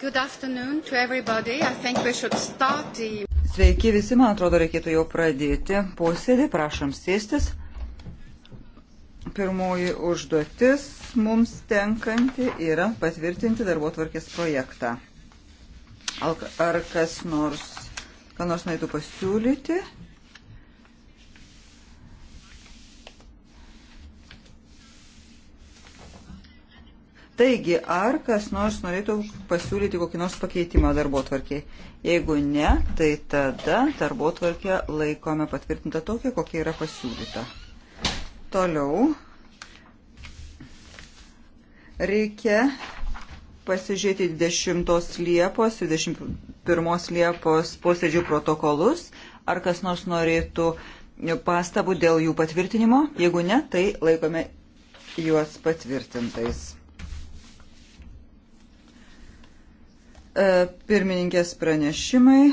Good afternoon to everybody. I think we should start the... Sveiki visi, man atrodo, reikėtų jau pradėti posėdį, prašom sėstis. Pirmoji užduotis mums tenkanti yra patvirtinti darbo tvarkės projektą. Ar kas nors, ką nors norėtų pasiūlyti? Taigi, ar kas nors norėtų pasiūlyti kokį nors pakeitimą darbo tvarkiai? Jeigu ne, tai tada darbo tvarkę laikome patvirtintą tokią, kokia yra pasiūlyta. Toliau reikia pasižiūrėti 20 Liepos, 21 Liepos posėdžių protokolus. Ar kas nors norėtų pastabų dėl jų patvirtinimo? Jeigu ne, tai laikome juos patvirtintais. E, pirmininkės pranešimai.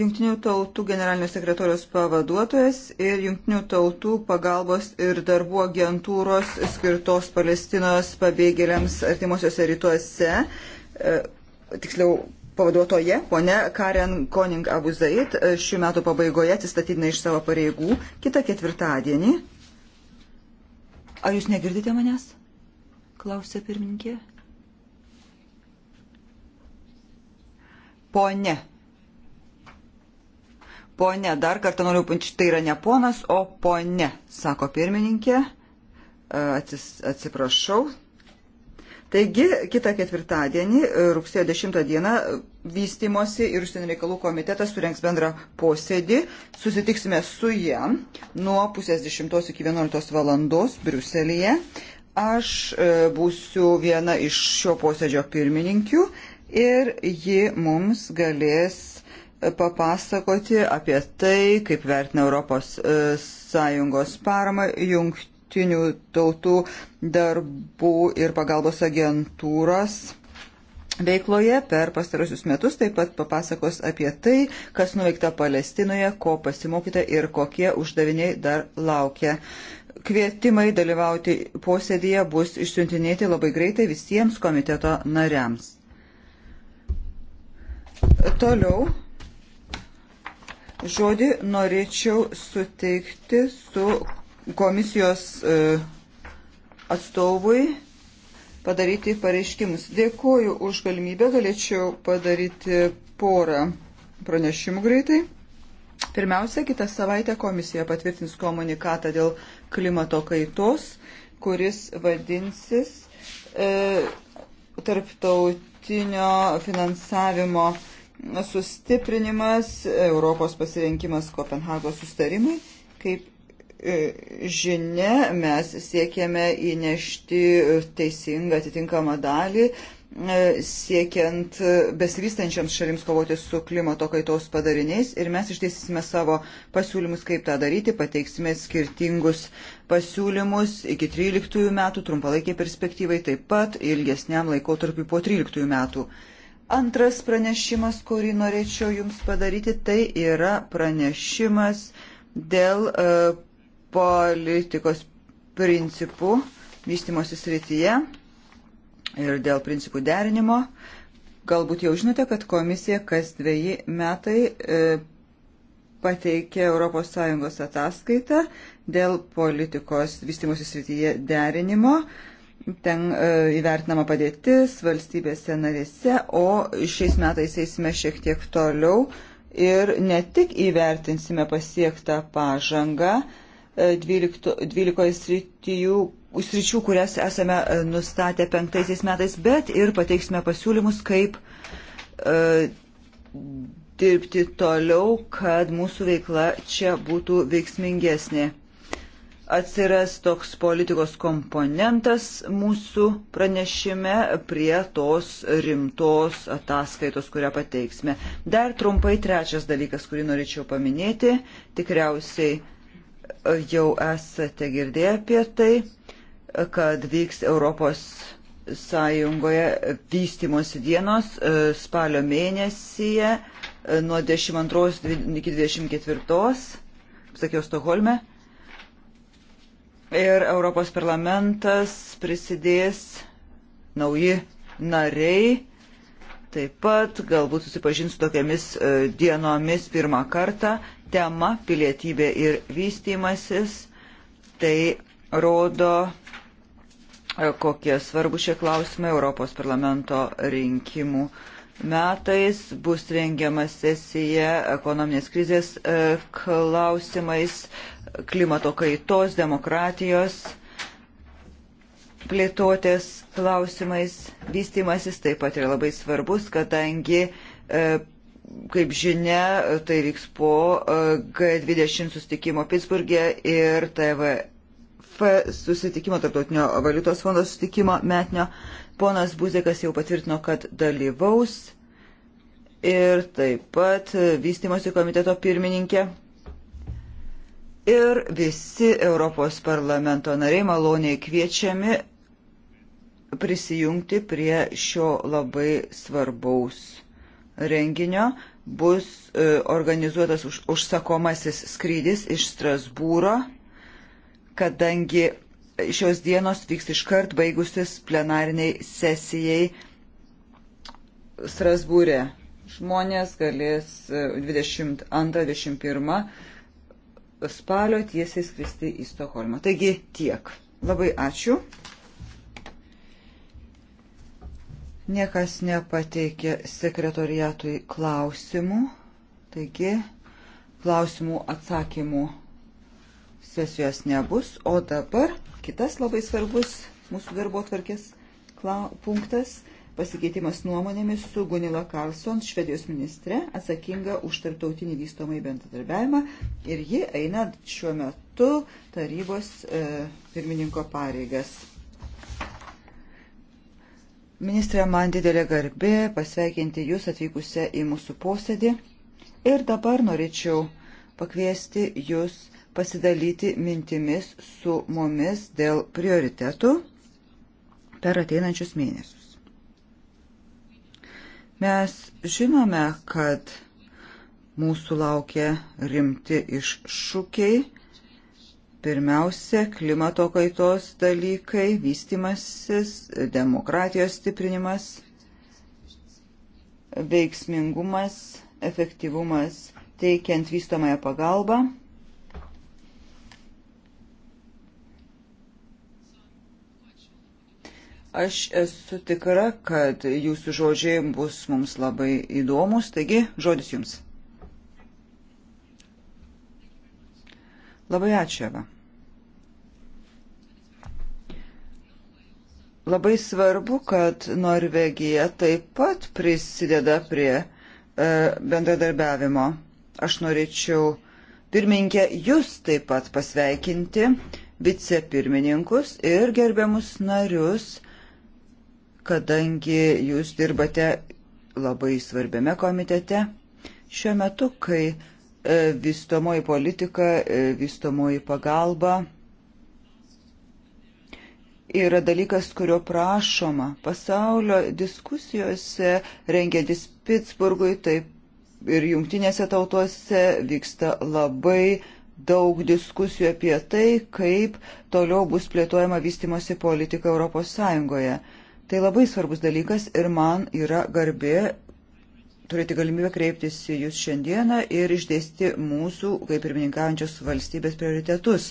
Junktinių tautų generalinio sekretorijos pavaduotojas ir Junktinių tautų pagalbos ir darbų agentūros skirtos Palestinos pabėgėliams artimuosiuose rytuose, e, tiksliau pavaduotoje, ponė Karen Koning Abuzait, e, šių metų pabaigoje atsistatydina iš savo pareigų kitą ketvirtadienį. Ar jūs negirdite manęs? Klausė pirmininkė. Pone. Pone, dar kartą noriu, tai yra ne ponas, o pone, sako pirmininkė. E, atsis, atsiprašau. Taigi, kitą ketvirtadienį, e, rugsėjo 10 dieną, vystimosi ir užsienio reikalų komitetas surenks bendrą posėdį. Susitiksime su ja nuo pusės 10 iki 11 valandos Briuselėje. Aš e, būsiu viena iš šio posėdžio pirmininkių ir ji mums galės e, papasakoti apie tai, kaip vertina Europos e, Sąjungos paramą jungtinių tautų darbų ir pagalbos agentūros veikloje per pastarosius metus taip pat papasakos apie tai, kas nuveikta Palestinoje, ko pasimokyta ir kokie uždaviniai dar laukia. Kvietimai dalyvauti posėdėje bus išsiuntinėti labai greitai visiems komiteto nariams. Toliau žodį norėčiau suteikti su komisijos e, atstovui padaryti pareiškimus. Dėkuoju už galimybę, galėčiau padaryti porą pranešimų greitai. Pirmiausia, kitą savaitę komisija patvirtins komunikatą dėl klimato kaitos, kuris vadinsis e, tarptautinio finansavimo e, sustiprinimas, Europos pasirinkimas Kopenhagos sustarimui. Kaip e, žinia, mes siekiame įnešti teisingą atitinkamą dalį, e, siekiant besivystančiams šalims kovoti su klimato kaitos padariniais ir mes išteisysime savo pasiūlymus, kaip tą daryti, pateiksime skirtingus pasiūlymus iki 13 metų, trumpalaikiai perspektyvai taip pat, ilgesniam laikotarpiu po 13 metų. Antras pranešimas, kurį norėčiau Jums padaryti, tai yra pranešimas dėl e, politikos principų vystimosi srityje ir dėl principų derinimo. Galbūt jau žinote, kad komisija kas dviejį metai e, pateikė ES ataskaitą dėl politikos vystimosi srityje derinimo. E, ten e, įvertinama padėtis valstybėse narėse, o šiais metais eisime šiek tiek toliau ir ne tik įvertinsime pasiektą pažangą 12, 12 sritijų, sričių, kurias esame e, nustatę penktaisiais metais, bet ir pateiksime pasiūlymus, kaip e, dirbti toliau, kad mūsų veikla čia būtų veiksmingesnė atsiras toks politikos komponentas mūsų pranešime prie tos rimtos ataskaitos, kurią pateiksime. Dar trumpai trečias dalykas, kurį norėčiau paminėti, tikriausiai e, jau esate girdėję apie tai, e, kad vyks Europos Sąjungoje vystimosi dienos e, spalio mėnesyje nuo 22 iki 24, sakiau, Stokholme ir Europos parlamentas prisidės nauji nariai. Taip pat galbūt susipažins tokiamis e, dienomis pirmą kartą tema pilietybė ir vystymasis. Tai rodo, e, kokie svarbu šie klausimai Europos parlamento rinkimų metais bus rengiama sesija ekonominės krizės e, klausimais klimato kaitos, demokratijos plėtotės klausimais vystimasis taip pat yra labai svarbus, kadangi, e, kaip žinia, tai vyks po e, G20 sustikimo Pittsburgė ir TVF susitikimo, tarptautinio valiutos fondo susitikimo metinio. Ponas Buzekas jau patvirtino, kad dalyvaus ir taip pat e, vystimosi komiteto pirmininkė ir visi Europos parlamento nariai maloniai kviečiami prisijungti prie šio labai svarbaus renginio. Bus e, organizuotas už, užsakomasis skrydis iš Strasbūro, kadangi šios dienos vyks iškart baigusis plenariniai sesijai Strasbūrė. Žmonės galės 22-21 e, spalio tiesiai skristi į Stokholmą. Taigi tiek. Labai ačiū. Niekas nepateikė sekretoriatui klausimų. Taigi klausimų atsakymų sesijos nebus. O dabar kitas labai svarbus mūsų darbo tvarkės punktas pasikeitimas nuomonėmis su Gunila Karlson, Švedijos ministre, atsakinga už tarptautinį vystomąjį bendradarbiavimą ir ji eina šiuo metu tarybos e, pirmininko pareigas. Ministrė, man didelė garbė pasveikinti Jūs atvykusią į mūsų posėdį ir dabar norėčiau pakviesti Jūs pasidalyti mintimis su mumis dėl prioritetų per ateinančius mėnesius. Mes žinome, kad mūsų laukia rimti iššūkiai. Pirmiausia, klimato kaitos dalykai, vystimasis, demokratijos stiprinimas, veiksmingumas, efektyvumas teikiant vystomąją pagalbą. Aš esu tikra, kad jūsų žodžiai bus mums labai įdomus, taigi žodis jums. Labai ačiū, Eva. Labai svarbu, kad Norvegija taip pat prisideda prie e, bendradarbiavimo. Aš norėčiau pirmininkę jūs taip pat pasveikinti, vicepirmininkus ir gerbiamus narius kadangi jūs dirbate labai svarbiame komitete šiuo metu, kai e, vystomoji politika, e, vystomoji pagalba yra dalykas, kurio prašoma pasaulio diskusijose, rengiantis Pittsburghui, taip ir jungtinėse tautuose vyksta labai daug diskusijų apie tai, kaip toliau bus plėtojama vystimosi politika Europos Sąjungoje. Tai labai svarbus dalykas ir man yra garbė turėti galimybę kreiptis į Jūs šiandieną ir išdėsti mūsų, kaip ir mininkaujančios valstybės, prioritetus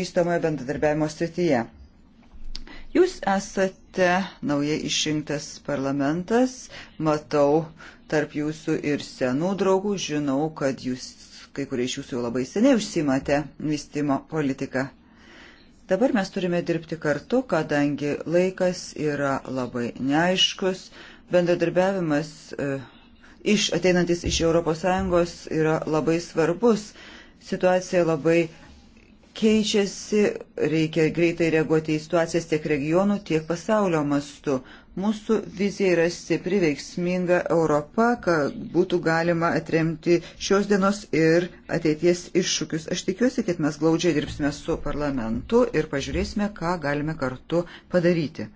vystomojo bendradarbiavimo srityje. Jūs esate naujai išrinktas parlamentas, matau tarp jūsų ir senų draugų, žinau, kad jūs, kai kurie iš jūsų jau labai seniai užsimate vystimo politiką. Dabar mes turime dirbti kartu, kadangi laikas yra labai neaiškus, bendradarbiavimas e, iš, ateinantis iš ES yra labai svarbus, situacija labai keičiasi, reikia greitai reaguoti į situacijas tiek regionų, tiek pasaulio mastu. Mūsų vizija yra stipri, veiksminga Europa, kad būtų galima atremti šios dienos ir ateities iššūkius. Aš tikiuosi, kad mes glaudžiai dirbsime su parlamentu ir pažiūrėsime, ką galime kartu padaryti.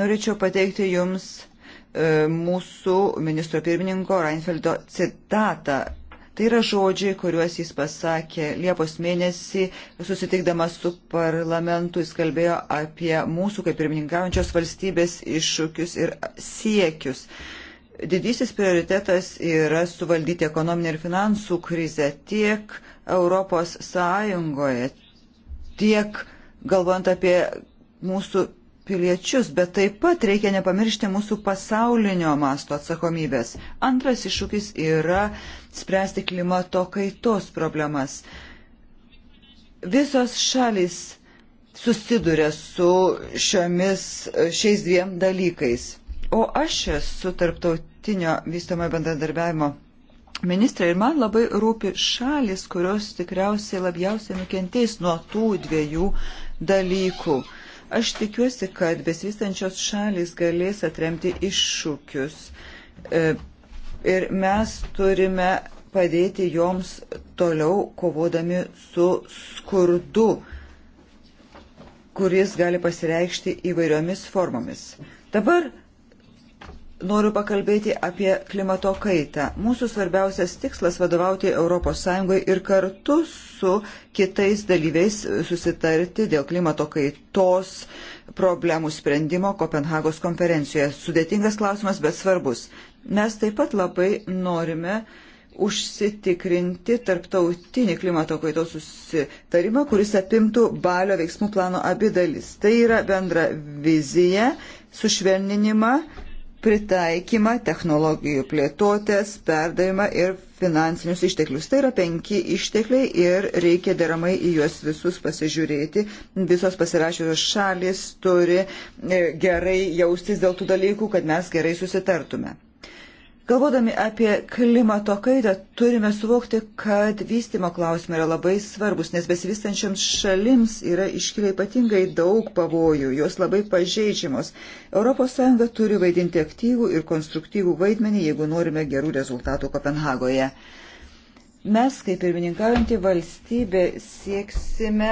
Norėčiau pateikti Jums e, mūsų ministro pirmininko Reinfeldo citatą Tai yra žodžiai, kuriuos jis pasakė Liepos mėnesį, susitikdamas su parlamentu, jis kalbėjo apie mūsų kaip pirmininkaujančios valstybės iššūkius ir siekius. Didysis prioritetas yra suvaldyti ekonominę ir finansų krizę tiek Europos Sąjungoje, tiek galvojant apie mūsų piliečius, bet taip pat reikia nepamiršti mūsų pasaulinio masto atsakomybės. Antras iššūkis yra spręsti klimato kaitos problemas. Visos šalis susiduria su šiomis, šiais dviem dalykais. O aš esu tarptautinio vystomo bendradarbiavimo ministrė ir man labai rūpi šalis, kurios tikriausiai labiausiai nukentės nuo tų dviejų dalykų. Aš tikiuosi, kad besivystančios šalis galės atremti iššūkius e, ir mes turime padėti joms toliau kovodami su skurdu, kuris gali pasireikšti įvairiomis formomis. Dabar noriu pakalbėti apie klimato kaitą. Mūsų svarbiausias tikslas vadovauti ES ir kartu su kitais dalyviais susitarti dėl klimato kaitos problemų sprendimo Kopenhagos konferencijoje. Sudėtingas klausimas, bet svarbus. Mes taip pat labai norime užsitikrinti tarptautinį klimato kaitos susitarimą, kuris apimtų balio veiksmų plano abi dalis. Tai yra bendra vizija, sušvelninimą pritaikymą, technologijų plėtotės, perdavimą ir finansinius išteklius. Tai yra penki ištekliai ir reikia deramai į juos visus pasižiūrėti. Visos pasirašytos šalis turi e, gerai jaustis dėl tų dalykų, kad mes gerai susitartume. Galvodami apie klimato kaitą, turime suvokti, kad vystimo klausimai yra labai svarbus, nes besivystančiams šalims yra iškilę ypatingai daug pavojų, jos labai pažeidžiamos. ES turi vaidinti aktyvų ir konstruktyvų vaidmenį, jeigu norime gerų rezultatų Kopenhagoje. Mes, kaip pirmininkaujantį valstybę, sieksime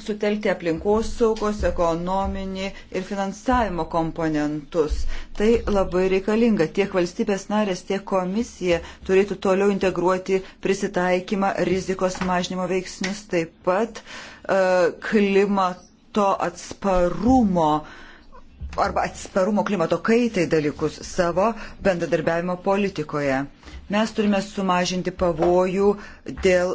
sutelkti aplinkosaugos, ekonominį ir finansavimo komponentus. Tai labai reikalinga. Tiek valstybės narės, tiek komisija turėtų toliau integruoti prisitaikymą, rizikos mažnymo veiksnius, taip pat e, klimato atsparumo arba atsparumo klimato kaitai dalykus savo bendradarbiavimo politikoje. Mes turime sumažinti pavojų dėl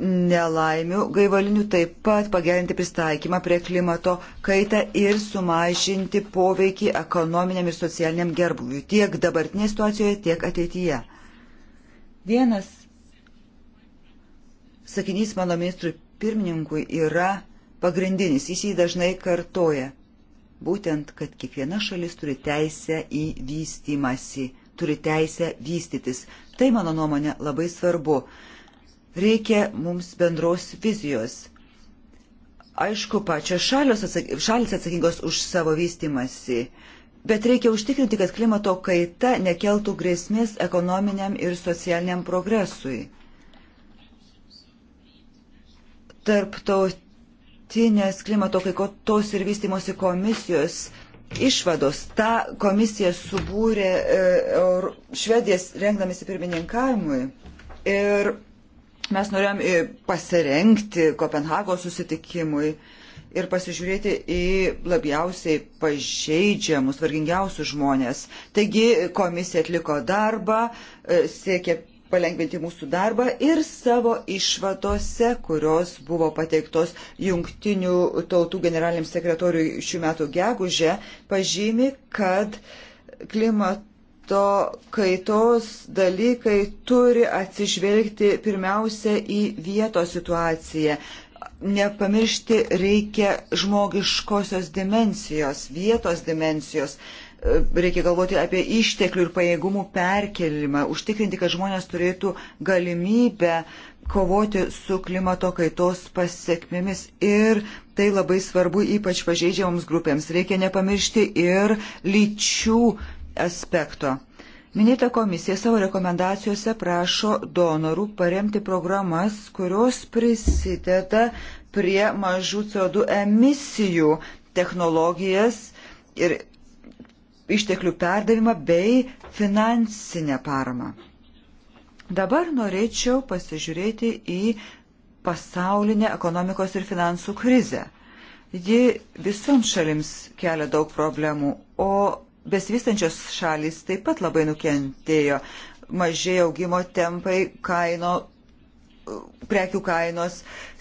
nelaimių gaivalinių, taip pat pagerinti pristaikymą prie klimato kaitą ir sumažinti poveikį ekonominiam ir socialiniam gerbuviui tiek dabartinėje situacijoje, tiek ateityje. Vienas sakinys mano ministrui pirmininkui yra pagrindinis, jis jį dažnai kartoja. Būtent, kad kiekviena šalis turi teisę į vystimąsi turi teisę vystytis. Tai, mano nuomonė, labai svarbu. Reikia mums bendros vizijos. Aišku, pačios šalis atsakingos už savo vystimasi, bet reikia užtikrinti, kad klimato kaita nekeltų grėsmės ekonominiam ir socialiniam progresui. Tarptautinės klimato kaikotos ir vystimosi komisijos išvados. Ta komisija subūrė e, Švedijas rengdamėsi pirmininkavimui. Ir mes norėjom e, pasirengti Kopenhagos susitikimui ir pasižiūrėti į labiausiai pažeidžiamus, vargingiausius žmonės. Taigi komisija atliko darbą, e, siekė palengvinti mūsų darbą ir savo išvadose, kurios buvo pateiktos jungtinių tautų generaliniam sekretoriui šių metų gegužę, pažymi, kad klimato kaitos dalykai turi atsižvelgti pirmiausia į vietos situaciją. Nepamiršti reikia žmogiškosios dimensijos, vietos dimensijos. Uh, E, reikia galvoti apie išteklių ir pajėgumų perkelimą, užtikrinti, kad žmonės turėtų galimybę kovoti su klimato kaitos pasiekmėmis ir tai labai svarbu ypač pažeidžiamoms grupėms. Reikia nepamiršti ir lyčių aspekto. Minėta komisija savo rekomendacijose prašo donorų paremti programas, kurios prisideda prie mažų CO2 emisijų technologijas ir išteklių perdavimą bei finansinę paramą. Dabar norėčiau pasižiūrėti į pasaulinę ekonomikos ir finansų krizę. Ji visoms šalims kelia daug problemų, o besivystančios šalys taip pat labai nukentėjo. Mažėjo augimo tempai, kaino prekių kainos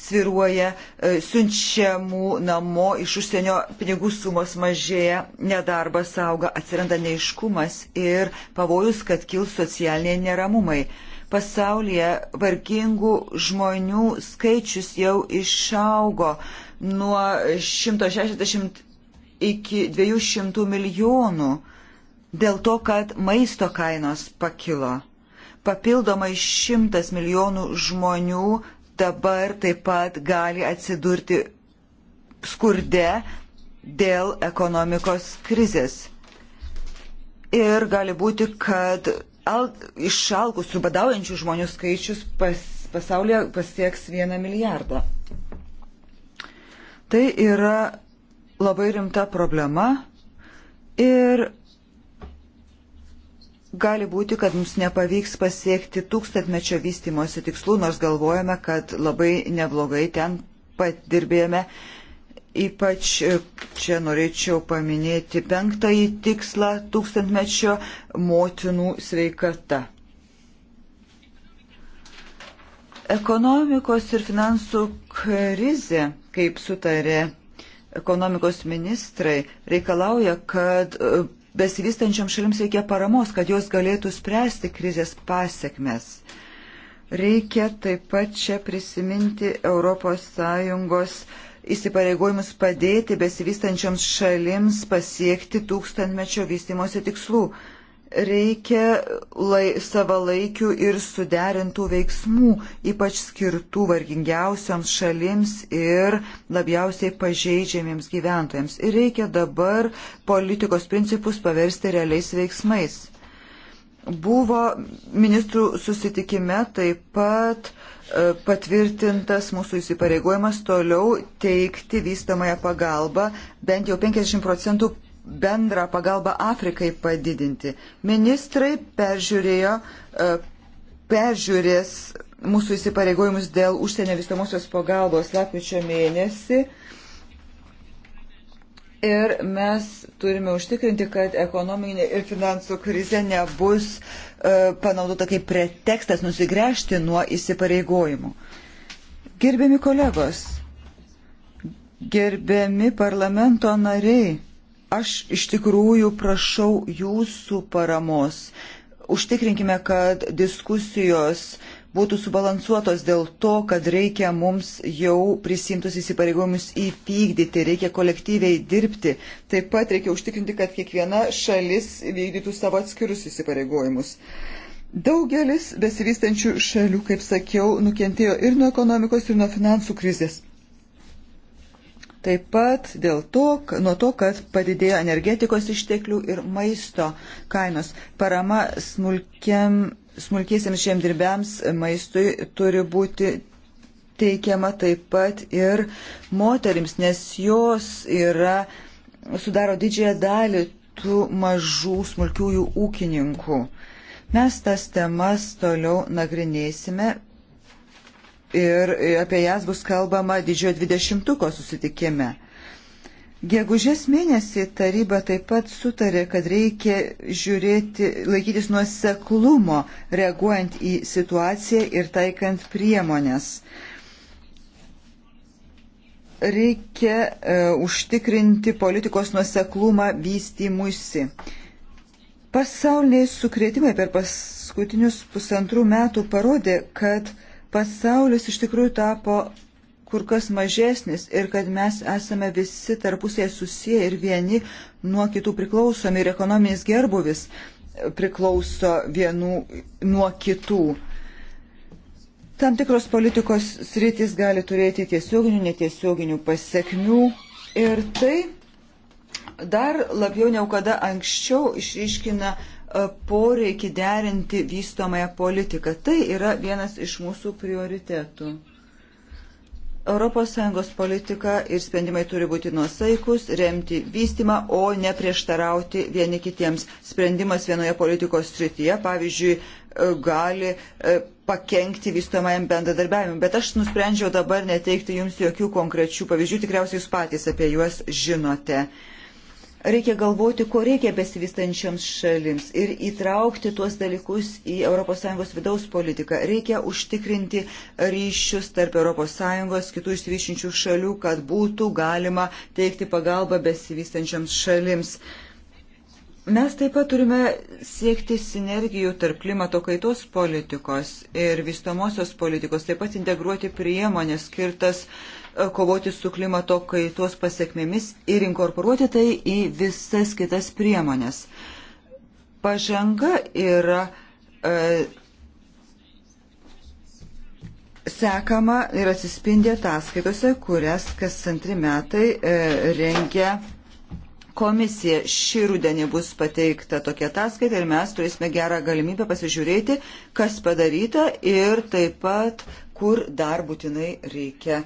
sviruoja, e, siunčiamų namo iš užsienio pinigų sumos mažėja, nedarbas auga, atsiranda neiškumas ir pavojus, kad kils socialiniai neramumai. Pasaulyje vargingų žmonių skaičius jau išaugo nuo 160 iki 200 milijonų dėl to, kad maisto kainos pakilo. Papildomai šimtas milijonų žmonių dabar taip pat gali atsidurti skurde dėl ekonomikos krizės. Ir gali būti, kad al, išalkusių badaujančių žmonių skaičius pas, pasaulyje pasieks vieną milijardą. Tai yra labai rimta problema ir gali būti, kad mums nepavyks pasiekti tūkstantmečio vystimosi tikslų, nors galvojame, kad labai neblogai ten patirbėjome. Ypač e, čia norėčiau paminėti penktąjį tikslą tūkstantmečio motinų sveikata. Ekonomikos ir finansų krizė, kaip sutarė ekonomikos ministrai reikalauja, kad e, besivystančiam šalims reikia paramos, kad jos galėtų spręsti krizės pasiekmes. Reikia taip pat čia prisiminti ES įsipareigojimus padėti besivystančioms šalims pasiekti tūkstantmečio vystimosi tikslų reikia lai, savalaikių ir suderintų veiksmų, ypač skirtų vargingiausiams šalims ir labiausiai pažeidžiamiems gyventojams. Ir reikia dabar politikos principus paversti realiais veiksmais. Buvo ministrų susitikime taip pat e, patvirtintas mūsų įsipareigojimas toliau teikti vystamąją pagalbą bent jau 50 procentų bendrą pagalbą Afrikai padidinti. Ministrai peržiūrėjo, e, peržiūrės mūsų įsipareigojimus dėl užsienio vystamosios pagalbos lapkričio mėnesį. Ir mes turime užtikrinti, kad ekonominė ir finansų krize nebus e, panaudota kaip pretekstas nusigręžti nuo įsipareigojimų. Gerbiami kolegos, gerbiami parlamento nariai, Aš iš tikrųjų prašau jūsų paramos. Užtikrinkime, kad diskusijos būtų subalansuotos dėl to, kad reikia mums jau prisimtus įsipareigojimus įvykdyti, reikia kolektyviai dirbti. Taip pat reikia užtikrinti, kad kiekviena šalis vykdytų savo atskirus įsipareigojimus. Daugelis besivystančių šalių, kaip sakiau, nukentėjo ir nuo ekonomikos, ir nuo finansų krizės. Taip pat dėl to, nuo to, kad padidėjo energetikos išteklių ir maisto kainos. Parama smulkiam, smulkiesiams žemdirbiams maistui turi būti teikiama taip pat ir moterims, nes jos yra, sudaro didžiąją dalį tų mažų smulkiųjų ūkininkų. Mes tas temas toliau nagrinėsime ir apie jas bus kalbama didžiojo dvidešimtuko susitikime. Gegužės mėnesį taryba taip pat sutarė, kad reikia žiūrėti, laikytis nuoseklumo, reaguojant į situaciją ir taikant priemonės. Reikia e, užtikrinti politikos nuoseklumą vystymuisi. Pasauliniai sukrėtimai per paskutinius pusantrų metų parodė, kad e, pasaulis iš tikrųjų tapo kur kas mažesnis ir kad mes esame visi tarpusėje susiję ir vieni nuo kitų priklausomi ir ekonominis gerbuvis priklauso vienų nuo kitų. Tam tikros politikos sritis gali turėti tiesioginių, netiesioginių pasiekmių ir tai dar labiau negu kada anksčiau išryškina E, poreikį derinti vystomąją politiką. Tai yra vienas iš mūsų prioritetų. ES politika ir sprendimai turi būti nuosaikus, remti vystimą, o ne prieštarauti vieni kitiems. Sprendimas vienoje politikos srityje, pavyzdžiui, e, gali e, pakengti vystomajam bendradarbiavimui. Bet aš nusprendžiau dabar neteikti jums jokių konkrečių pavyzdžių, tikriausiai jūs patys apie juos žinote. Uh, Reikia galvoti, ko reikia besivystančioms šalims ir įtraukti tuos dalykus į ES vidaus politiką. Reikia užtikrinti ryšius tarp ES kitų išsivyšinčių šalių, kad būtų galima teikti pagalbą besivystančioms šalims. Mes taip pat turime siekti sinergijų tarp klimato kaitos politikos ir vystomosios politikos, taip pat integruoti priemonės skirtas uh, kovoti su klimato kaitos pasiekmėmis ir inkorporuoti tai į visas kitas priemonės. Pažanga yra e, sekama ir atsispindi ataskaitose, kurias kas antri metai e, rengia komisija šį rudenį bus pateikta tokia ataskaita ir mes turėsime gerą galimybę pasižiūrėti, kas padaryta ir taip pat, kur dar būtinai reikia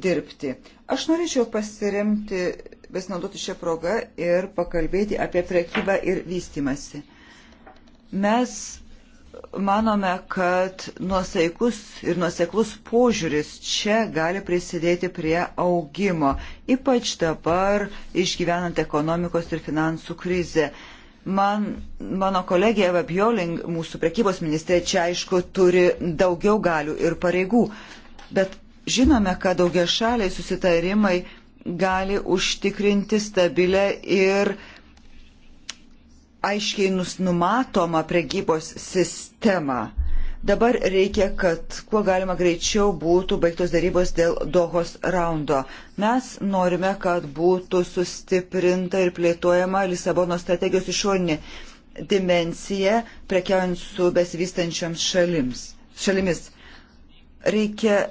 dirbti. Aš norėčiau pasiremti, besinaudoti šią progą ir pakalbėti apie prekybą ir vystimasi. Mes manome, kad nuosaikus ir nuoseklus požiūris čia gali prisidėti prie augimo, ypač dabar išgyvenant ekonomikos ir finansų krizę. Man, mano kolegė Eva Bjoling, mūsų prekybos ministrė, čia aišku turi daugiau galių ir pareigų, bet Žinome, kad daugia šaliai susitarimai gali užtikrinti stabilę ir aiškiai numatomą prekybos sistemą. Dabar reikia, kad kuo galima greičiau būtų baigtos darybos dėl Dohos raundo. Mes norime, kad būtų sustiprinta ir plėtojama Lisabono strategijos išorinė dimensija, prekiaujant su besivystančioms šalims, šalimis. Reikia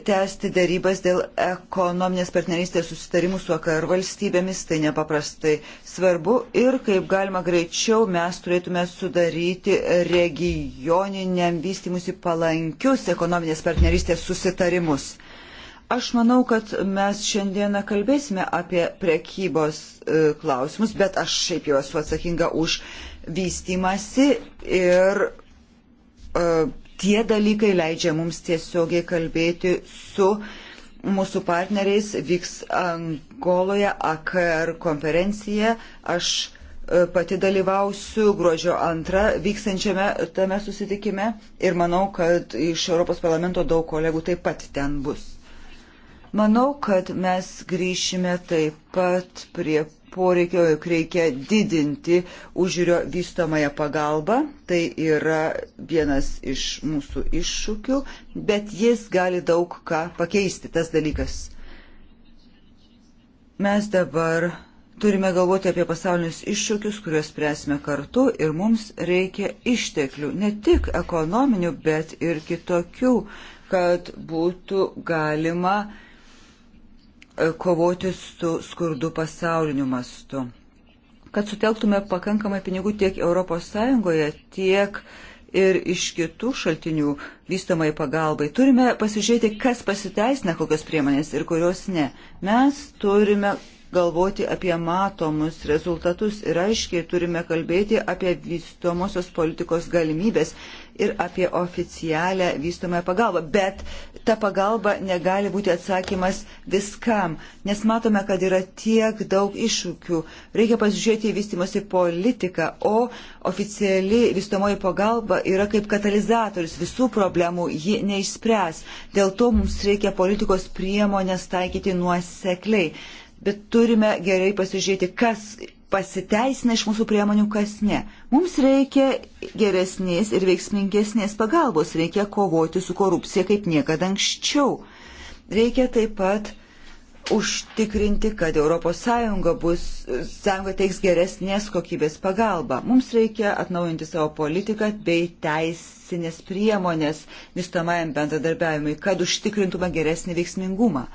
tęsti darybas dėl ekonominės partnerystės susitarimų su AKR valstybėmis, tai nepaprastai svarbu ir kaip galima greičiau mes turėtume sudaryti regioniniam vystimusi palankius ekonominės partnerystės susitarimus. Aš manau, kad mes šiandieną kalbėsime apie prekybos e, klausimus, bet aš šiaip jau esu atsakinga už vystimasi ir e, tie dalykai leidžia mums tiesiogiai kalbėti su mūsų partneriais. Vyks Angoloje AKR konferencija. Aš e, pati dalyvausiu gruodžio antrą vyksančiame tame susitikime ir manau, kad iš Europos parlamento daug kolegų taip pat ten bus. Manau, kad mes grįšime taip pat prie poreikio, jog reikia didinti užžiūrio vystomąją pagalbą. Tai yra vienas iš mūsų iššūkių, bet jis gali daug ką pakeisti, tas dalykas. Mes dabar turime galvoti apie pasaulinius iššūkius, kuriuos spręsime kartu ir mums reikia išteklių, ne tik ekonominių, bet ir kitokių, kad būtų galima uh, kovoti su skurdu pasauliniu mastu. Kad sutelktume pakankamai pinigų tiek ES, tiek ir iš kitų šaltinių vystamai pagalbai, turime pasižiūrėti, kas pasiteisina kokios priemonės ir kurios ne. Mes turime galvoti apie matomus rezultatus ir aiškiai turime kalbėti apie vystomosios politikos galimybės ir apie oficialią vystomąją pagalbą. Bet ta pagalba negali būti atsakymas viskam, nes matome, kad yra tiek daug iššūkių. Reikia pasižiūrėti į vystimosi politiką, o oficiali vystomoji pagalba yra kaip katalizatorius visų problemų, ji neišspręs. Dėl to mums reikia politikos priemonės taikyti nuosekliai. Bet turime gerai pasižiūrėti, kas pasiteisina iš mūsų priemonių, kas ne. Mums reikia geresnės ir veiksmingesnės pagalbos, reikia kovoti su korupcija kaip niekada anksčiau. Reikia taip pat užtikrinti, kad ES bus, sąjunga teiks geresnės kokybės pagalbą. Mums reikia atnaujinti savo politiką bei teisinės priemonės vystamajam bendradarbiavimui, kad užtikrintume geresnį veiksmingumą.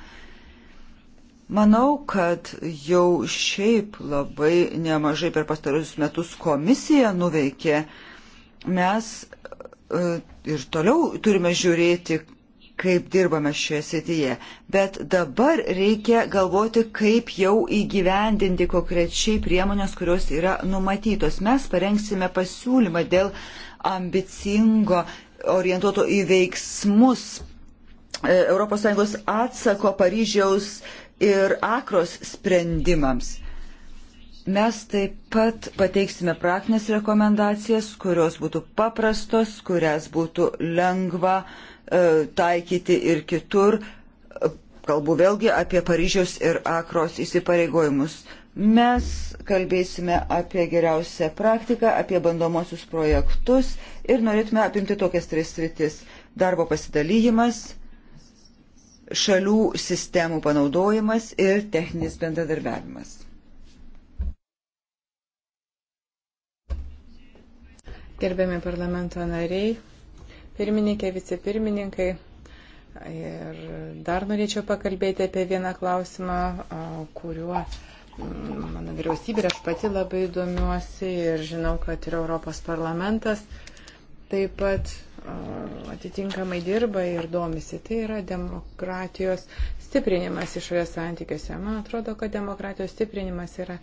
Manau, kad jau šiaip labai nemažai per pastarus metus komisija nuveikė. Mes e, ir toliau turime žiūrėti, kaip dirbame šioje srityje. Bet dabar reikia galvoti, kaip jau įgyvendinti konkrečiai priemonės, kurios yra numatytos. Mes parengsime pasiūlymą dėl ambicingo, orientuoto į veiksmus ES atsako Paryžiaus ir akros sprendimams. Mes taip pat pateiksime praktinės rekomendacijas, kurios būtų paprastos, kurias būtų lengva e, taikyti ir kitur. E, kalbu vėlgi apie Paryžiaus ir Akros įsipareigojimus. Mes kalbėsime apie geriausią praktiką, apie bandomosius projektus ir norėtume apimti tokias tris sritis - darbo pasidalyjimas, šalių sistemų panaudojimas ir techninis bendradarbiavimas. Gerbiami parlamento nariai, pirmininkė, vicepirmininkai. Ir dar norėčiau pakalbėti apie vieną klausimą, kuriuo mano vyriausybė ir aš pati labai domiuosi ir žinau, kad ir Europos parlamentas taip pat atitinkamai dirba ir domisi. Tai yra demokratijos stiprinimas išorės santykiuose. Man atrodo, kad demokratijos stiprinimas yra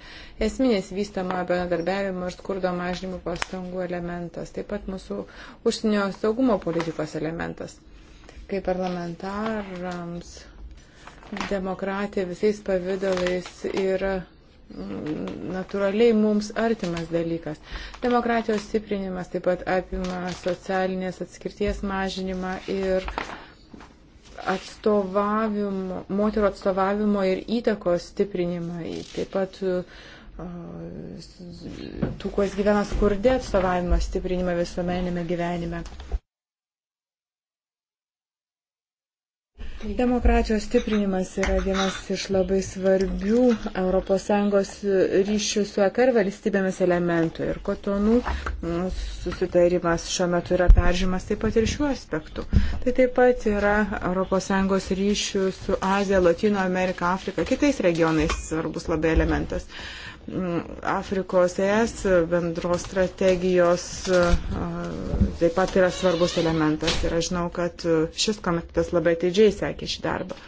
esminis vystamojo bendradarbiavimo ir skurdo mažinimo pastangų elementas, taip pat mūsų užsienio saugumo politikos elementas. Kaip parlamentarams demokratija visais pavydalais yra natūraliai mums artimas dalykas. Demokratijos stiprinimas taip pat apima socialinės atskirties mažinimą ir atstovavimo, moterų atstovavimo ir įtakos stiprinimą. Taip pat tų, kuos gyvena skurdė atstovavimo stiprinimą visuomenėme gyvenime. Demokratijos stiprinimas yra vienas iš labai svarbių ES ryšių su EKR valstybėmis elementų ir kotonų susitarimas šiuo metu yra peržimas taip pat ir šiuo aspektu. Tai taip pat yra ES ryšių su Azija, Latino Amerika, Afrika, kitais regionais svarbus labai elementas. Uh, Afrikos ES bendros strategijos taip pat yra svarbus elementas ir aš žinau, kad šis komitetas labai ateidžiai sekė šį darbą.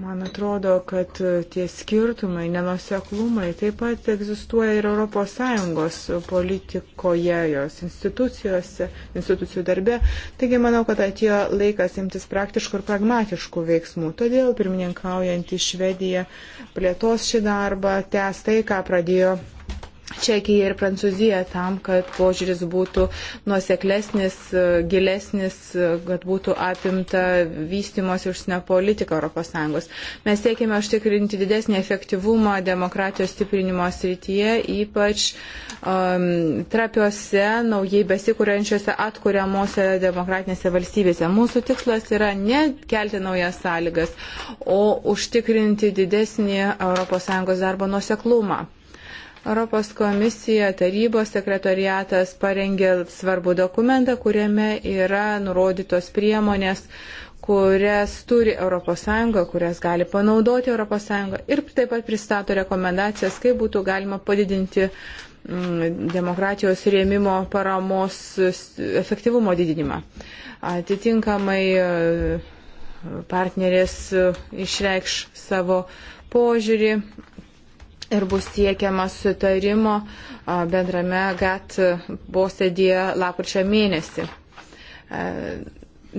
Man atrodo, kad tie skirtumai, nenuseklumai taip pat egzistuoja ir ES politikoje, jos institucijose, institucijų darbe. Taigi manau, kad atėjo laikas imtis praktiškų ir pragmatiškų veiksmų. Todėl pirmininkaujantį Švediją plėtos šį darbą, tęs tai, ką pradėjo Čekija ir Prancūzija tam, kad požiūris būtų nuoseklesnis, gilesnis, kad būtų apimta vystimos užsienio politika ES. Mes siekime užtikrinti didesnį efektyvumą demokratijos stiprinimo srityje, ypač um, trapiose, naujai besikūrenčiose, atkuriamose demokratinėse valstybėse. Mūsų tikslas yra ne kelti naujas sąlygas, o užtikrinti didesnį ES darbo nuoseklumą. Europos komisija, tarybos sekretariatas parengė svarbų dokumentą, kuriame yra nurodytos priemonės, kurias turi ES, kurias gali panaudoti ES ir taip pat pristato rekomendacijas, kaip būtų galima padidinti mm, demokratijos rėmimo paramos efektyvumo didinimą. Atitinkamai e, partnerės e, išreikš savo požiūrį ir bus siekiama sutarimo bendrame GAT posėdėje lapkričio mėnesį.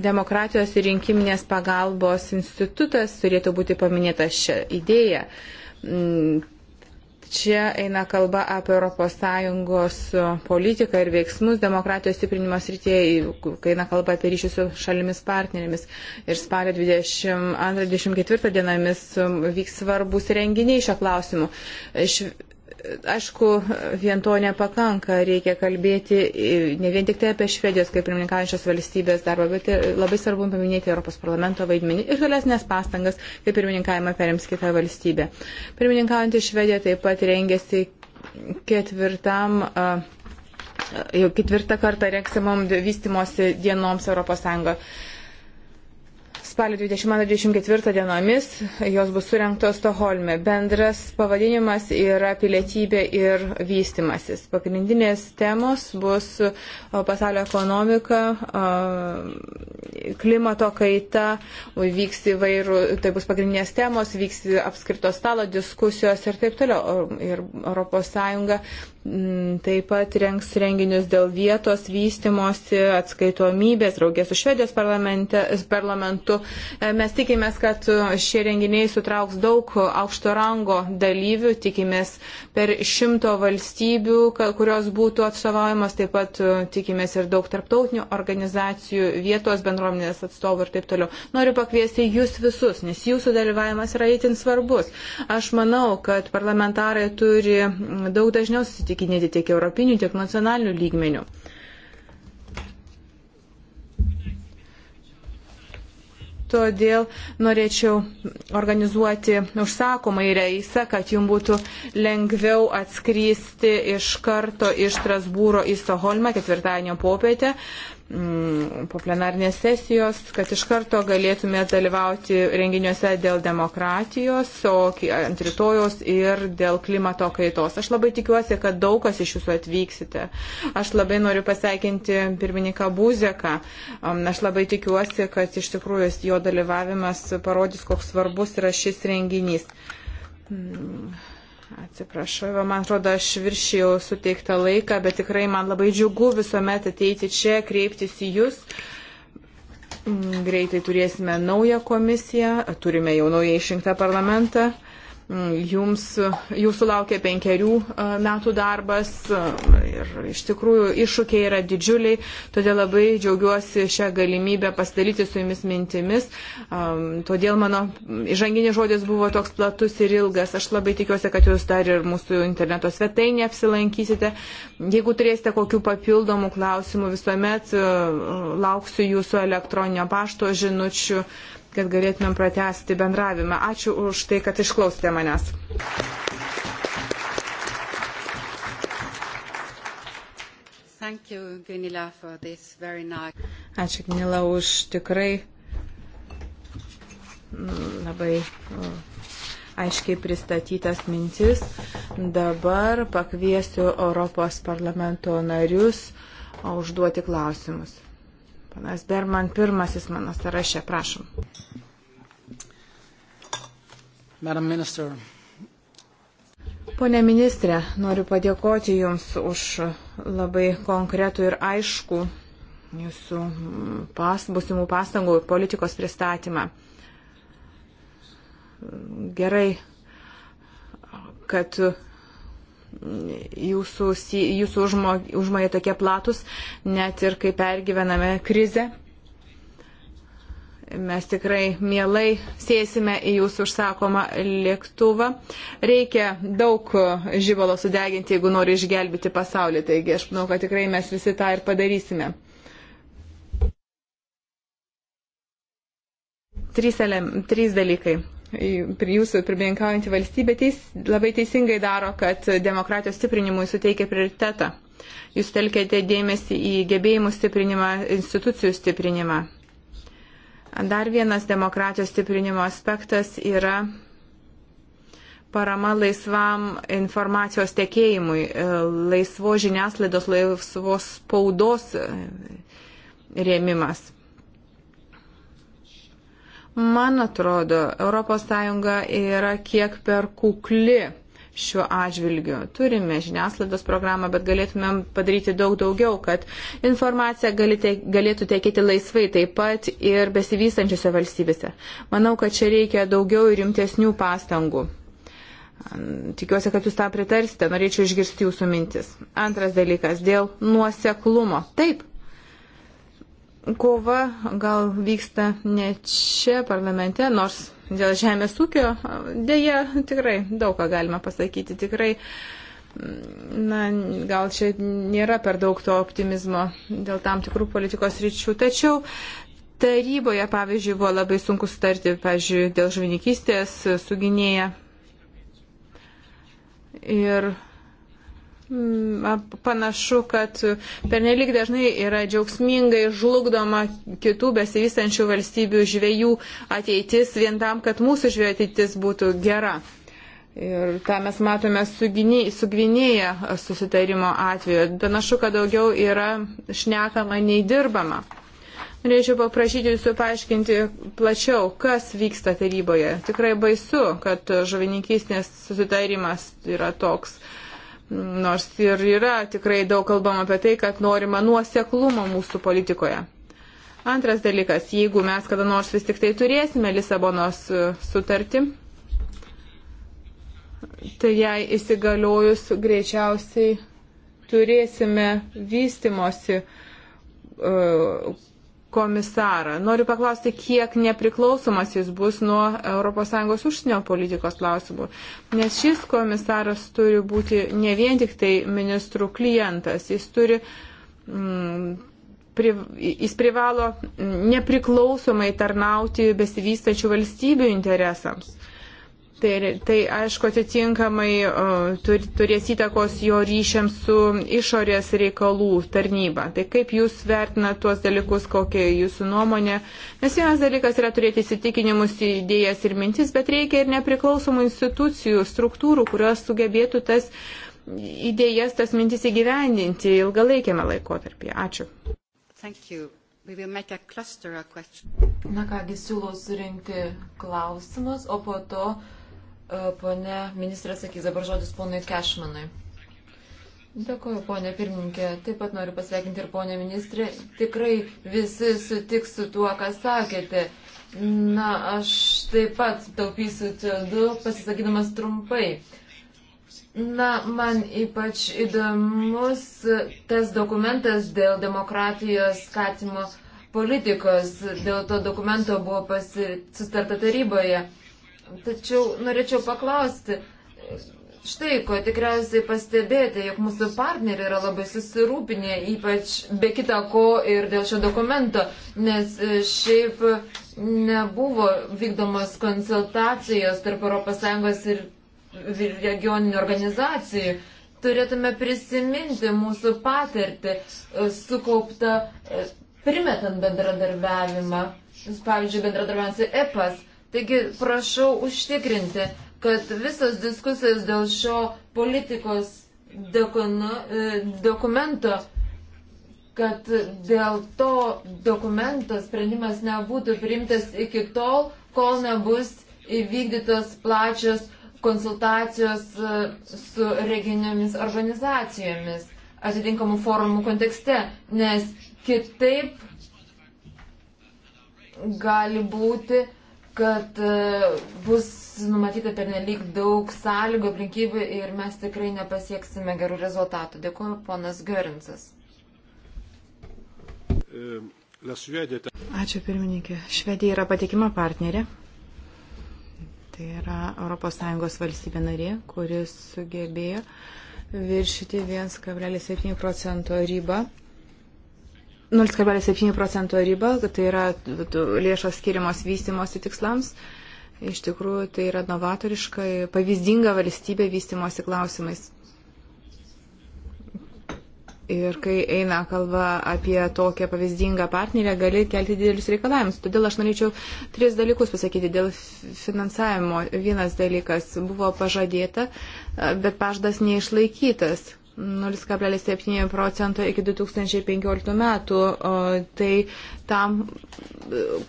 Demokratijos ir rinkiminės pagalbos institutas turėtų būti paminėta šią idėją mm, Čia eina kalba apie ES politiką ir veiksmus demokratijos stiprinimo srityje, kai eina kalba apie ryšius su šalimis partnerėmis. Ir spalio 22-24 dienomis um, vyks svarbus renginiai šio klausimu aišku, vien to nepakanka, reikia kalbėti e, ne vien tik tai apie Švedijos kaip pirmininkaujančios valstybės darbą, bet ir labai svarbu paminėti Europos parlamento vaidmenį ir tolesnės pastangas, kaip pirmininkavimą perims kitą valstybę. Pirmininkaujantį Švediją taip pat rengėsi ketvirtam. Jau ketvirtą kartą reksimom vystimosi dienoms Europos Sąjungoje. Spalio 22-24 dienomis jos bus surinktos Stoholme. Bendras pavadinimas yra pilietybė ir vystimasis. Pagrindinės temos bus pasaulio ekonomika, klimato kaita, vyks įvairių, tai bus pagrindinės temos, vyks apskrito stalo diskusijos ir taip toliau. Ir ES Mm, taip pat rengs renginius dėl vietos vystimosi, atskaitomybės, draugės su Švedijos parlamentu. E, mes tikimės, kad šie renginiai sutrauks daug aukšto rango dalyvių, tikimės per šimto valstybių, kurios būtų atstovaujamos, taip pat e, tikimės ir daug tarptautinių organizacijų, vietos bendruomenės atstovų ir taip toliau. Noriu pakviesti jūs visus, nes jūsų dalyvavimas yra itin svarbus. Aš manau, kad parlamentarai turi daug dažniau susitikti susitikinėti tiek europinių, tiek nacionalinių lygmenių. todėl norėčiau organizuoti užsakomą į reisą, kad jums būtų lengviau atskristi iš karto iš Strasbūro į Stoholmą ketvirtadienio popietę. Mm, po plenarnės sesijos, kad iš karto galėtumėt dalyvauti renginiuose dėl demokratijos, o ant rytojos ir dėl klimato kaitos. Aš labai tikiuosi, kad daug kas iš jūsų atvyksite. Aš labai noriu pasveikinti pirmininką Buzeką. Um, aš labai tikiuosi, kad iš tikrųjų jo dalyvavimas parodys, koks svarbus yra šis renginys. Mm, Atsiprašau, man atrodo, aš viršijau suteiktą laiką, bet tikrai man labai džiugu visuomet ateiti čia, kreiptis į Jūs. Mm, greitai turėsime naują komisiją, turime jau naują išrinktą parlamentą jums, jūsų laukia penkerių e, metų darbas e, ir iš tikrųjų iššūkiai yra didžiuliai, todėl labai džiaugiuosi šią galimybę pasidalyti su jumis mintimis. E, todėl mano įžanginis žodis buvo toks platus ir ilgas. Aš labai tikiuosi, kad jūs dar ir mūsų interneto svetainė apsilankysite. Jeigu turėsite kokių papildomų klausimų, visuomet lauksiu jūsų elektroninio pašto žinučių kad galėtumėm pratesti bendravimą. Ačiū už tai, kad išklausėte manęs. You, Gunilla, nice... Ačiū, Gunila, už tikrai mm, labai mm, aiškiai pristatytas mintis. Dabar pakviesiu Europos parlamento narius užduoti klausimus. Panas Berman pirmasis mano sąraše, prašom. Madam Minister. Pone ministrė, noriu padėkoti Jums už labai konkretų ir aišku Jūsų pas, busimų pastangų politikos pristatymą. Gerai, kad jūsų, jūsų užmojai tokie platus, net ir kai pergyvename krizę. Mes tikrai mielai sėsime į jūsų užsakomą lėktuvą. Reikia daug žybalo sudeginti, jeigu nori išgelbėti pasaulį. Taigi aš manau, kad tikrai mes visi tą ir padarysime. Trys, elem, trys dalykai jūsų pirmininkaujantį valstybę teis, labai teisingai daro, kad demokratijos stiprinimui suteikia prioritetą. Jūs telkėte dėmesį į gebėjimų stiprinimą, institucijų stiprinimą. Dar vienas demokratijos stiprinimo aspektas yra parama laisvam informacijos tekėjimui, e, laisvo žiniaslaidos, laisvos spaudos e, rėmimas. Man atrodo, ES yra kiek per kukli šiuo atžvilgiu. Turime žiniasklaidos programą, bet galėtumėm padaryti daug daugiau, kad informacija galite, galėtų tekėti laisvai taip pat ir besivystančiose valstybėse. Manau, kad čia reikia daugiau ir rimtesnių pastangų. Tikiuosi, kad jūs tą pritarsite, norėčiau išgirsti jūsų mintis. Antras dalykas - dėl nuoseklumo. Taip, kova gal vyksta ne čia parlamente, nors dėl žemės ūkio dėja tikrai daug ką galima pasakyti. Tikrai, na, gal čia nėra per daug to optimizmo dėl tam tikrų politikos ryčių. Tačiau taryboje, pavyzdžiui, buvo labai sunku sutarti, pavyzdžiui, dėl žvinikystės su gynėja. Ir Mm, panašu, kad pernelik dažnai yra džiaugsmingai žlugdoma kitų besivystančių valstybių žvėjų ateitis vien tam, kad mūsų žvėjų ateitis būtų gera. Ir tą mes matome su gvinėje susitarimo atveju. Panašu, kad daugiau yra šnekama nei dirbama. Norėčiau paprašyti jūsų paaiškinti plačiau, kas vyksta taryboje. Tikrai baisu, kad žuvininkystės susitarimas yra toks. Uh, Nors ir yra tikrai daug kalbama apie tai, kad norima nuoseklumo mūsų politikoje. Antras dalykas, jeigu mes kada nors vis tik tai turėsime Lisabonos e, sutartį, tai jai įsigaliojus greičiausiai turėsime vystimosi e, komisarą. Noriu paklausti, kiek nepriklausomas jis bus nuo ES užsienio politikos klausimų, nes šis komisaras turi būti ne vien tik tai ministrų klientas, jis turi. Mm, pri, jis privalo nepriklausomai tarnauti besivystančių valstybių interesams. Tai, tai aišku, atitinkamai tur, turės įtakos jo ryšiams su išorės reikalų tarnyba. Tai kaip jūs vertinat tuos dalykus, kokia jūsų nuomonė? Nes vienas dalykas yra turėti įsitikinimus, idėjas ir mintis, bet reikia ir nepriklausomų institucijų, struktūrų, kurios sugebėtų tas idėjas, tas mintis įgyvendinti ilgalaikėme laikotarpyje. Ačiū. Na kągi, siūlau surinkti klausimus, o po to E, pone ministrė sakys dabar žodis ponui Kešmanui. Dėkuoju, ponė pirmininkė. Taip pat noriu pasveikinti ir ponė ministrė. Tikrai visi sutiks su tuo, ką sakėte. Na, aš taip pat taupysiu CO2, pasisakydamas trumpai. Na, man ypač įdomus tas dokumentas dėl demokratijos skatimo politikos. Dėl to dokumento buvo susitarta taryboje. Tačiau norėčiau paklausti, štai ko tikriausiai pastebėjote, jog mūsų partneriai yra labai susirūpinę, ypač be kita ko ir dėl šio dokumento, nes e, šiaip nebuvo vykdomas konsultacijos tarp ES ir regioninių organizacijų. Turėtume prisiminti mūsų patirtį e, sukauptą e, primetant bendradarbiavimą, pavyzdžiui, bendradarbiavimą su EPAS Taigi prašau užtikrinti, kad visas diskusijas dėl šio politikos dekonu, e, dokumento, kad dėl to dokumento sprendimas nebūtų priimtas iki tol, kol nebus įvykdytos plačios konsultacijos e, su reginėmis organizacijomis atitinkamų forumų kontekste, nes kitaip gali būti kad e, bus numatyta pernelyg daug sąlygų, aplinkybių ir mes tikrai nepasieksime gerų rezultatų. Dėkuoju, ponas Görinsas. Ačiū pirmininkė. Švedija yra patikima partnerė. Tai yra ES valstybė narė, kuris sugebėjo viršyti 1,7 procento ribą 0,7 procento riba, tai yra lėšos skiriamos vystimosi tikslams. Iš tikrųjų, tai yra novatoriška, pavyzdinga valstybė vystimosi klausimais. Ir kai eina kalba apie tokią pavyzdingą partnerę, gali kelti didelius reikalavimus. Todėl aš norėčiau tris dalykus pasakyti dėl finansavimo. Vienas dalykas buvo pažadėta, bet pažadas neišlaikytas 0,7 procento iki 2015 metų. Tai tam,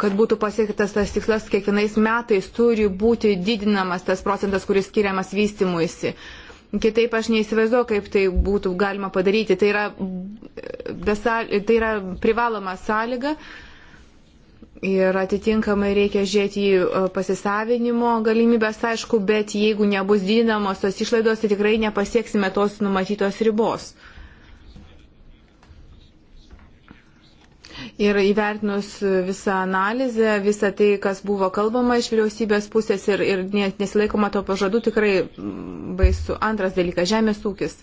kad būtų pasiektas tas tikslas, kiekvienais metais turi būti didinamas tas procentas, kuris skiriamas vystimuisi. Kitaip aš neįsivaizduoju, kaip tai būtų galima padaryti. Tai yra, besa, tai yra privaloma sąlyga. Uh, Ir atitinkamai reikia žiūrėti į e, pasisavinimo galimybės, aišku, bet jeigu nebus didinamos tos išlaidos, tai tikrai nepasieksime tos numatytos ribos. Ir įvertinus visą analizę, visą tai, kas buvo kalbama iš vyriausybės pusės ir, ir net nesilaikoma to pažadu, tikrai mm, baisu. Antras dalykas - žemės ūkis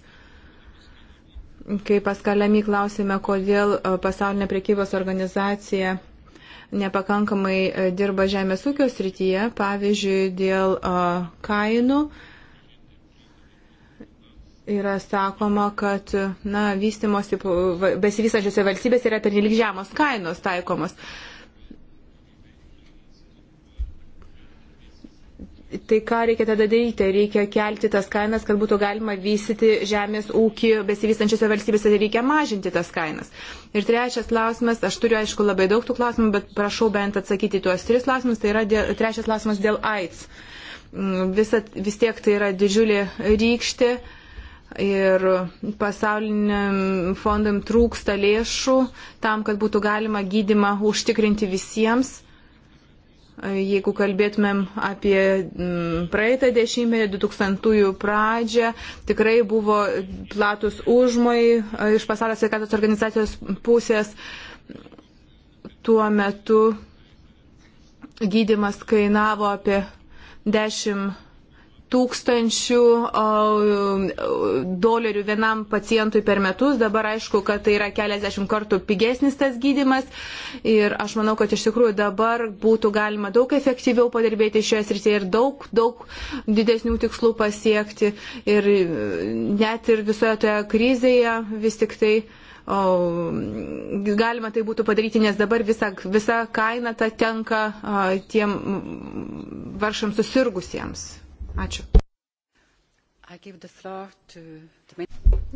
kai paskalėmi klausėme, kodėl e, pasaulinė priekybos organizacija nepakankamai e, dirba žemės ūkio srityje, pavyzdžiui, dėl e, kainų. Yra sakoma, kad na, vystimosi besivystančiose valstybėse yra pernelik žemos kainos taikomos. Uh, Tai ką reikia tada daryti? Reikia kelti tas kainas, kad būtų galima vystyti žemės ūkį besivystančiose valstybėse, reikia mažinti tas kainas. Ir trečias klausimas, aš turiu aišku labai daug tų klausimų, bet prašau bent atsakyti tuos tris klausimus, tai yra dėl, trečias klausimas dėl AIDS. Mm, Visat, vis tiek tai yra didžiulė rykštė ir pasauliniam fondam trūksta lėšų tam, kad būtų galima gydimą užtikrinti visiems Jeigu kalbėtumėm apie mm, praeitą dešimtmetį, 2000-ųjų pradžią, tikrai buvo platus užmai e, iš pasaulio sveikatos organizacijos pusės. Tuo metu gydimas kainavo apie 10 tūkstančių dolerių vienam pacientui per metus. Dabar aišku, kad tai yra keliasdešimt kartų pigesnis tas gydimas ir aš manau, kad iš tikrųjų dabar būtų galima daug efektyviau padirbėti šioje srityje ir daug, daug didesnių tikslų pasiekti ir net ir visoje toje krizėje vis tik tai. O, galima tai būtų padaryti, nes dabar visa, visa kaina ta tenka a, tiem varšams susirgusiems. Ačiū. To...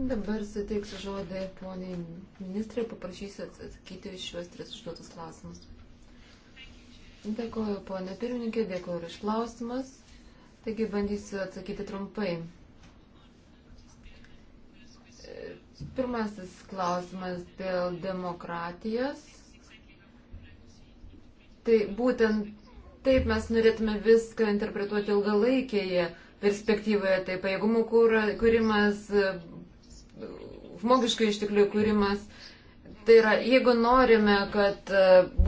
Dabar suteiksiu žodį poniai ministrė, paprašysiu atsakyti šiuos tris užduotus klausimus. Dėkuoju, ponė pirmininkė, dėkuoju ir iš klausimas. Taigi bandysiu atsakyti trumpai. Pirmasis klausimas dėl demokratijos. Tai būtent Taip, mes norėtume viską interpretuoti ilgalaikėje perspektyvoje, tai pajėgumų kūrimas, žmogiškai išteklių kūrimas. Tai yra, jeigu norime, kad e,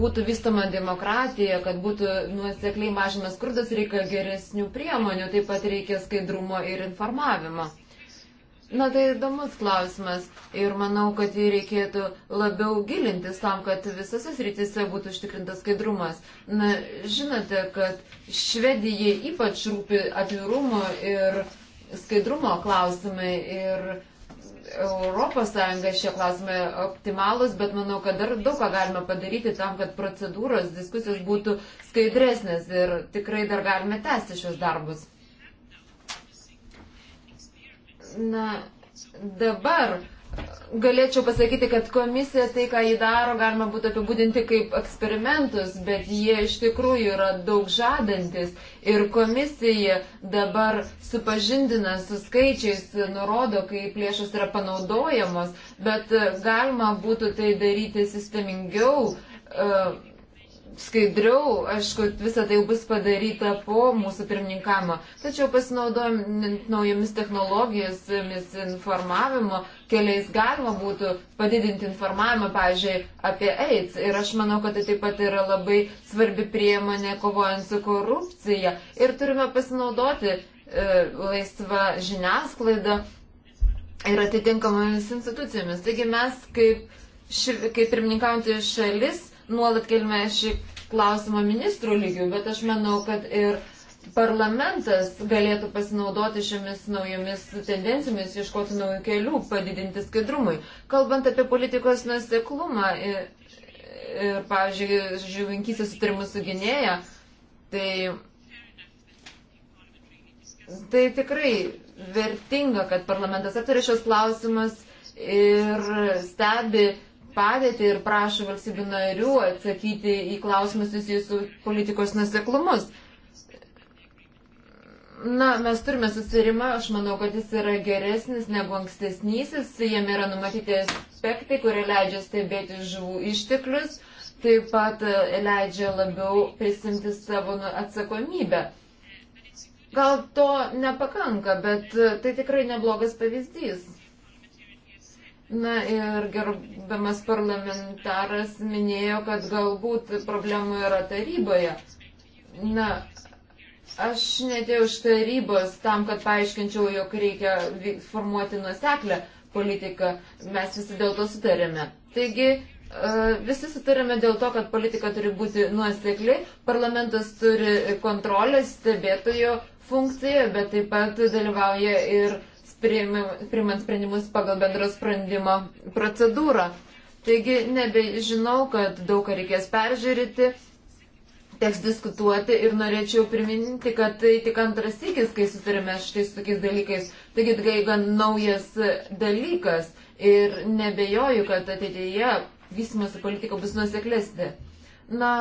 būtų vystama demokratija, kad būtų nuosekliai mažinas skurdas, reikia geresnių priemonių, taip pat reikia skaidrumo ir informavimo. Na tai įdomus klausimas ir manau, kad jį reikėtų labiau gilintis tam, kad visose srityse būtų užtikrintas skaidrumas. Na, žinote, kad Švedijai ypač rūpi atvirumo ir skaidrumo klausimai ir Europos Sąjunga šie klausimai optimalūs, bet manau, kad dar daug ką galime padaryti tam, kad procedūros, diskusijos būtų skaidresnės ir tikrai dar galime tęsti šios darbus na, dabar galėčiau pasakyti, kad komisija tai, ką jį daro, galima būtų apibūdinti kaip eksperimentus, bet jie iš tikrųjų yra daug žadantis. Ir komisija dabar supažindina su skaičiais, nurodo, kaip lėšos yra panaudojamos, bet galima būtų tai daryti sistemingiau. Uh, skaidriau, aišku, visą tai jau bus padaryta po mūsų pirmininkamo. Tačiau pasinaudojant naujomis technologijomis informavimo keliais galima būtų padidinti informavimą, pavyzdžiui, apie AIDS. Ir aš manau, kad tai taip pat yra labai svarbi priemonė kovojant su korupcija. Ir turime pasinaudoti e, laisvą žiniasklaidą ir atitinkamomis institucijomis. Taigi mes kaip, kaip pirmininkaujantys šalis nuolat kelime šį klausimą ministrų lygių, bet aš manau, kad ir parlamentas galėtų pasinaudoti šiomis naujomis tendencijomis, ieškoti naujų kelių, padidinti skaidrumui. Kalbant apie politikos nuseklumą ir, ir pavyzdžiui, žyvinkysės sutarimus su gynėja, tai, tai tikrai vertinga, kad parlamentas aptarė šios klausimus ir stebi padėtį ir prašo valstybių narių atsakyti į klausimus susijusius su politikos nuseklumus. Na, mes turime susirimą, aš manau, kad jis yra geresnis negu ankstesnysis, jame yra numatyti aspektai, kurie leidžia stebėti žuvų išteklius, taip pat e, leidžia labiau prisimti savo nu, atsakomybę. Gal to nepakanka, bet e, tai tikrai neblogas pavyzdys. Na ir gerbiamas parlamentaras minėjo, kad galbūt problemų yra taryboje. Na, aš netėjau iš tarybos tam, kad paaiškinčiau, jog reikia formuoti nuseklę politiką. Mes visi dėl to sutarėme. Taigi, e, visi sutarėme dėl to, kad politika turi būti nuosekli, parlamentas turi kontrolės, stebėtojo funkciją, bet taip pat dalyvauja ir priimant sprendimus pagal bendrą sprendimo procedūrą. Taigi nebežinau, kad daug ką reikės peržiūrėti, teks diskutuoti ir norėčiau priminti, kad tai tik antras įkis, kai sutarėme štai su tokiais dalykais. Taigi tai gan naujas dalykas ir nebejoju, kad ateityje vystimosi politika bus nuseklesnė. Na,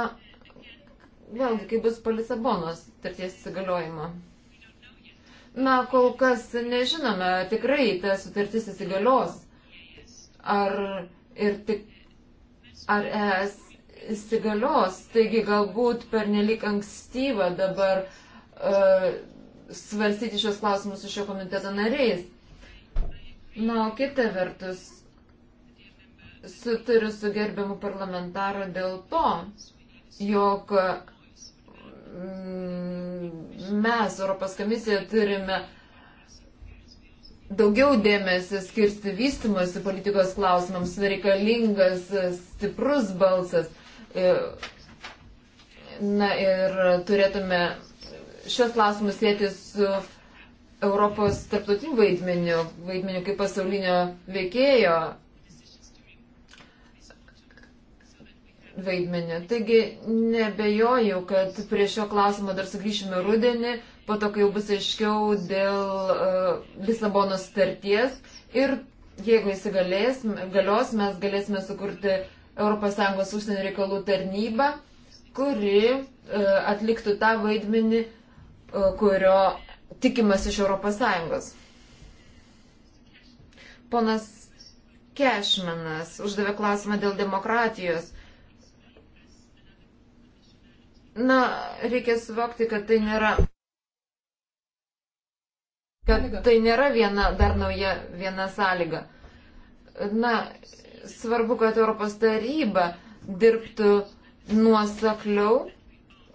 vėlgi, kai bus po Lisabonos tarties įsigaliojimo. Na, kol kas nežinome, tikrai ta sutartis įsigalios. Ar ir tik. Ar es įsigalios, taigi galbūt per nelik ankstyva dabar uh, svarstyti šios klausimus su šio komiteto nariais. Na, o kita vertus, sutariu su gerbiamu parlamentaru dėl to, jog uh, Mm, mes, Europos komisija, turime daugiau dėmesio skirsti vystimosi politikos klausimams, reikalingas stiprus balsas. E, na ir turėtume šios klausimus sėti su Europos tarptautiniu vaidmeniu, vaidmeniu kaip pasaulinio veikėjo vaidmenį. Taigi nebejoju, kad prie šio klausimo dar sugrįšime rudenį, po to, kai jau bus aiškiau dėl uh, e, Lisabono starties ir jeigu jis galės, galios, mes galėsime sukurti ES užsienio reikalų tarnybą, kuri uh, atliktų tą vaidmenį, uh, kurio tikimas iš ES. Ponas Kešmenas uždavė klausimą dėl demokratijos. Na, reikia suvokti, kad tai nėra. Kad tai nėra viena, dar nauja viena sąlyga. Na, svarbu, kad Europos taryba dirbtų nuosekliau,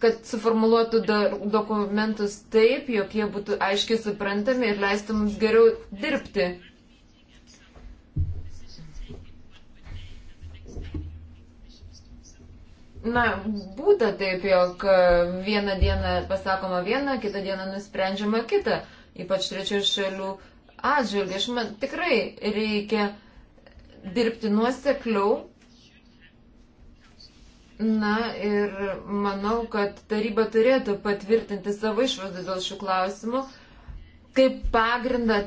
kad suformuluotų dokumentus taip, jog jie būtų aiškiai suprantami ir leistų mums geriau dirbti. Na, būda taip, jog vieną dieną pasakoma vieną, kitą dieną nusprendžiama kitą, ypač trečiųjų šalių atžvilgių. Aš man tikrai reikia dirbti nuosekliau. Na ir manau, kad taryba turėtų patvirtinti savo išvadas dėl šių klausimų kaip pagrindą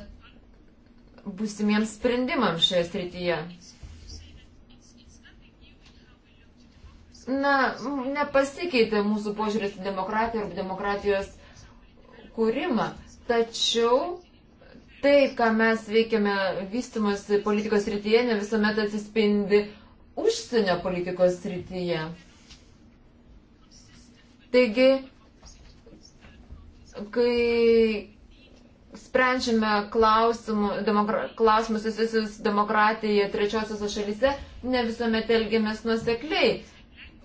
būsimiems sprendimams šioje srityje. Na, nepasikeitė mūsų požiūris į demokratiją ir demokratijos kūrimą, tačiau tai, ką mes veikiame vystimas politikos rytyje, ne visuomet atsispindi užsienio politikos rytyje. Taigi, kai sprendžiame klausimus demokra, susijusius demokratiją trečiosios šalyse, ne visuomet elgiamės nuosekliai.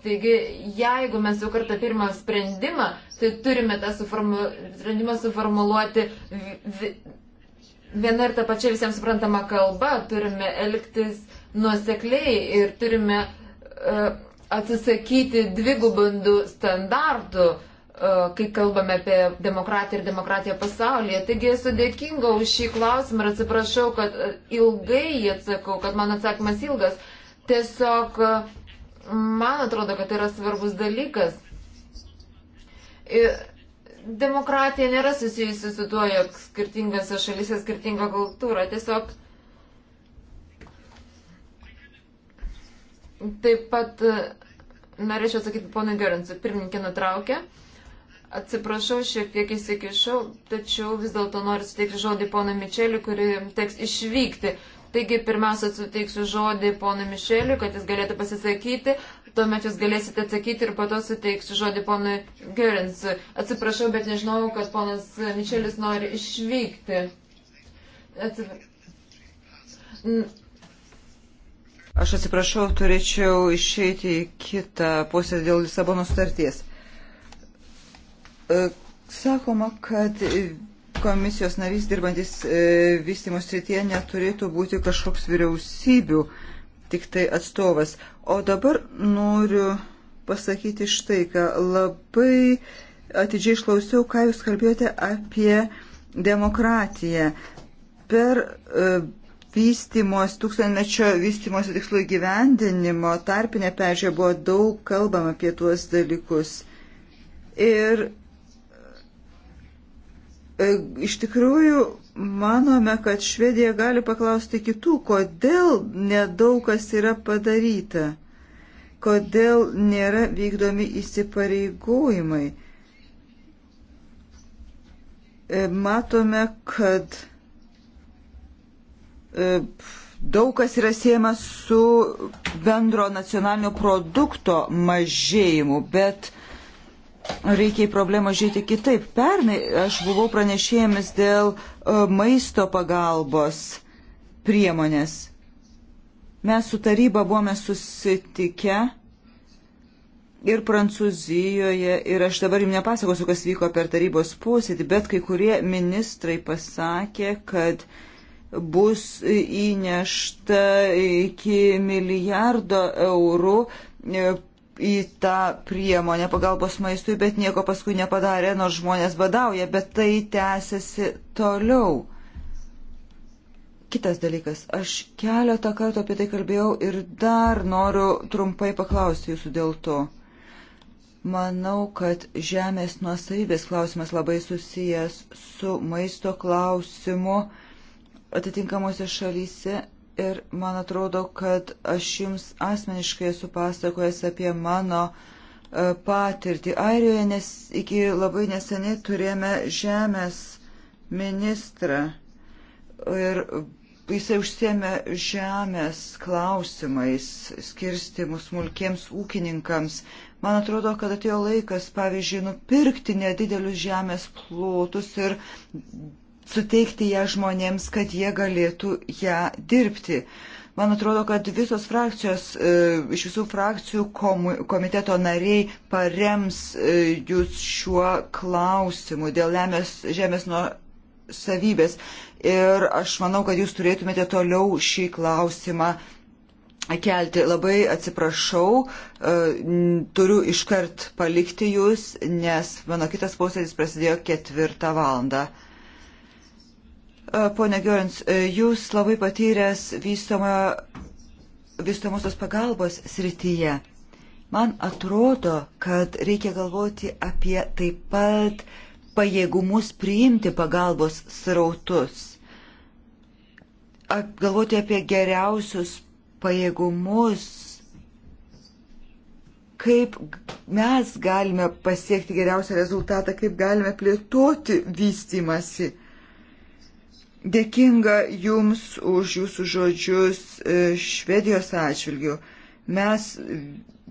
Taigi, jeigu mes jau kartą pirmą sprendimą, tai turime tą suformu, sprendimą suformuluoti viena ir ta pačia visiems suprantama kalba, turime elgtis nuosekliai ir turime uh, atsisakyti dvigubandų standartų, uh, e, kai kalbame apie demokratiją ir demokratiją pasaulyje. Taigi esu dėkinga už šį klausimą ir atsiprašau, kad e, ilgai atsakau, kad mano atsakymas ilgas. Tiesiog uh, Man atrodo, kad tai yra svarbus dalykas. Ir demokratija nėra susijusi su tuo, jog skirtingose šalyse skirtinga kultūra. Tiesiog taip pat e, norėčiau atsakyti ponui Gerinsui, pirmininkė nutraukė. Atsiprašau, šiek tiek įsikišau, tačiau vis dėlto noriu suteikti žodį pono Mičeliu, kuri teks išvykti. Taigi pirmiausia suteiksiu žodį ponui Mišeliui, kad jis galėtų pasisakyti, tuomet jūs galėsite atsakyti ir po to suteiksiu žodį ponui Gerins. Atsiprašau, bet nežinau, kad ponas Mišelis nori išvykti. Atsip... Aš atsiprašau, turėčiau išeiti į kitą posėdį dėl Lisabono starties. E, sakoma, kad komisijos narys dirbantis e, vystimo srityje neturėtų būti kažkoks vyriausybių, tik tai atstovas. O dabar noriu pasakyti štai, ką labai atidžiai išklausiau, ką jūs kalbėjote apie demokratiją. Per e, vystimos, tūkstantmečio vystimosi tikslų įgyvendinimo tarpinė peržiūrė buvo daug kalbama apie tuos dalykus. Ir E, iš tikrųjų, manome, kad Švedija gali paklausti kitų, kodėl nedaug kas yra padaryta, kodėl nėra vykdomi įsipareigojimai. E, matome, kad e, daug kas yra siejama su bendro nacionalinio produkto mažėjimu, bet reikia į problemą žiūrėti kitaip. Pernai aš buvau pranešėjimis dėl e, maisto pagalbos priemonės. Mes su taryba buvome susitikę ir Prancūzijoje, ir aš dabar jums nepasakosiu, kas vyko per tarybos posėdį, bet kai kurie ministrai pasakė, kad bus įnešta iki milijardo eurų e, į tą priemonę pagalbos maistui, bet nieko paskui nepadarė, nors žmonės badauja, bet tai tęsiasi toliau. Kitas dalykas, aš keletą kartų apie tai kalbėjau ir dar noriu trumpai paklausti jūsų dėl to. Manau, kad žemės nuosavybės klausimas labai susijęs su maisto klausimu atitinkamuose šalyse Ir man atrodo, kad aš jums asmeniškai esu pasakojęs apie mano e, patirtį. Airijoje nes iki labai neseniai turėjome žemės ministrą ir jisai užsiemė žemės klausimais, skirstimus smulkiems ūkininkams. Man atrodo, kad atėjo laikas, pavyzdžiui, nupirkti nedidelius žemės plotus ir suteikti ją žmonėms, kad jie galėtų ją dirbti. Man atrodo, kad visos frakcijos, e, iš visų frakcijų komiteto nariai parems e, jūs šiuo klausimu dėl žemės, žemės nuo savybės. Ir aš manau, kad jūs turėtumėte toliau šį klausimą kelti. Labai atsiprašau, e, turiu iškart palikti jūs, nes mano kitas posėdis prasidėjo ketvirtą valandą. E, pone Giorins, e, jūs labai patyręs vystomosios pagalbos srityje. Man atrodo, kad reikia galvoti apie taip pat pajėgumus priimti pagalbos srautus. Galvoti apie geriausius pajėgumus, kaip mes galime pasiekti geriausią rezultatą, kaip galime plėtoti vystimasi dėkinga Jums už Jūsų žodžius e, Švedijos atžvilgių. Mes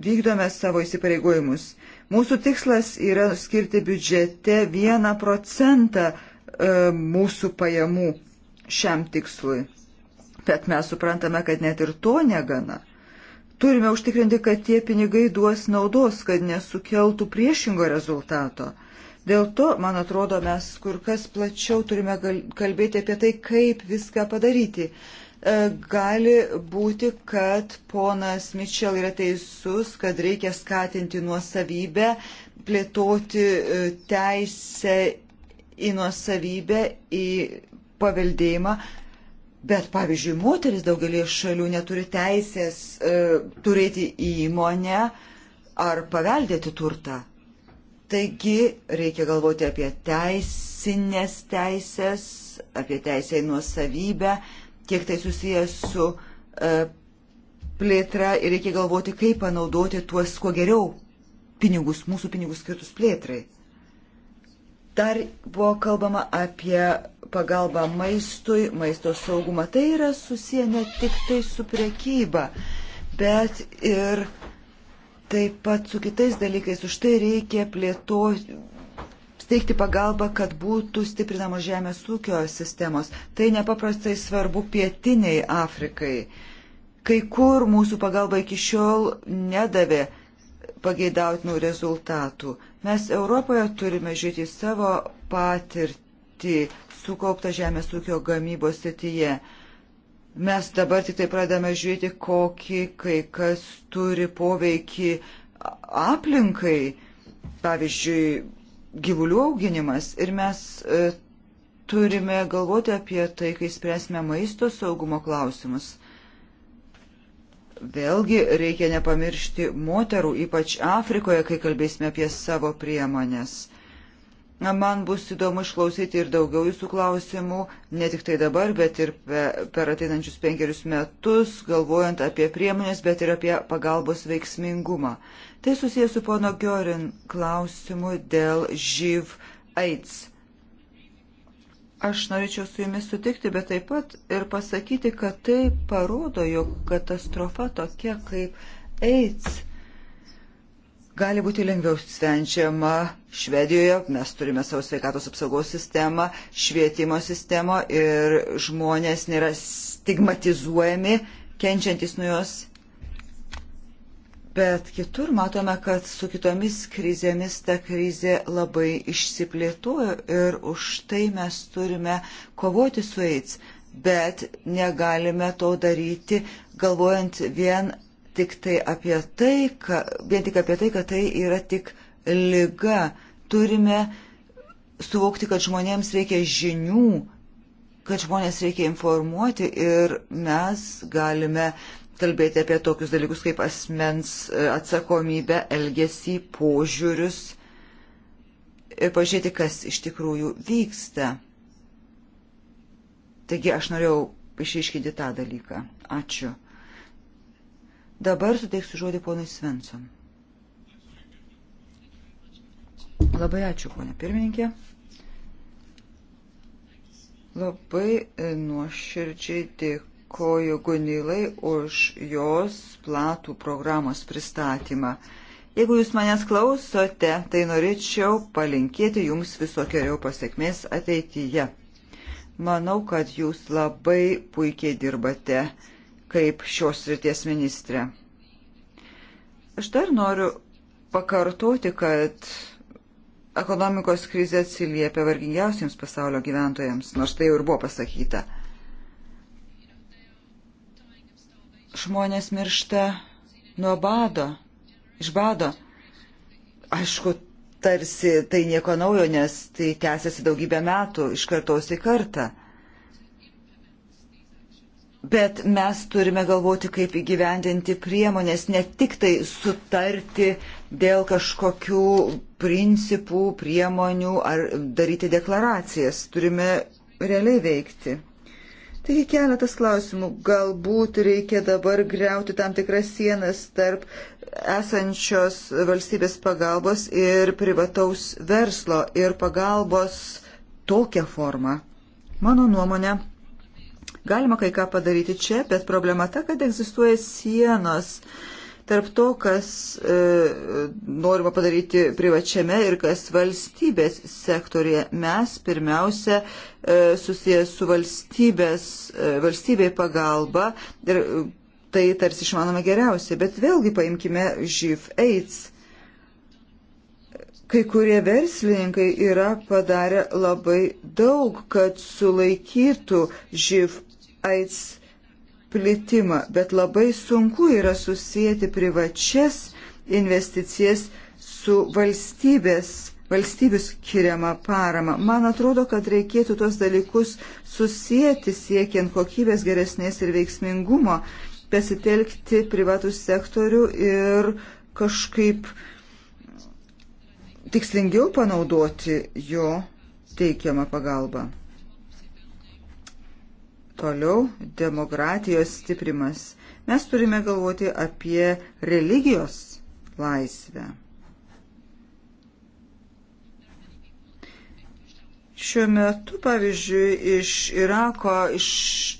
vykdome savo įsipareigojimus. Mūsų tikslas yra skirti biudžete vieną procentą e, mūsų pajamų šiam tikslui. Bet mes suprantame, kad net ir to negana. Turime užtikrinti, kad tie pinigai duos naudos, kad nesukeltų priešingo rezultato. Dėl to, man atrodo, mes kur kas plačiau turime kalbėti apie tai, kaip viską padaryti. E, gali būti, kad ponas Mitchell yra teisus, kad reikia skatinti nuosavybę, plėtoti e, teisę į nuosavybę, į paveldėjimą. Bet, pavyzdžiui, moteris daugelie šalių neturi teisės e, turėti įmonę ar paveldėti turtą. Taigi reikia galvoti apie teisinės teisės, apie teisę į nuosavybę, kiek tai susijęs su e, plėtra ir reikia galvoti, kaip panaudoti tuos kuo geriau pinigus, mūsų pinigus skirtus plėtrai. Dar buvo kalbama apie pagalbą maistui, maisto saugumą. Tai yra susiję ne tik tai su prekyba, bet ir taip pat su kitais dalykais. Už tai reikia plėtoti steigti pagalbą, kad būtų stiprinamos žemės ūkio sistemos. Tai nepaprastai svarbu pietiniai Afrikai. Kai kur mūsų pagalba iki šiol nedavė pageidautinų rezultatų. Mes Europoje turime žiūrėti savo patirtį sukauptą žemės ūkio gamybos srityje. Mes dabar tik tai pradame žiūrėti, kokį kai kas turi poveikį aplinkai, pavyzdžiui, gyvulių auginimas. Ir mes e, turime galvoti apie tai, kai spręsime maisto saugumo klausimus. Vėlgi reikia nepamiršti moterų, ypač Afrikoje, kai kalbėsime apie savo priemonės Man bus įdomu išklausyti ir daugiau jūsų klausimų, ne tik tai dabar, bet ir per ateinančius penkerius metus, galvojant apie priemonės, bet ir apie pagalbos veiksmingumą. Tai susijęs su pono Giorin klausimu dėl živ AIDS. Aš norėčiau su jumis sutikti, bet taip pat ir pasakyti, kad tai parodo, jog katastrofa tokia kaip AIDS gali būti lengviau svenčiama Švedijoje, mes turime savo sveikatos apsaugos sistemą, švietimo sistemą ir žmonės nėra stigmatizuojami, kenčiantis nuo jos. Bet kitur matome, kad su kitomis krizėmis ta krizė labai išsiplėtojo ir už tai mes turime kovoti su jais, bet negalime to daryti galvojant vien tik tai apie tai, ka, vien tik apie tai, kad tai yra tik lyga. Turime suvokti, kad žmonėms reikia žinių, kad žmonės reikia informuoti ir mes galime kalbėti apie tokius dalykus kaip asmens e, atsakomybę, elgesį, požiūrius ir pažiūrėti, kas iš tikrųjų vyksta. Taigi aš norėjau išaiškinti tą dalyką. Ačiū. Dabar suteiksiu žodį ponui Svensson. Labai ačiū, ponė pirmininkė. Labai e, nuoširdžiai dėkoju Gunilai už jos platų programos pristatymą. Jeigu jūs manęs klausote, tai norėčiau palinkėti jums visokiojo pasiekmės ateityje. Manau, kad jūs labai puikiai dirbate kaip šios srities ministrė. Aš dar noriu pakartoti, kad ekonomikos krizė atsiliepia vargingiausiams pasaulio gyventojams, nors tai jau ir buvo pasakyta. Žmonės miršta nuo bado, iš bado. Aišku, tarsi tai nieko naujo, nes tai tęsiasi daugybę metų iš kartos į kartą. Bet mes turime galvoti, kaip įgyvendinti priemonės, ne tik tai sutarti dėl kažkokių principų, priemonių ar daryti deklaracijas. Turime realiai veikti. Taigi keletas klausimų. Galbūt reikia dabar greuti tam tikras sienas tarp esančios valstybės pagalbos ir privataus verslo ir pagalbos tokią formą. Mano nuomonė Galima kai ką padaryti čia, bet problema ta, kad egzistuoja sienos tarp to, kas e, norima padaryti privačiame ir kas valstybės sektorėje. Mes pirmiausia e, susijęs su valstybės, e, valstybėje pagalba ir e, tai tarsi išmanome geriausiai, bet vėlgi paimkime živ AIDS kai kurie verslininkai yra padarę labai daug, kad sulaikytų živ AIDS plitimą, bet labai sunku yra susijęti privačias investicijas su valstybės valstybių skiriamą paramą. Man atrodo, kad reikėtų tos dalykus susijęti siekiant kokybės geresnės ir veiksmingumo, pasitelkti privatų sektorių ir kažkaip tikslingiau panaudoti jo teikiamą pagalbą. Toliau demokratijos stiprimas. Mes turime galvoti apie religijos laisvę. Šiuo metu, pavyzdžiui, iš Irako iš,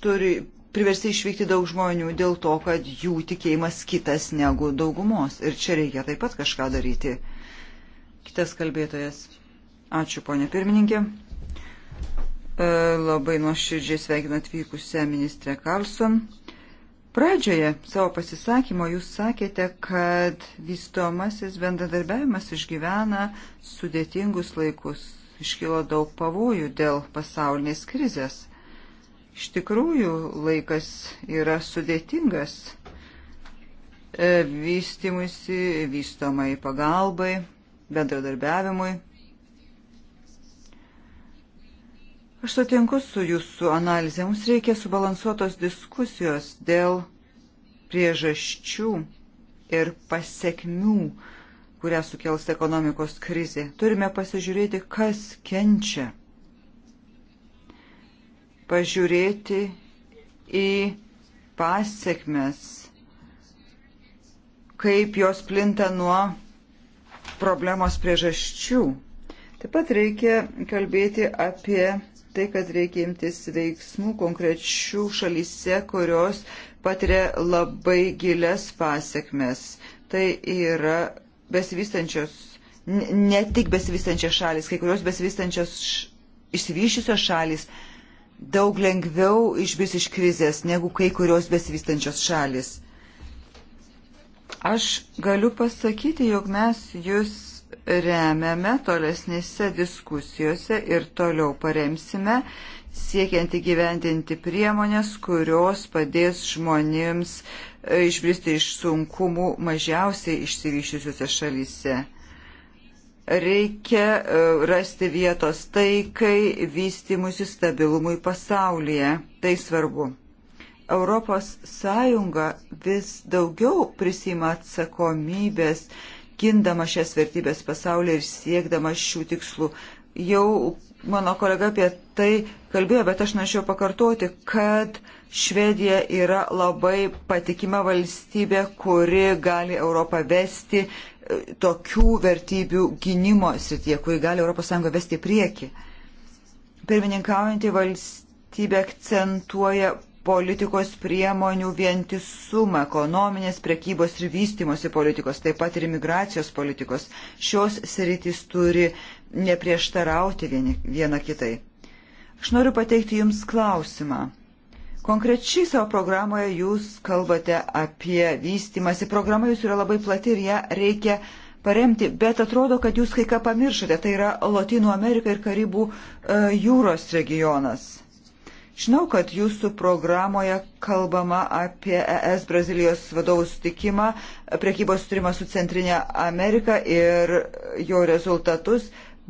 turi priversti išvykti daug žmonių dėl to, kad jų tikėjimas kitas negu daugumos. Ir čia reikia taip pat kažką daryti. Kitas kalbėtojas. Ačiū, ponė pirmininkė. E, labai nuoširdžiai sveikinant atvykusią ministrę Karlson. Pradžioje savo pasisakymo jūs sakėte, kad vystomasis bendradarbiavimas išgyvena sudėtingus laikus. Iškilo daug pavojų dėl pasaulinės krizės. Iš tikrųjų, laikas yra sudėtingas e, vystimusi, vystomai pagalbai, bendradarbiavimui. Aš sutinku su jūsų analizė. Mums reikia subalansuotos diskusijos dėl priežasčių ir pasiekmių, kurią sukels ekonomikos krizė. Turime pasižiūrėti, kas kenčia. Pažiūrėti į pasiekmes, kaip jos plinta nuo problemos priežasčių. Taip pat reikia kalbėti apie tai, kad reikia imtis veiksmų konkrečių šalyse, kurios patiria labai gilias pasiekmes. Tai yra besivystančios, ne tik besivystančios šalis, kai kurios besivystančios išsivyšusios šalis daug lengviau išbris iš krizės negu kai kurios besivystančios šalis. Aš galiu pasakyti, jog mes jūs remiame tolesnėse diskusijose ir toliau paremsime, siekiant įgyvendinti priemonės, kurios padės žmonėms e, išbristi iš sunkumų mažiausiai išsivyščiusiuose šalyse. Reikia e, rasti vietos taikai, vystimusi stabilumui pasaulyje. Tai svarbu. Europos Sąjunga vis daugiau prisima atsakomybės gindama šias vertybės pasaulyje ir siekdama šių tikslų. Jau mano kolega apie tai kalbėjo, bet aš norėčiau pakartoti, kad Švedija yra labai patikima valstybė, kuri gali Europą vesti e, tokių vertybių gynimo srityje, kuri gali ES vesti prieki. Pirmininkaujantį valstybę akcentuoja politikos priemonių vientisumą, ekonominės prekybos ir vystimosi politikos, taip pat ir imigracijos politikos. Šios sritys turi neprieštarauti vieni, viena kitai. Aš noriu pateikti Jums klausimą. Konkrečiai savo programoje Jūs kalbate apie vystimąsi. Programa Jūsų yra labai plati ir ją reikia paremti, bet atrodo, kad Jūs kai ką pamiršote. Tai yra Latino Amerika ir Karibų e, jūros regionas. Žinau, kad jūsų programoje kalbama apie ES Brazilijos vadovų sutikimą, priekybos sutrimą su Centrinė Amerika ir jo rezultatus,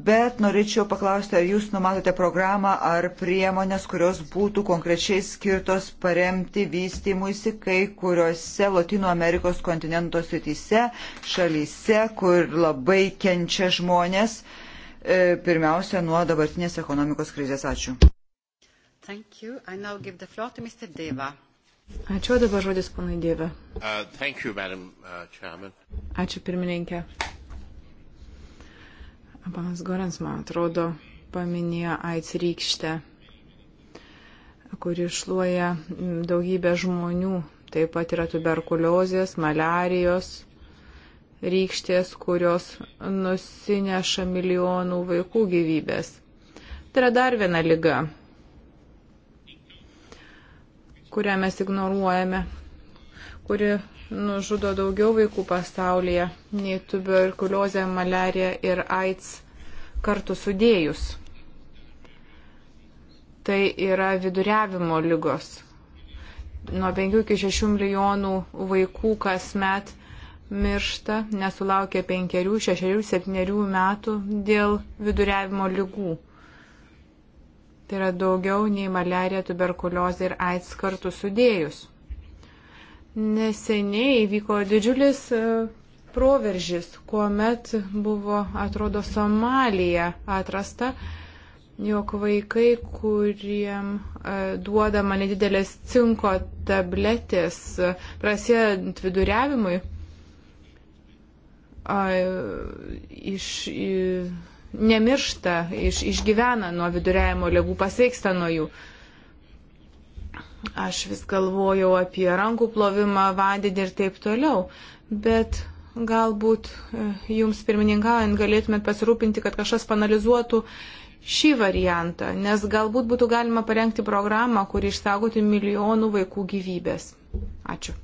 bet norėčiau paklausti, ar jūs numatote programą ar priemonės, kurios būtų konkrečiai skirtos paremti vystymuisi kai kuriuose Latino Amerikos kontinento srityse, šalyse, kur labai kenčia žmonės, e, pirmiausia, nuo dabartinės ekonomikos krizės. Ačiū. Thank you. I now give the floor to Mr. Deva. Ačiū dabar žodis ponai Dieve. Uh, you, Madam, uh, Ačiū pirmininkė. Panas Gorans, man atrodo, paminėjo AIDS rykštę, kuri šluoja daugybę žmonių. Taip pat yra tuberkuliozės, malarijos rykštės, kurios nusineša milijonų vaikų gyvybės. Tai yra dar viena lyga, kurią mes ignoruojame, kuri nužudo daugiau vaikų pasaulyje nei tuberkuliozė, malerija ir AIDS kartu sudėjus. Tai yra viduriavimo lygos. Nuo 5 iki 6 milijonų vaikų kasmet miršta, nesulaukia 5, 6, 7 metų dėl viduriavimo lygų. Tai yra daugiau nei maliarija, tuberkuliozė ir AIDS kartu sudėjus. Neseniai įvyko didžiulis e, proveržis, kuomet buvo, atrodo, Somalija atrasta, jog vaikai, kuriem e, duodama nedidelės cinko tabletės e, prasidedant viduriavimui, iš. iš nemiršta, iš, išgyvena nuo viduriavimo lygų, pasveiksta nuo jų. Aš vis galvojau apie rankų plovimą, vandenį ir taip toliau, bet galbūt e, jums pirmininkaujant galėtumėt pasirūpinti, kad kažkas panalizuotų šį variantą, nes galbūt būtų galima parengti programą, kuri išsaugoti milijonų vaikų gyvybės. Ačiū.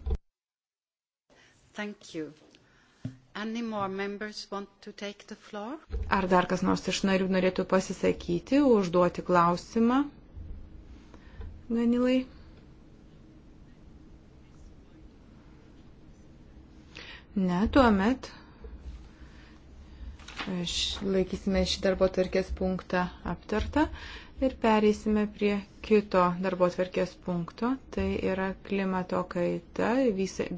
Ar dar kas nors iš narių norėtų pasisakyti, užduoti klausimą? Ganilai. Ne, tuomet laikysime šį darbo tvarkės punktą aptartą ir pereisime prie kito darbo tvarkės punkto. Tai yra klimato kaita,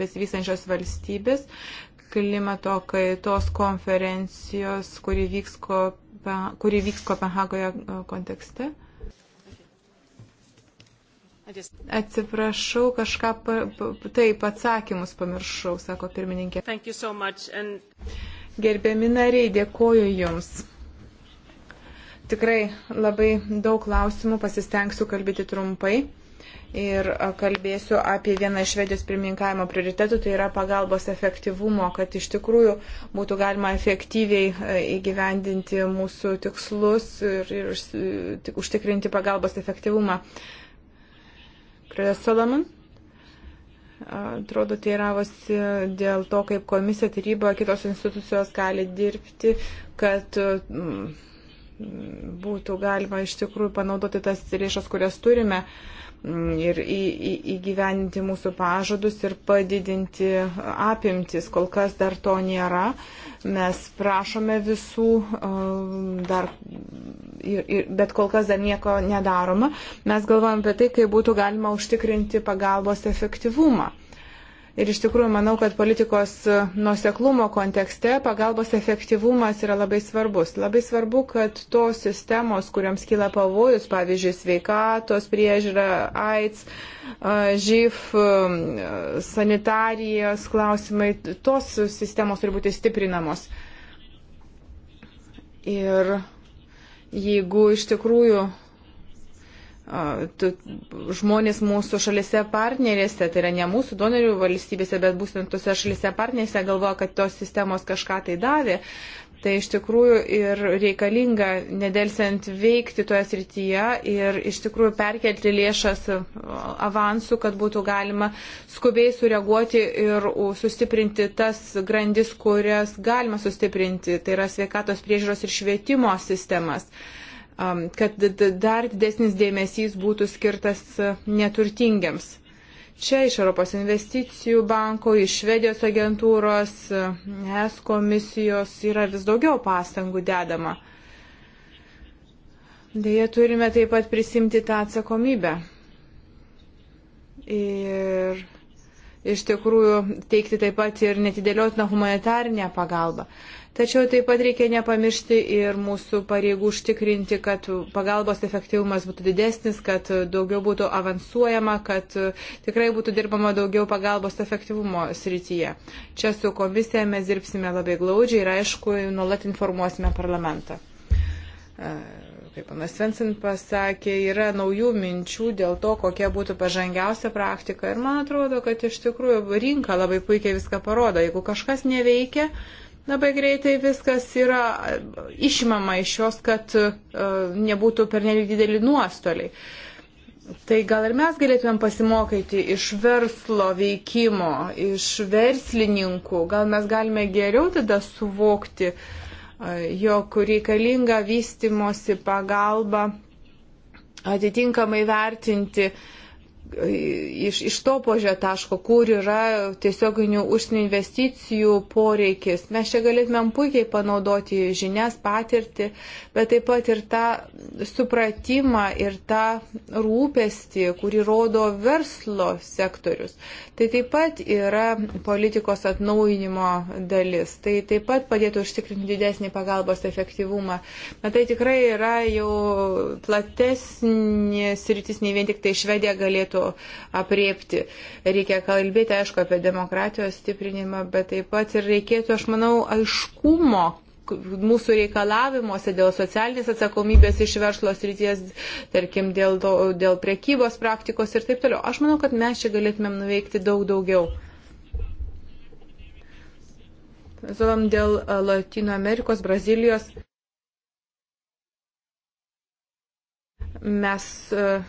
besivysančios valstybės klimato kaitos konferencijos, kuri vyks, Kope, kuri vyks Kopenhagoje e, kontekste? Atsiprašau, kažką pa, pa, taip atsakymus pamiršau, sako pirmininkė. So and... Gerbiami nariai, dėkoju Jums. Tikrai labai daug klausimų pasistengsiu kalbėti trumpai ir kalbėsiu apie vieną iš švedijos pirmininkavimo prioritetų, tai yra pagalbos efektyvumo, kad iš tikrųjų būtų galima efektyviai įgyvendinti mūsų tikslus ir, ir užtikrinti pagalbos efektyvumą. Kredas Solomon? atrodo, teiravosi dėl to, kaip komisija, taryba, kitos institucijos gali dirbti, kad būtų galima iš tikrųjų panaudoti tas lėšas, kurias turime. Uh, ir į, į, įgyveninti mūsų pažadus ir padidinti apimtis. Kol kas dar to nėra. Mes prašome visų, dar, ir, ir, bet kol kas dar nieko nedaroma. Mes galvojame apie tai, kaip būtų galima užtikrinti pagalbos efektyvumą. Ir iš tikrųjų manau, kad politikos e, nuseklumo kontekste pagalbos efektyvumas yra labai svarbus. Labai svarbu, kad tos sistemos, kuriams kyla pavojus, pavyzdžiui, sveikatos priežiūra, AIDS, e, živ, e, sanitarijos klausimai, tos sistemos turi būti stiprinamos. Ir jeigu iš tikrųjų žmonės mūsų šalise partnerėse, tai yra ne mūsų donorių valstybėse, bet būtent tose šalise partnerėse galvoja, kad tos sistemos kažką tai davė. Tai iš tikrųjų ir reikalinga nedelsiant veikti toje srityje ir iš tikrųjų perkelti lėšas avansų, kad būtų galima skubiai sureaguoti ir sustiprinti tas grandis, kurias galima sustiprinti, tai yra sveikatos priežiūros ir švietimo sistemas. Uh, Um, kad dar didesnis dėmesys būtų skirtas uh, neturtingiams. Čia iš Europos investicijų banko, iš Švedijos agentūros, uh, ES komisijos yra vis daugiau pastangų dedama. Deja, turime taip pat prisimti tą atsakomybę. Ir iš tikrųjų teikti taip pat ir netidėliotiną humanitarinę pagalbą. Tačiau taip pat reikia nepamiršti ir mūsų pareigų užtikrinti, kad pagalbos efektyvumas būtų didesnis, kad daugiau būtų avansuojama, kad tikrai būtų dirbama daugiau pagalbos efektyvumo srityje. Čia su komisija mes dirbsime labai glaudžiai ir aišku, nuolat informuosime parlamentą. E, kaip panas Svensin pasakė, yra naujų minčių dėl to, kokia būtų pažangiausia praktika. Ir man atrodo, kad iš tikrųjų rinka labai puikiai viską parodo. Jeigu kažkas neveikia, labai greitai viskas yra išimama iš jos, kad e, nebūtų pernelyg dideli nuostoliai. Tai gal ir mes galėtumėm pasimokyti iš verslo veikimo, iš verslininkų, gal mes galime geriau tada suvokti, e, jog reikalinga vystimosi pagalba atitinkamai vertinti uh, iš, iš to požio taško, kur yra tiesioginių užsienio investicijų poreikis. Mes čia galėtumėm puikiai panaudoti žinias, patirtį, bet taip pat ir tą supratimą ir tą rūpestį, kurį rodo verslo sektorius. Tai taip pat yra politikos atnaujinimo dalis. Tai taip pat padėtų užtikrinti didesnį pagalbos efektyvumą. Bet tai tikrai yra jau platesnės rytis, nei vien tik tai Švedija galėtų reikėtų apriepti. Reikia kalbėti, aišku, apie demokratijos stiprinimą, bet taip pat ir reikėtų, aš manau, aiškumo, mūsų reikalavimuose dėl socialinės atsakomybės iš verslo srities, tarkim, dėl, to, dėl prekybos praktikos ir taip toliau. Aš manau, kad mes čia galėtumėm nuveikti daug daugiau. Zolam dėl e, Latino Amerikos, Brazilijos. Mes uh,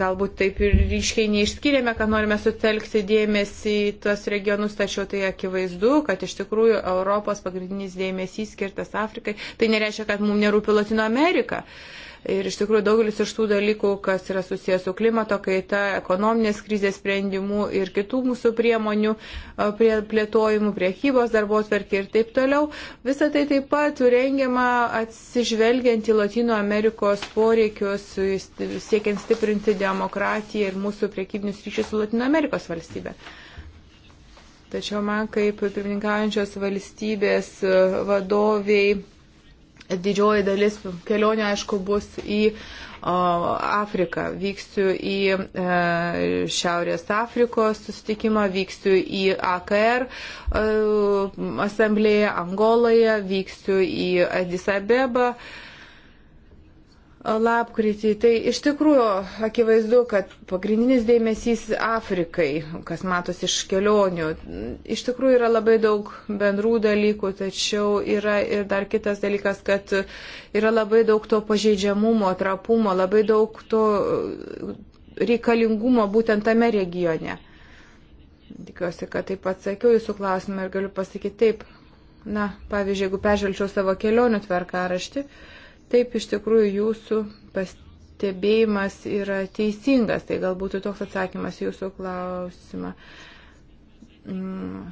galbūt taip ir ryškiai neišskyrėme, kad norime sutelkti dėmesį į tuos regionus, tačiau tai akivaizdu, kad iš tikrųjų Europos pagrindinis dėmesys skirtas Afrikai. Tai nereiškia, kad mums nerūpi Latino Amerika. Uh, Ir iš tikrųjų daugelis iš tų dalykų, kas yra susijęs su klimato kaita, ekonominės krizės sprendimu ir kitų mūsų priemonių prie plėtojimų, priekybos darbo atverkį ir taip toliau, visą tai taip pat rengiama atsižvelgiant į Latino Amerikos poreikius, siekiant stiprinti demokratiją ir mūsų priekybinius ryšius su Latino Amerikos valstybė. Tačiau man kaip pirmininkaujančios valstybės vadoviai Didžioji dalis kelionių, aišku, bus į Afriką. Vyksiu į e, Šiaurės Afrikos susitikimą, vyksiu į AKR e, asamblėje Angoloje, vyksiu į Adisabebą. Abebą lapkritį. Tai iš tikrųjų akivaizdu, kad pagrindinis dėmesys Afrikai, kas matosi iš kelionių, iš tikrųjų yra labai daug bendrų dalykų, tačiau yra ir dar kitas dalykas, kad yra labai daug to pažeidžiamumo, trapumo, labai daug to reikalingumo būtent tame regione. Tikiuosi, kad taip atsakiau jūsų klausimą ir galiu pasakyti taip. Na, pavyzdžiui, jeigu peržvelgčiau savo kelionių tvarkaraštį, rašti, Taip, iš tikrųjų, jūsų pastebėjimas yra teisingas, tai galbūt toks atsakymas jūsų klausimą. Mm,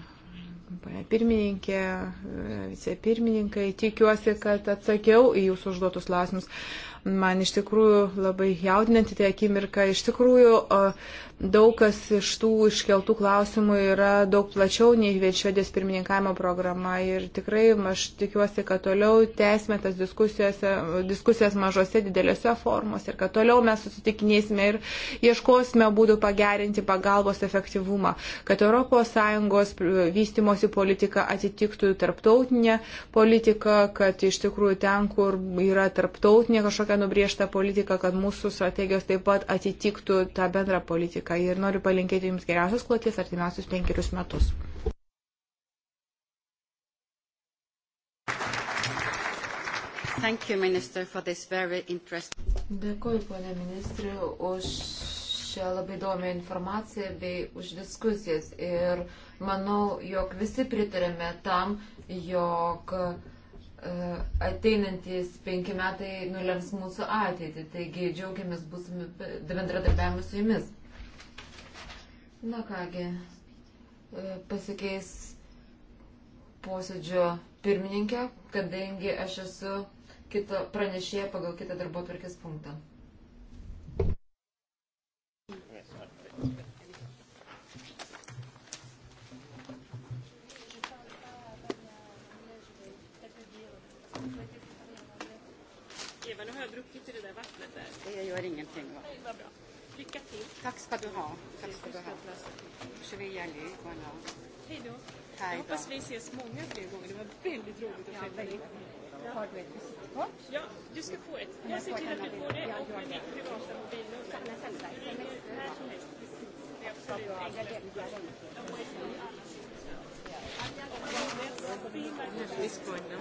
Pane pirmininkė, vicepirmininkai, tikiuosi, kad atsakiau į jūsų užduotus klausimus. Man iš tikrųjų labai jaudinanti tai akimirka. Iš tikrųjų, daug kas iš tų iškeltų klausimų yra daug plačiau nei vien švedės pirmininkavimo programa. Ir tikrai aš tikiuosi, kad toliau tęsime tas e, diskusijas mažose didelėse formose ir kad toliau mes susitikinėsime ir ieškosime būdų pagerinti pagalbos efektyvumą, kad ES vystimosi politika atitiktų tarptautinę politiką, kad iš tikrųjų ten, kur yra tarptautinė kažkokia politiką, nubriežtą politiką, kad mūsų strategijos taip pat atitiktų tą bendrą politiką. Ir noriu palinkėti Jums geriausios kloties artimiausius penkerius metus. Thank you, Minister, for this very interesting... Dėkuoju, ponė ministrė, už šią labai įdomią informaciją bei už diskusijas. Ir manau, jog visi pritarėme tam, jog uh, ateinantis penki metai nulems mūsų ateitį. Taigi džiaugiamės būsime bendradarbiavimu su jumis. Na kągi, e, pasikeis posėdžio pirmininkė, kadangi aš esu kito pranešėja pagal kitą darbo tvarkės punktą. Yes, gör ingenting. Va? Nej, vad bra. Lycka till. Tack ska du ha. Tack ska du ha. Nu Hej då. Hej då. Jag hoppas vi ses många fler gånger. Det var väldigt roligt att träffa dig. Har du ett visitkort? Ja, du ska få ett. Jag ser till att du får det och med mitt privata mobilnummer. Du ringer när som helst. Det är absolut enklast. Miss Gordon.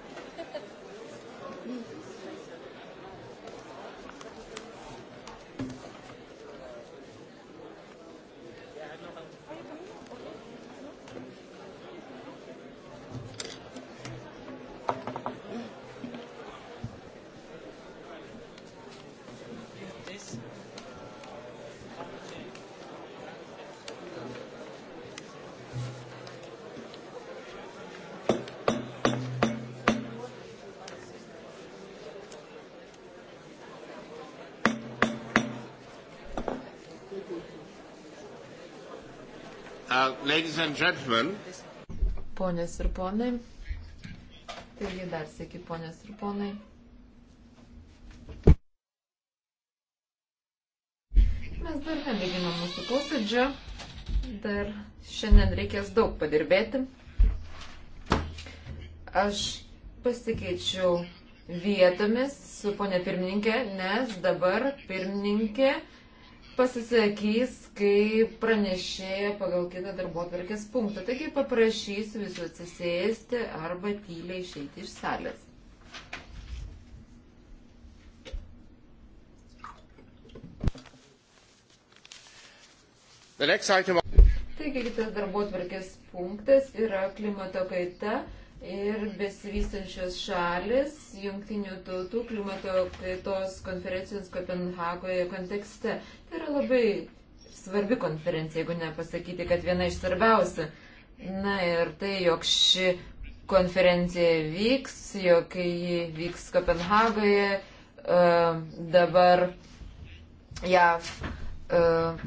Uh, ponės ir ponai. Taigi dar sėki, ponės ir ponai. Mes dar nebėgime mūsų posėdžio. Dar šiandien reikės daug padirbėti. Aš pasikeičiau vietomis su ponė pirmininkė, nes dabar pirmininkė pasisakys, kai pranešėja pagal kitą darbo atvarkės punktą. Taigi paprašysiu visų atsisėsti arba tyliai išeiti iš salės. Taigi kitas darbo atvarkės punktas yra klimato kaita ir besivystančios šalis jungtinių tautų klimato kaitos konferencijos Kopenhagoje kontekste. Tai yra labai svarbi konferencija, jeigu nepasakyti, kad viena iš svarbiausių. Na ir tai, jog ši konferencija vyks, jog ji vyks Kopenhagoje, uh, dabar JAV uh,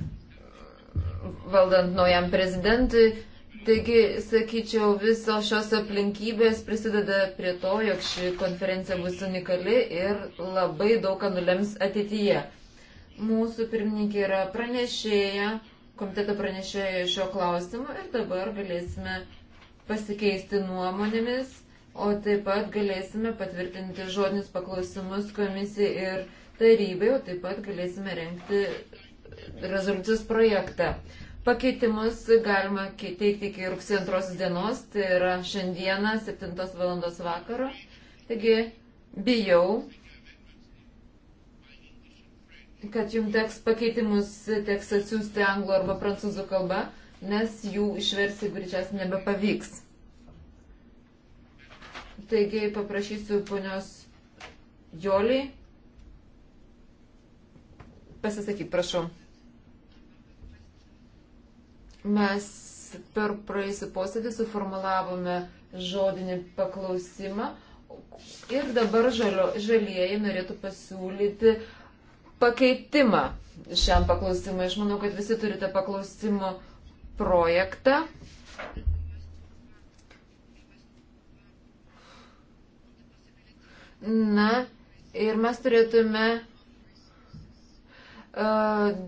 valdant naujam prezidentui. Uh, Taigi, sakyčiau, visos šios aplinkybės prisideda prie to, jog ši konferencija bus unikali ir labai daug ką nulems ateityje. Mūsų pirmininkė yra pranešėja, komiteto pranešėja šio klausimu ir dabar galėsime pasikeisti nuomonėmis, o taip pat galėsime patvirtinti žodinius paklausimus komisijai ir tarybai, o taip pat galėsime renkti rezoliucijos projektą. Pakeitimus galima teikti iki rugsėjo antros dienos, tai yra šiandieną 7 valandos vakaro. Taigi bijau, kad jums teks pakeitimus teks atsiųsti anglų arba prancūzų kalba, nes jų išversi greičiausiai nebepavyks. Taigi paprašysiu ponios Joliai pasisakyti, prašau. Mes per praėjusią posėdį suformulavome žodinį paklausimą ir dabar žalio, žalieji norėtų pasiūlyti pakeitimą šiam paklausimui. Aš manau, kad visi turite paklausimo projektą. Na, ir mes turėtume E,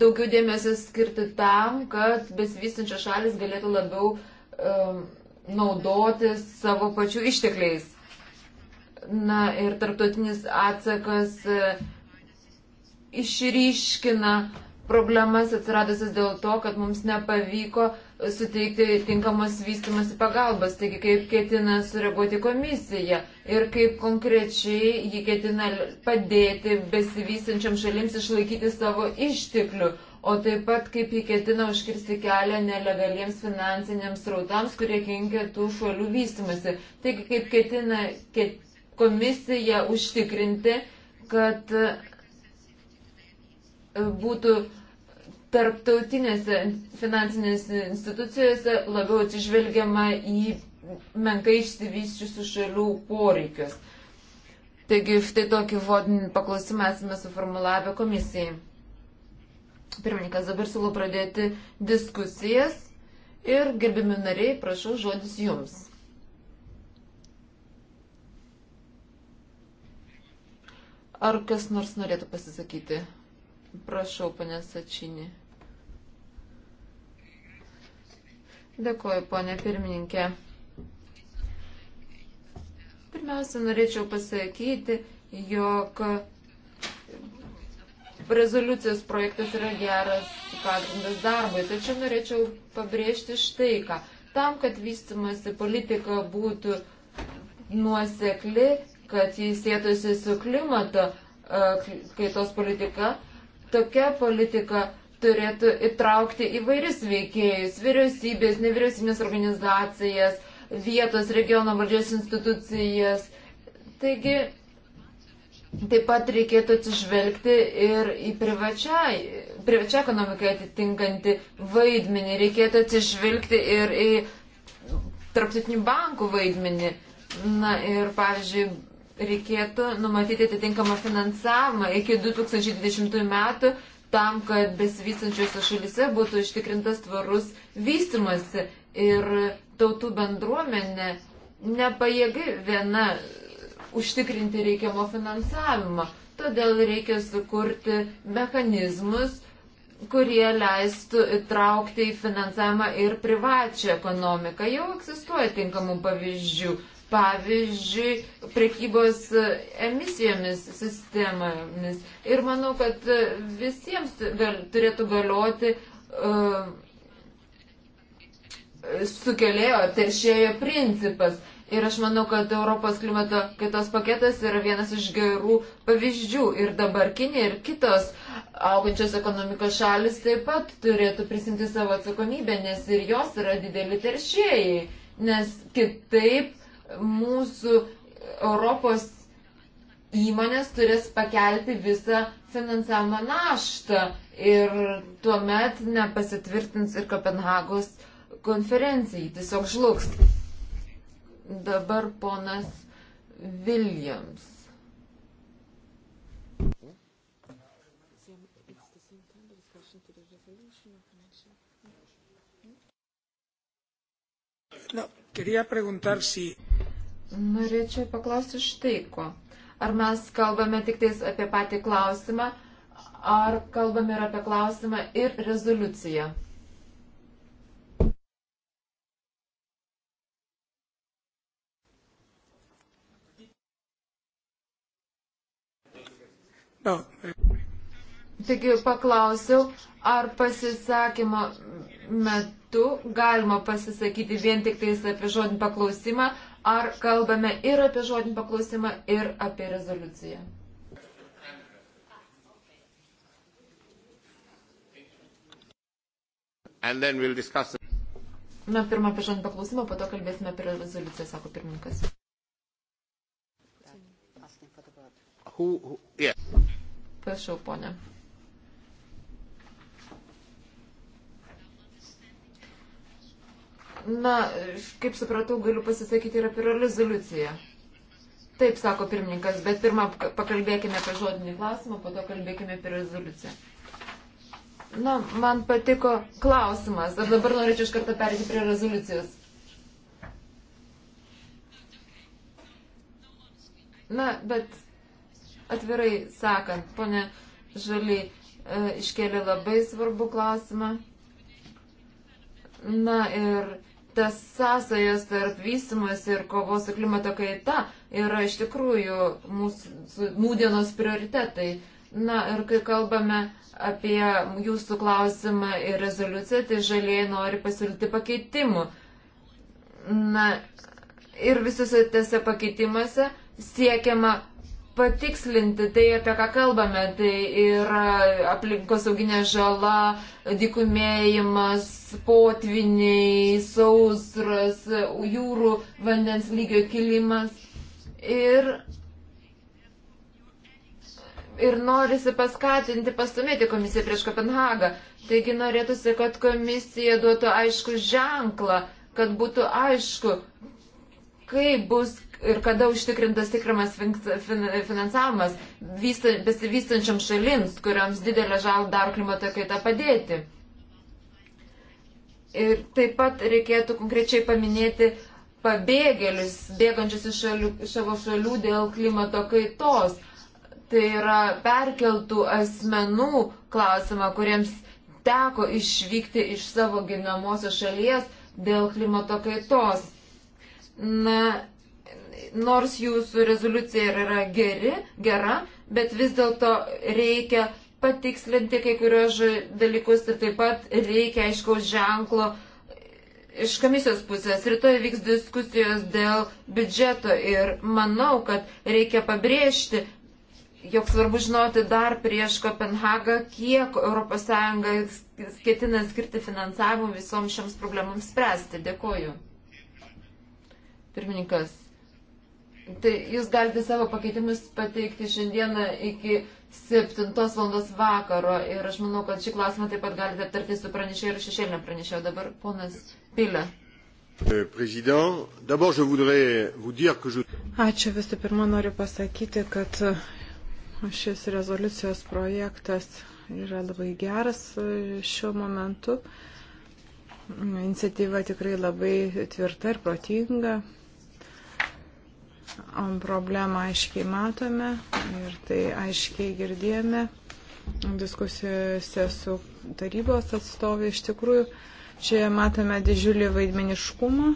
daugiau dėmesio skirti tam, kad besivystančios šalis galėtų labiau um, naudotis savo pačių ištekliais. Na ir tarptautinis atsakas uh, išryškina problemas atsiradusias dėl to, kad mums nepavyko uh, suteikti tinkamas vystimas pagalbas, taigi kaip ketina sureaguoti komisija ir kaip konkrečiai ji ketina padėti besivystančiam šalims išlaikyti savo išteklių, o taip pat kaip ji ketina užkirsti kelią nelegaliems finansiniams rautams, kurie kenkia tų šalių vystimasi. Taigi kaip ketina ket, komisija užtikrinti, kad e, būtų tarptautinėse finansinėse institucijose labiau atsižvelgiama į menkai išsivyščiusių šalių poreikius. Taigi štai tokį vodinį paklausimą esame suformulavę komisijai. Pirmininkas, dabar siūlau pradėti diskusijas ir gerbimi nariai, prašau žodis jums. Ar kas nors norėtų pasisakyti? Prašau, panė Sačinė. Dėkuoju, ponė pirmininkė. Pirmiausia, norėčiau pasakyti, jog rezoliucijos projektas yra geras pagrindas darbui. Tačiau norėčiau pabrėžti štai ką. Tam, kad vystimasi politika būtų nuosekli, kad jis sėtųsi su klimato e, kaitos politika, tokia politika turėtų įtraukti įvairius veikėjus - vyriausybės, nevyriausybės organizacijas, vietos regiono valdžios institucijas. Taigi, taip pat reikėtų atsižvelgti ir į privačią, privačią ekonomiką atitinkantį vaidmenį. Reikėtų atsižvelgti ir į tarptautinių bankų vaidmenį. Na ir, pavyzdžiui, reikėtų numatyti atitinkamą finansavimą iki 2020 metų tam, kad besivystančiose šalise būtų ištikrintas tvarus vystimasi ir tautų bendruomenė nepajėgi viena užtikrinti reikiamo finansavimo. Todėl reikia sukurti mechanizmus, kurie leistų įtraukti į finansavimą ir privačią ekonomiką. Jau egzistuoja tinkamų pavyzdžių pavyzdžiui, prekybos e, emisijomis sistemomis. Ir manau, kad e, visiems gal, turėtų galioti uh, sukelėjo teršėjo principas. Ir aš manau, kad Europos klimato kitos paketas yra vienas iš gerų pavyzdžių. Ir dabar Kinė ir kitos augančios ekonomikos šalis taip pat turėtų prisimti savo atsakomybę, nes ir jos yra dideli teršėjai. Nes kitaip mūsų Europos įmonės turės pakelti visą finansavimo naštą ir tuomet nepasitvirtins ir Kopenhagos konferencijai, tiesiog žlugs. Dabar ponas Williams. No, quería preguntar si Norėčiau paklausti štai ko. Ar mes kalbame tik tais apie patį klausimą, ar kalbame ir apie klausimą ir rezoliuciją? No. Taigi paklausiau, ar pasisakymo metu galima pasisakyti vien tik tais apie žodinį paklausimą, ar kalbame ir apie žodinį paklausimą, ir apie rezoliuciją. We'll discuss... Na, pirmą apie žodinį paklausimą, po to kalbėsime apie rezoliuciją, sako pirmininkas. Who, who, yeah. Prašau, ponė. Na, kaip supratau, galiu pasisakyti ir apie rezoliuciją. Taip, sako pirmininkas, bet pirmą pakalbėkime apie žodinį klausimą, po to kalbėkime apie rezoliuciją. Na, man patiko klausimas. Ar dabar norėčiau iš karto perėti prie rezoliucijos? Na, bet atvirai sakant, ponė Žali e, iškėlė labai svarbų klausimą. Na ir tas sąsajas tarp vystimas ir kovos su klimato kaita yra iš tikrųjų mūsų mūdienos prioritetai. Na ir kai kalbame apie jūsų klausimą ir rezoliuciją, tai žalieji nori pasiūlyti pakeitimų. Na ir visose tose pakeitimuose siekiama patikslinti tai, apie ką kalbame. Tai yra aplinkosauginė žala, dikumėjimas, potviniai, sausras, jūrų vandens lygio kilimas. Ir, ir norisi paskatinti, pastumėti komisiją prieš Kopenhagą. Taigi norėtųsi, kad komisija duotų aišku ženklą, kad būtų aišku, kaip bus ir kada užtikrintas tikrimas finansavimas besivystančiam šalims, kuriams didelę žalą daro klimato kaita padėti. Ir taip pat reikėtų konkrečiai paminėti pabėgėlius, bėgančius iš šalių, savo šalių dėl klimato kaitos. Tai yra perkeltų asmenų klausimą, kuriems teko išvykti iš savo gimnamosios šalies dėl klimato kaitos. Na nors jūsų rezoliucija yra geri, gera, bet vis dėlto reikia patikslinti kai kurios dalykus ir taip pat reikia aiškaus ženklo iš komisijos pusės. Rytoj vyks diskusijos dėl biudžeto ir manau, kad reikia pabrėžti, jog svarbu žinoti dar prieš Kopenhagą, kiek ES ketina skirti finansavimą visoms šiams problemams spręsti. Dėkoju. Pirmininkas. Tai jūs galite savo pakeitimus pateikti šiandieną iki 7 valandos vakaro ir aš manau, kad šį klausimą taip pat galite aptarti su pranešėju ir šešėlinio pranešėjo. Dabar ponas Pilė. Euh, Ačiū visų pirma, noriu pasakyti, kad uh, šis rezoliucijos projektas yra labai geras uh, šiuo momentu. Iniciatyva tikrai labai tvirta ir protinga. Problemą aiškiai matome ir tai aiškiai girdėjome diskusijose su tarybos atstovai. Iš tikrųjų, čia matome didžiulį vaidmeniškumą,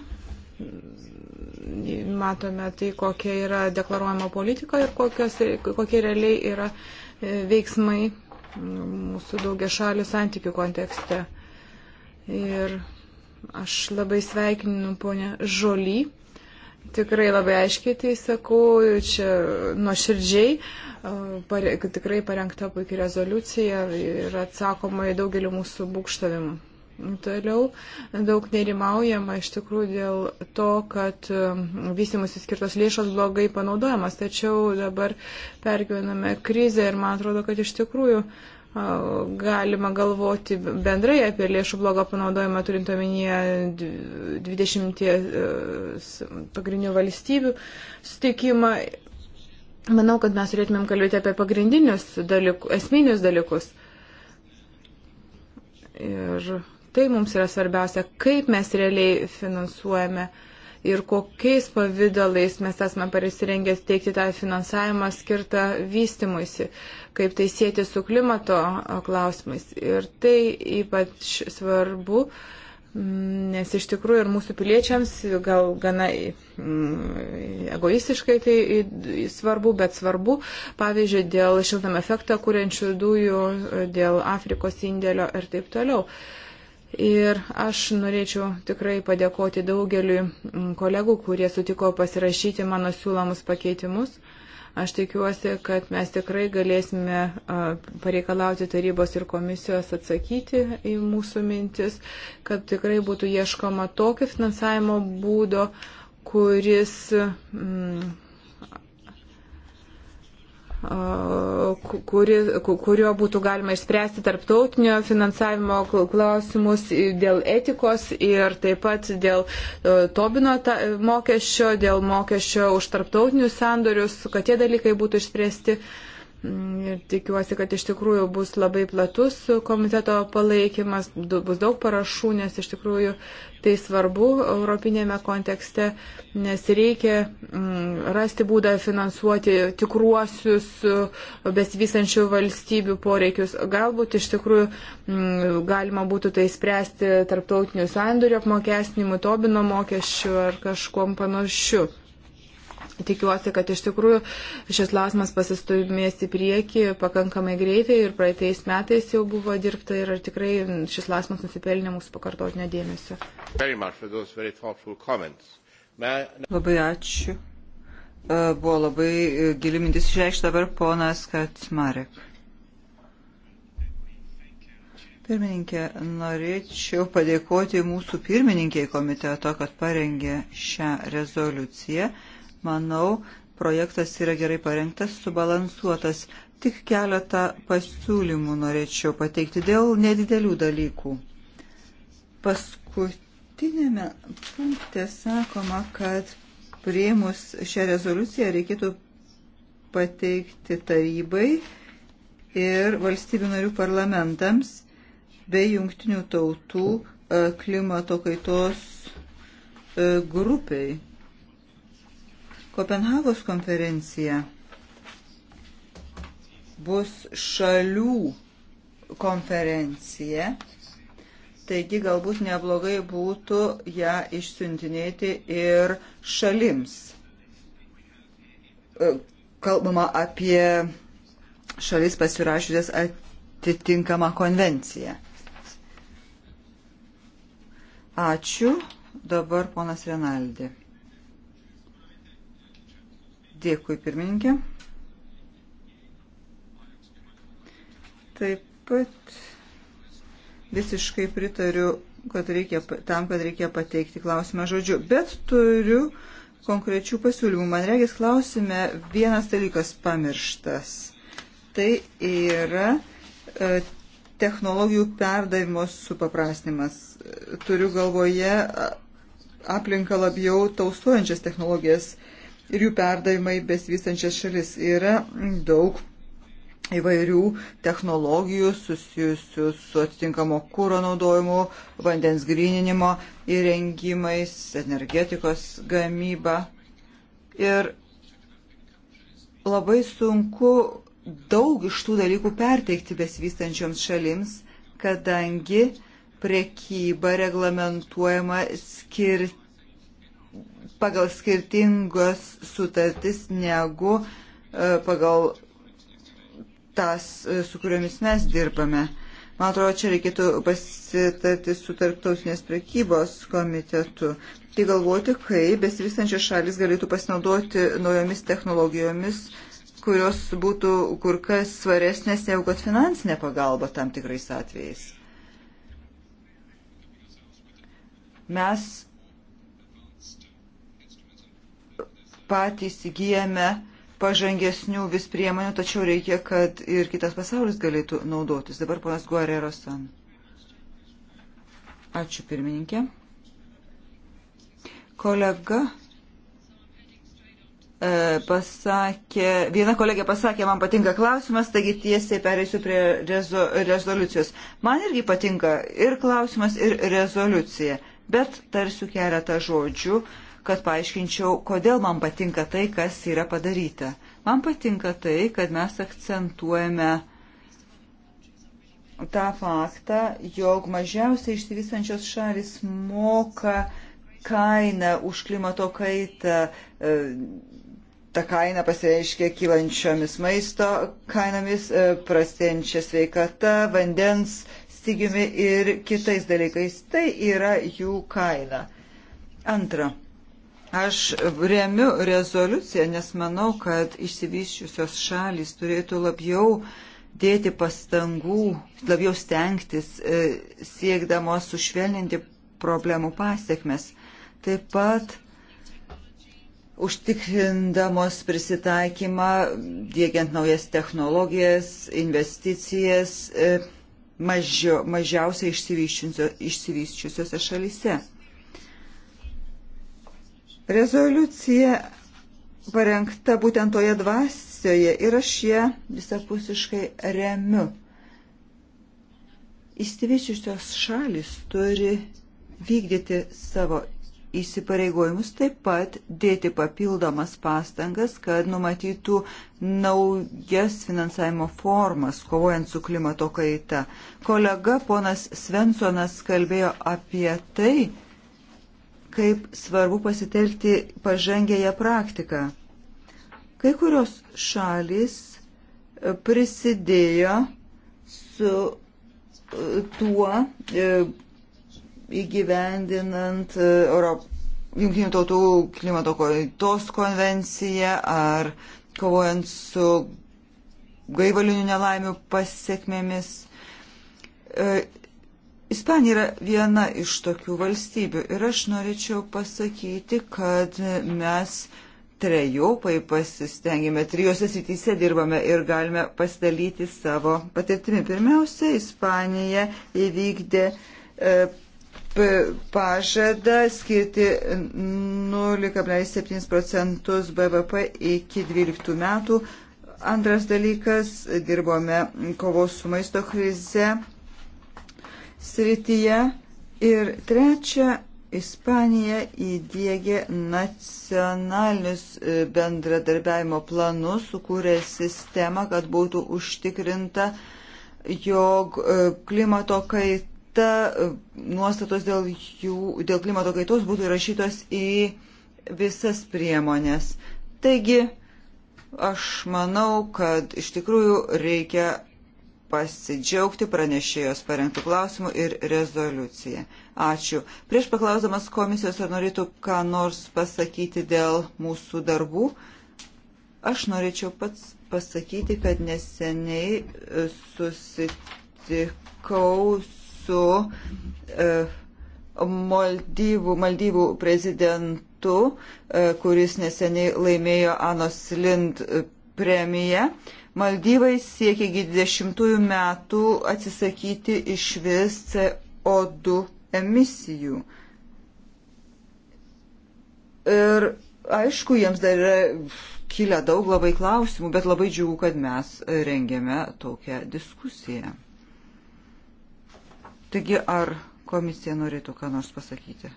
matome tai, kokia yra deklaruojama politika ir kokios, kokie realiai yra e, veiksmai mūsų daugia šalių santykių kontekste. Ir aš labai sveikinu ponę Žolį Tikrai labai aiškiai tai sakau, čia nuoširdžiai, pare, tikrai parengta puikia rezoliucija ir atsakoma į daugelį mūsų būkštavimų. Toliau daug nerimaujama iš tikrųjų dėl to, kad vystimus įskirtos lėšos blogai panaudojamas, tačiau dabar pergyvename krizę ir man atrodo, kad iš tikrųjų uh, galima galvoti bendrai apie lėšų blogo panaudojimą, turint omenyje 20 e, pagrindinių valstybių sutikimą. Manau, kad mes turėtumėm kalbėti apie pagrindinius dalykus, esminius dalykus. Ir tai mums yra svarbiausia, kaip mes realiai finansuojame ir kokiais pavydalais mes esame pasirengę teikti tą finansavimą skirtą vystimuisi. Uh, kaip tai sėti su klimato klausimais. Ir tai ypač svarbu, nes iš tikrųjų ir mūsų piliečiams gal gana mm, egoistiškai tai svarbu, bet svarbu, pavyzdžiui, dėl šiltam efektą kuriančių dujų, dėl Afrikos indėlio ir taip toliau. Ir aš norėčiau tikrai padėkoti daugeliu kolegų, kurie sutiko pasirašyti mano siūlomus pakeitimus. Aš tikiuosi, kad mes tikrai galėsime pareikalauti tarybos ir komisijos atsakyti į mūsų mintis, kad tikrai būtų ieškoma tokio finansavimo būdo, kuris. Mm, kuri, kuriuo būtų galima išspręsti tarptautinio finansavimo klausimus dėl etikos ir taip pat dėl e, Tobino ta, mokesčio, dėl mokesčio už tarptautinius sandorius, kad tie dalykai būtų išspręsti. Uh, Ir mm, tikiuosi, kad iš tikrųjų bus labai platus komiteto palaikymas, bus daug parašų, nes iš tikrųjų tai svarbu europinėme kontekste, nes reikia mm, rasti būdą finansuoti tikruosius mm, besivysančių valstybių poreikius. Galbūt iš tikrųjų galima būtų tai spręsti tarptautinių sandorių apmokestinimu, Tobino mokesčiu ar kažkuom panašiu. Tikiuosi, kad iš tikrųjų šis klausimas pasistumės į priekį pakankamai greitai ir praeitais metais jau buvo dirbta ir tikrai šis klausimas nusipelnė mūsų pakartotinio dėmesio. Labai ačiū. E, buvo labai e, gili mintis išreikšta dabar ponas Katsmarek. Pirmininkė, norėčiau padėkoti mūsų pirmininkiai komiteto, kad parengė šią rezoliuciją Manau, projektas yra gerai parengtas, subalansuotas. Tik keletą pasiūlymų norėčiau pateikti dėl nedidelių dalykų. Paskutinėme punkte sakoma, kad prieimus šią rezoliuciją reikėtų pateikti tarybai ir valstybių narių parlamentams bei jungtinių tautų e, klimato kaitos e, grupiai. Kopenhagos konferencija bus šalių konferencija, taigi galbūt neblogai būtų ją išsiuntinėti ir šalims. E, kalbama apie šalis pasirašytės atitinkamą konvenciją. Ačiū. Dabar ponas Renaldė. Dėkui, pirmininkė. Taip pat visiškai pritariu, kad reikia, tam, kad reikia pateikti klausimą žodžiu, bet turiu konkrečių pasiūlymų. Man regis klausime vienas dalykas pamirštas. Tai yra e, technologijų perdavimo supaprastinimas. E, turiu galvoje aplinką labiau tausuojančias technologijas. E, ir jų perdavimai besivystančias šalis. Yra daug įvairių technologijų susijusių su atitinkamo kūro naudojimu, vandens grininimo įrengimais, energetikos gamyba. Ir labai sunku daug iš tų dalykų perteikti besivystančioms šalims, kadangi prekyba reglamentuojama skirti pagal skirtingas sutartis negu e, pagal tas, e, su kuriomis mes dirbame. Man atrodo, čia reikėtų pasitarti su tarptautinės prekybos komitetu. Tai galvoti, kaip besivystančios šalis galėtų pasinaudoti naujomis technologijomis, kurios būtų kur kas svaresnės negu kad finansinė pagalba tam tikrais atvejais. Mes patys įgyjame pažangesnių vis priemonių, tačiau reikia, kad ir kitas pasaulis galėtų naudotis. Dabar ponas Guarerosan. Ačiū pirmininkė. Kolega e, pasakė, viena kolegė pasakė, man patinka klausimas, taigi tiesiai pereisiu prie rezo, rezoliucijos. Man irgi patinka ir klausimas, ir rezoliucija, bet tarsiu keletą žodžių. E, kad paaiškinčiau, kodėl man patinka tai, kas yra padaryta. Man patinka tai, kad mes akcentuojame tą faktą, jog mažiausiai išsivystančios šalis moka kainą už klimato kaitą. E, ta kaina pasireiškia kylančiomis maisto kainomis, e, prastėjančia sveikata, vandens stygiumi ir kitais dalykais. Tai yra jų kaina. Antra, Aš remiu rezoliuciją, nes manau, kad išsivyščiusios šalys turėtų labiau dėti pastangų, labiau stengtis, e, siekdamos sušvelninti problemų pasiekmes. Taip pat užtikrindamos prisitaikymą, dėgiant naujas technologijas, investicijas e, mažio, mažiausiai išsivyščiusiose šalyse. Rezoliucija parengta būtent toje dvasioje ir aš ją visapusiškai remiu. Įsivyšiusios šalis turi vykdyti savo įsipareigojimus, taip pat dėti papildomas pastangas, kad numatytų naujas finansavimo formas, kovojant su klimato kaita. Kolega ponas Svensonas kalbėjo apie tai, kaip svarbu pasitelkti pažangėją praktiką. Kai kurios šalis e, prisidėjo su e, tuo e, įgyvendinant Junktinių tautų klimato kaitos konvenciją ar kovojant su gaivalinių nelaimių pasiekmėmis Ispanija yra viena iš tokių valstybių ir aš norėčiau pasakyti, kad mes trejopai pasistengėme, trijose srityse dirbame ir galime pasidalyti savo patirtimi. Pirmiausia, Ispanija įvykdė e, pažadą skirti 0,7 procentus BVP iki 12 metų. Antras dalykas, dirbome kovos su maisto krize srityje. Ir trečia, Ispanija įdėgė nacionalinius e, bendradarbiavimo planus, sukūrė sistemą, kad būtų užtikrinta, jog e, klimato kaita, e, nuostatos dėl, jų, dėl klimato kaitos būtų įrašytos į visas priemonės. Taigi, aš manau, kad iš tikrųjų reikia pasidžiaugti pranešėjos parengtų klausimų ir rezoliuciją. Ačiū. Prieš paklausdamas komisijos, ar norėtų ką nors pasakyti dėl mūsų darbų, aš norėčiau pats pasakyti, kad neseniai e, susitikau su e, Maldyvų, Maldyvų prezidentu, e, kuris neseniai laimėjo Anos Lind premiją. E, Maldyvai siekia iki 20 metų atsisakyti iš vis CO2 emisijų. Ir aišku, jiems dar yra kilę daug labai klausimų, bet labai džiugu, kad mes rengėme tokią diskusiją. Taigi, ar komisija norėtų ką nors pasakyti?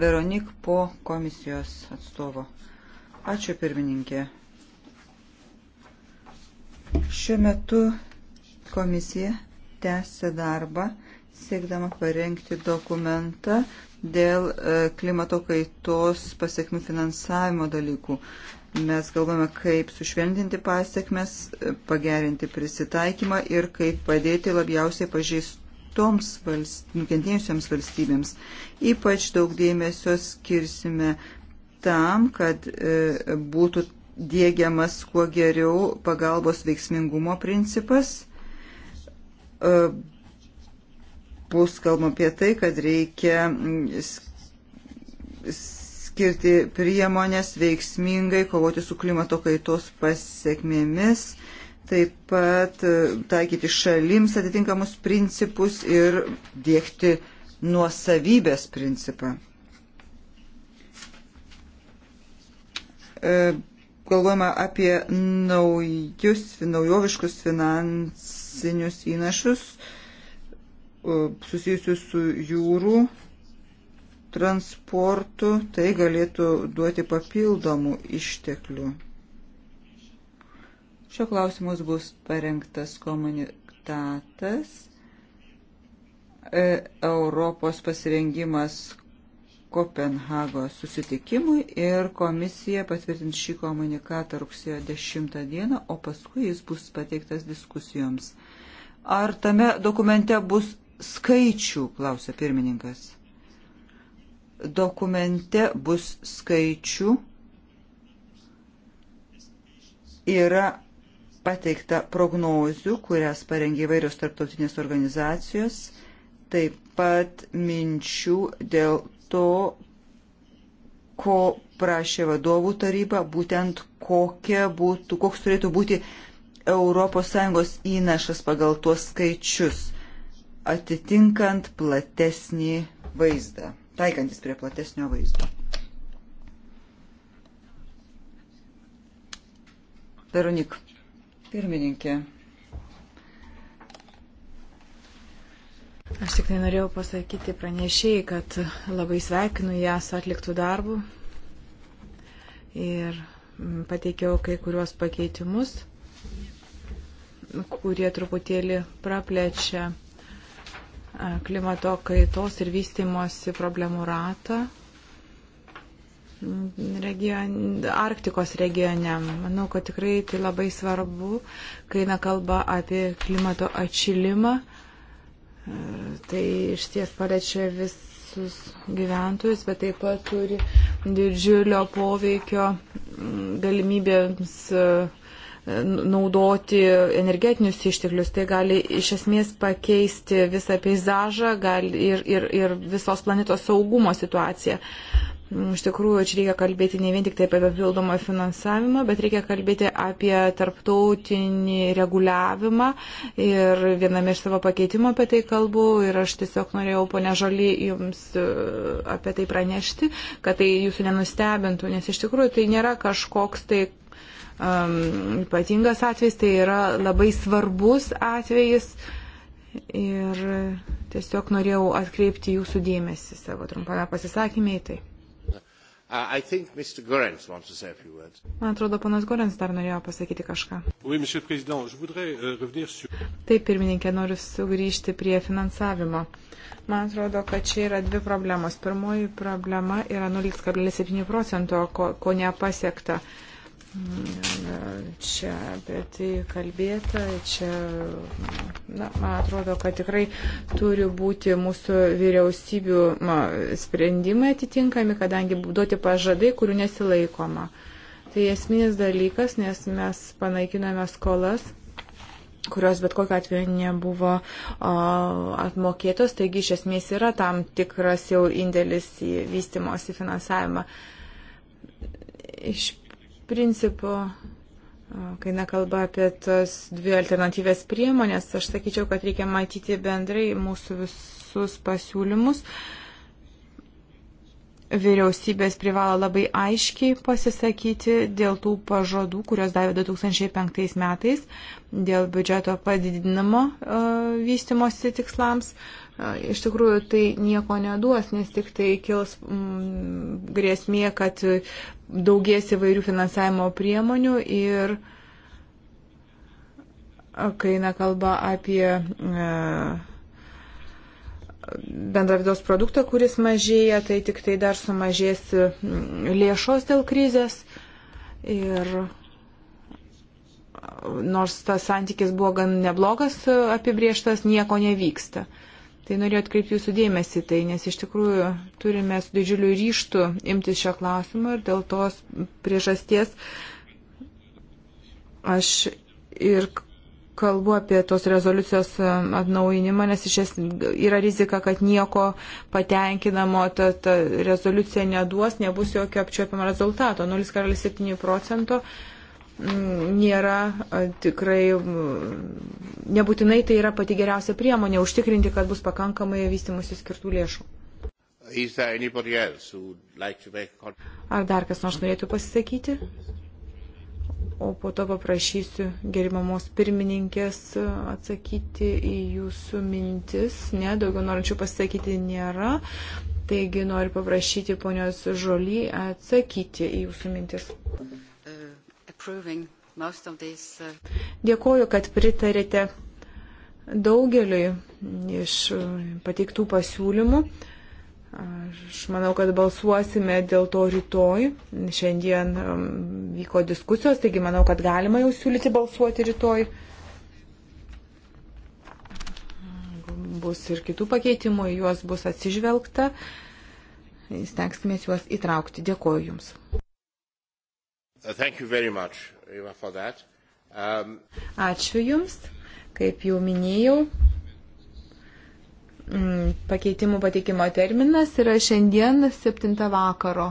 Veronik po komisijos atstovo. Ačiū pirmininkė. Šiuo metu komisija tęsia darbą, siekdama parengti dokumentą dėl e, klimato kaitos pasiekmių finansavimo dalykų. Mes galvome, kaip sušvelninti pasiekmes, pagerinti prisitaikymą ir kaip padėti labiausiai pažįst, toms valst, nukentėjusiams valstybėms. Ypač daug dėmesio skirsime tam, kad e, būtų dėgiamas kuo geriau pagalbos veiksmingumo principas. E, bus kalbama apie tai, kad reikia skirti priemonės veiksmingai kovoti su klimato kaitos pasiekmėmis. E, taip pat e, taikyti šalims atitinkamus principus ir dėkti nuosavybės principą. E, galvojama apie naujus, naujoviškus finansinius įnašus e, susijusius su jūrų transportu, tai galėtų duoti papildomų išteklių. Šio klausimus bus parengtas komunikatas e, Europos pasirengimas Kopenhagos susitikimui ir komisija patvirtins šį komunikatą rugsėjo 10 dieną, o paskui jis bus pateiktas diskusijoms. Ar tame dokumente bus skaičių, klausia pirmininkas. Dokumente bus skaičių. Yra pateikta prognozių, kurias parengė vairios tarptautinės organizacijos, taip pat minčių dėl to, ko prašė vadovų taryba, būtent būtų, koks turėtų būti ES įnašas pagal tuos skaičius, atitinkant platesnį vaizdą, taikantis prie platesnio vaizdo. Veronika. Pirmininkė. Aš tik tai norėjau pasakyti pranešėjai, kad labai sveikinu ją su atliktų darbų ir mm, pateikiau kai kuriuos pakeitimus, kurie truputėlį praplečia klimato kaitos ir vystimosi problemų ratą region, Arktikos regione. Manau, kad tikrai tai labai svarbu, kai eina kalba apie klimato atšilimą. Tai iš ties paliečia visus gyventojus, bet taip pat turi didžiulio poveikio galimybėms e, naudoti energetinius išteklius. Tai gali iš esmės pakeisti visą peizažą gali, ir, ir, ir visos planetos saugumo situaciją. Uh, Mm, iš tikrųjų, čia reikia kalbėti ne vien tik tai apie papildomą finansavimą, bet reikia kalbėti apie tarptautinį reguliavimą. Ir viename iš savo pakeitimų apie tai kalbu. Ir aš tiesiog norėjau, ponia Žali, jums e, apie tai pranešti, kad tai jūsų nenustebintų, nes iš tikrųjų tai nėra kažkoks tai um, ypatingas atvejis, tai yra labai svarbus atvejis. Ir tiesiog norėjau atkreipti jūsų dėmesį savo trumpame pasisakymėje į tai. Uh, Man atrodo, panas Gorens dar norėjo pasakyti kažką. Euh, Taip, pirmininkė, noriu sugrįžti prie finansavimo. Man atrodo, kad čia yra dvi problemos. Pirmoji problema yra 0,7 procento, ko, ko nepasiekta. Uh, Čia apie tai kalbėta, čia, na, man atrodo, kad tikrai turi būti mūsų vyriausybių sprendimai atitinkami, kadangi duoti pažadai, kurių nesilaikoma. Tai esminis dalykas, nes mes panaikiname skolas kurios bet kokiu atveju nebuvo o, atmokėtos, taigi iš esmės yra tam tikras jau indėlis į vystimosi finansavimą. Iš principo, kai nekalba apie tas dvi alternatyvės priemonės, aš sakyčiau, kad reikia matyti bendrai mūsų visus pasiūlymus. Vyriausybės privalo labai aiškiai pasisakyti dėl tų pažadų, kurios davė 2005 metais, dėl biudžeto padidinimo vystimosi tikslams, Iš tikrųjų, tai nieko neduos, nes tik tai kils mm, grėsmė, kad daugės įvairių finansavimo priemonių ir kai eina kalba apie e, bendravidos produktą, kuris mažėja, tai tik tai dar sumažės mm, lėšos dėl krizės. Ir nors tas santykis buvo gan neblogas apibrieštas, nieko nevyksta. Uh, Tai norėjau atkreipti jūsų dėmesį tai, nes iš tikrųjų turime su didžiuliu ryštu imtis šio klausimo ir dėl tos priežasties aš ir kalbu apie tos rezoliucijos e, atnaujinimą, nes iš esmės yra rizika, kad nieko patenkinamo ta, ta rezoliucija neduos, nebus jokio apčiuopiamo rezultato. 0,7 procento nėra tikrai, nebūtinai tai yra pati geriausia priemonė užtikrinti, kad bus pakankamai vystimusi skirtų lėšų. Ar dar kas nors norėtų pasisakyti? O po to paprašysiu gerimamos pirmininkės atsakyti į jūsų mintis. Ne, daugiau norinčių pasisakyti nėra. Taigi noriu paprašyti ponios Žoly atsakyti į jūsų mintis. Mhm. Uh, Dėkuoju, kad pritarėte daugeliui iš uh, pateiktų pasiūlymų. Aš manau, kad balsuosime dėl to rytoj. Šiandien um, vyko diskusijos, taigi manau, kad galima jau siūlyti balsuoti rytoj. Bus ir kitų pakeitimų, juos bus atsižvelgta. Stengsime juos įtraukti. Dėkuoju Jums. Uh, thank you very much, Eva, for that. Um... Ačiū Jums, kaip jau minėjau. Mm, pakeitimų pateikimo terminas yra šiandien 7 vakaro.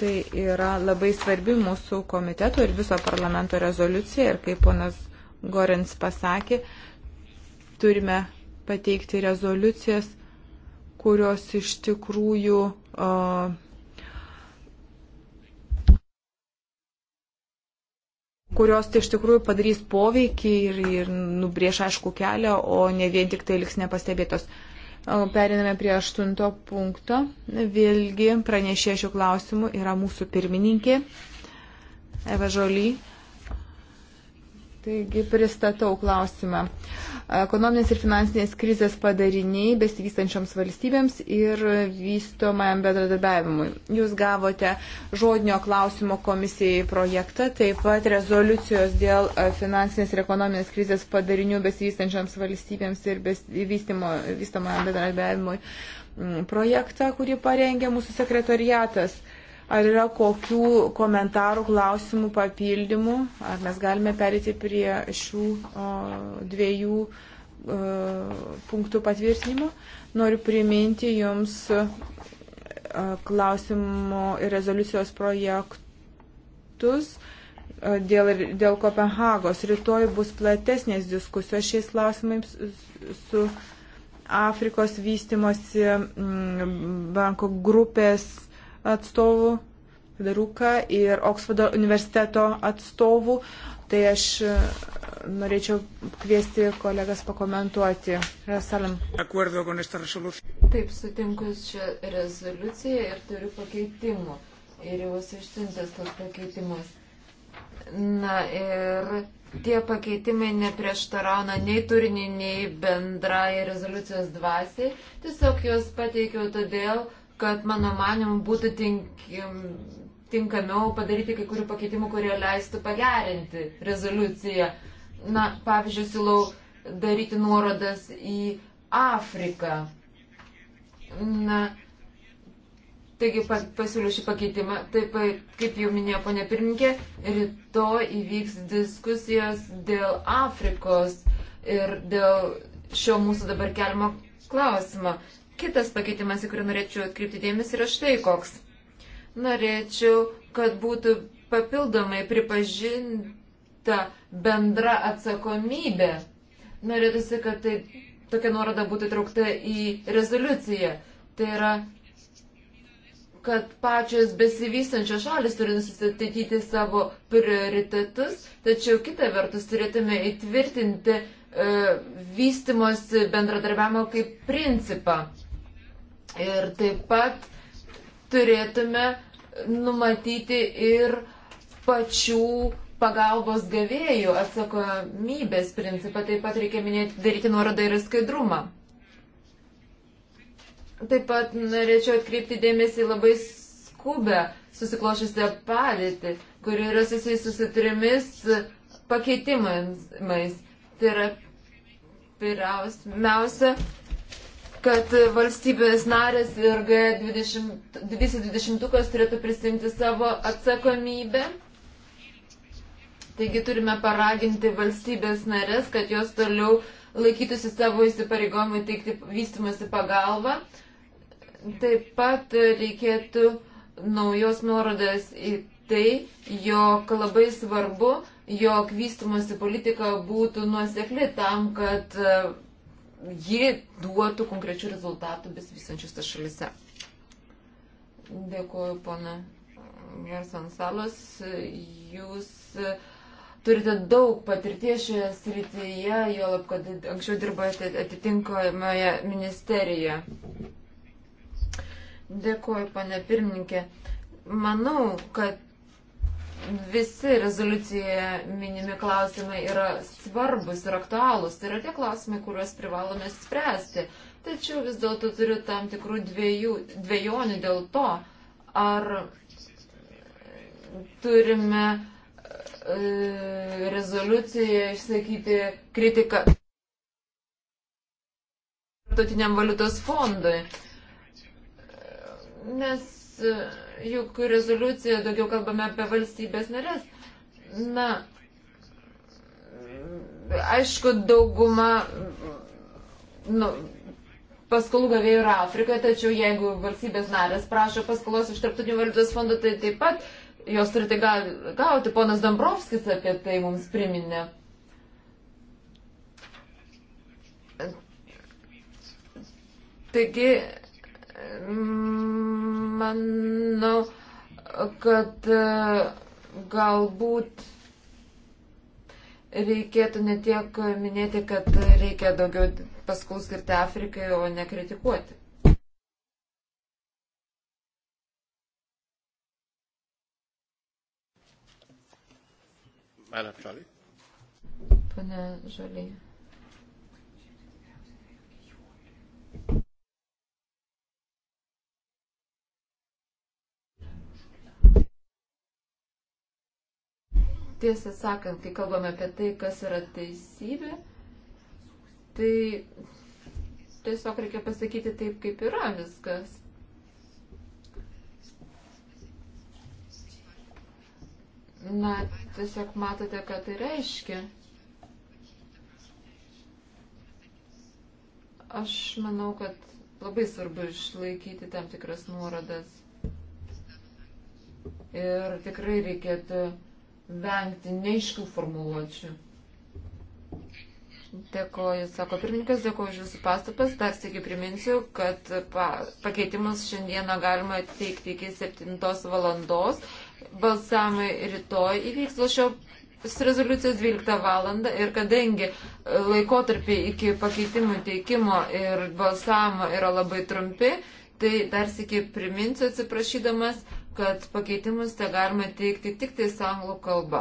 Tai yra labai svarbi mūsų komiteto ir viso parlamento rezoliucija ir kaip ponas Gorins pasakė, turime pateikti rezoliucijas, kurios iš tikrųjų uh, kurios tai iš tikrųjų padarys poveikį ir, ir nubrieš aišku kelią, o ne vien tik tai liks nepastebėtos. Periname prie aštunto punkto. Vėlgi pranešė šių klausimų yra mūsų pirmininkė Eva Žoly. Taigi pristatau klausimą. Ekonominės ir finansinės krizės padariniai besivystančioms valstybėms ir vystomajam bendradarbiavimui. Jūs gavote žodinio klausimo komisijai projektą, taip pat rezoliucijos dėl finansinės ir ekonominės krizės padarinių besivystančioms valstybėms ir vystomajam bendradarbiavimui projektą, kurį parengė mūsų sekretariatas. Ar yra kokių komentarų, klausimų, papildymų? Ar mes galime perėti prie šių o, dviejų o, punktų patvirtinimo? Noriu priminti Jums o, klausimų ir rezoliucijos projektus dėl, dėl Kopenhagos. Rytoj bus platesnės diskusijos šiais klausimais su Afrikos vystimosi banko grupės atstovų, Daruka ir Oksfordo universiteto atstovų. Tai aš e, norėčiau kviesti kolegas pakomentuoti. Rasalim. Taip, sutinku šią rezoliuciją ir turiu pakeitimų. Ir jau išsiuntas tas pakeitimas. Na ir tie pakeitimai neprieštarauna nei turiniai, nei bendrai rezoliucijos dvasiai. Tiesiog juos pateikiau todėl, kad mano manimu būtų tinkim, tinkamiau padaryti kai kurių pakeitimų, kurie leistų pagerinti rezoliuciją. Na, pavyzdžiui, siūlau daryti nuorodas į Afriką. Na, Taigi pasiūliu šį pakeitimą. Taip, kaip jau minėjo ponė pirmininkė, rytoj įvyks diskusijos dėl Afrikos ir dėl šio mūsų dabar keliamo klausimo. Kitas pakeitimas, į kurį norėčiau atkreipti dėmesį, yra štai koks. Norėčiau, kad būtų papildomai pripažinta bendra atsakomybė. Norėtųsi, kad tai, tokia nuoroda būtų traukta į rezoliuciją. Tai yra, kad pačios besivystančios šalis turi nusistatyti savo prioritetus, tačiau kitą vertus turėtume įtvirtinti e, vystimosi bendradarbiavimo kaip principą. Ir taip pat turėtume numatyti ir pačių pagalbos gavėjų atsakomybės principą. Taip pat reikia minėti, daryti nuorodą ir skaidrumą. Taip pat norėčiau atkreipti dėmesį labai skubę susiklošusią padėtį, kuri yra susijusi su trimis pakeitimais. Tai yra pirmiausia kad valstybės narės ir G20 turėtų prisimti savo atsakomybę. Taigi turime paraginti valstybės narės, kad jos toliau laikytųsi savo įsipareigojimų teikti vystimasi pagalbą. Taip pat reikėtų naujos nuorodės į tai, jog labai svarbu, jog vystimosi politika būtų nuosekli tam, kad ji duotų konkrečių rezultatų besivysančius tas šalise. Dėkuoju, pana Gersansalas. Jūs turite daug patirties šioje srityje, jo lab, kad anksčiau dirbote atitinkamoje ministerijoje. Dėkuoju, pane pirmininkė. Manau, kad visi rezoliucijoje minimi klausimai yra svarbus ir aktualūs. Tai yra tie klausimai, kuriuos privalome spręsti. Tačiau vis dėlto turiu tam tikrų dviejų, dviejonių dėl to, ar turime e, rezoliucijoje išsakyti kritiką tarptautiniam valiutos fondui. Nes e, juk rezoliucijoje daugiau kalbame apie valstybės narės. Na, aišku, dauguma nu, paskolų gavėjų yra Afrikoje, tačiau jeigu valstybės narės prašo paskolos iš Tarptautinių valiutos fondų, tai taip pat jos turite gauti. Ponas Dombrovskis apie tai mums priminė. Taigi, manau, kad e, galbūt reikėtų ne tiek minėti, kad reikia daugiau paskolų skirti Afrikai, o ne kritikuoti. Madam Jolie. Pane Jolie. tiesą sakant, kai kalbame apie tai, kas yra teisybė, tai tiesiog reikia pasakyti taip, kaip yra viskas. Na, tiesiog matote, ką tai reiškia. Aš manau, kad labai svarbu išlaikyti tam tikras nuorodas. Ir tikrai reikėtų vengti neiškių formuluočių. Dėkoju, sako pirmininkas, dėkoju už jūsų pastabas. Dar sėki priminsiu, kad pa, pakeitimus šiandieną galima teikti iki 7 valandos. Balsamai rytoj įvyks šio rezoliucijos 12 valandą ir kadangi laikotarpiai iki pakeitimų teikimo ir balsavimo yra labai trumpi, tai dar sėki priminsiu atsiprašydamas, kad pakeitimus te galima teikti tik tai anglų kalba.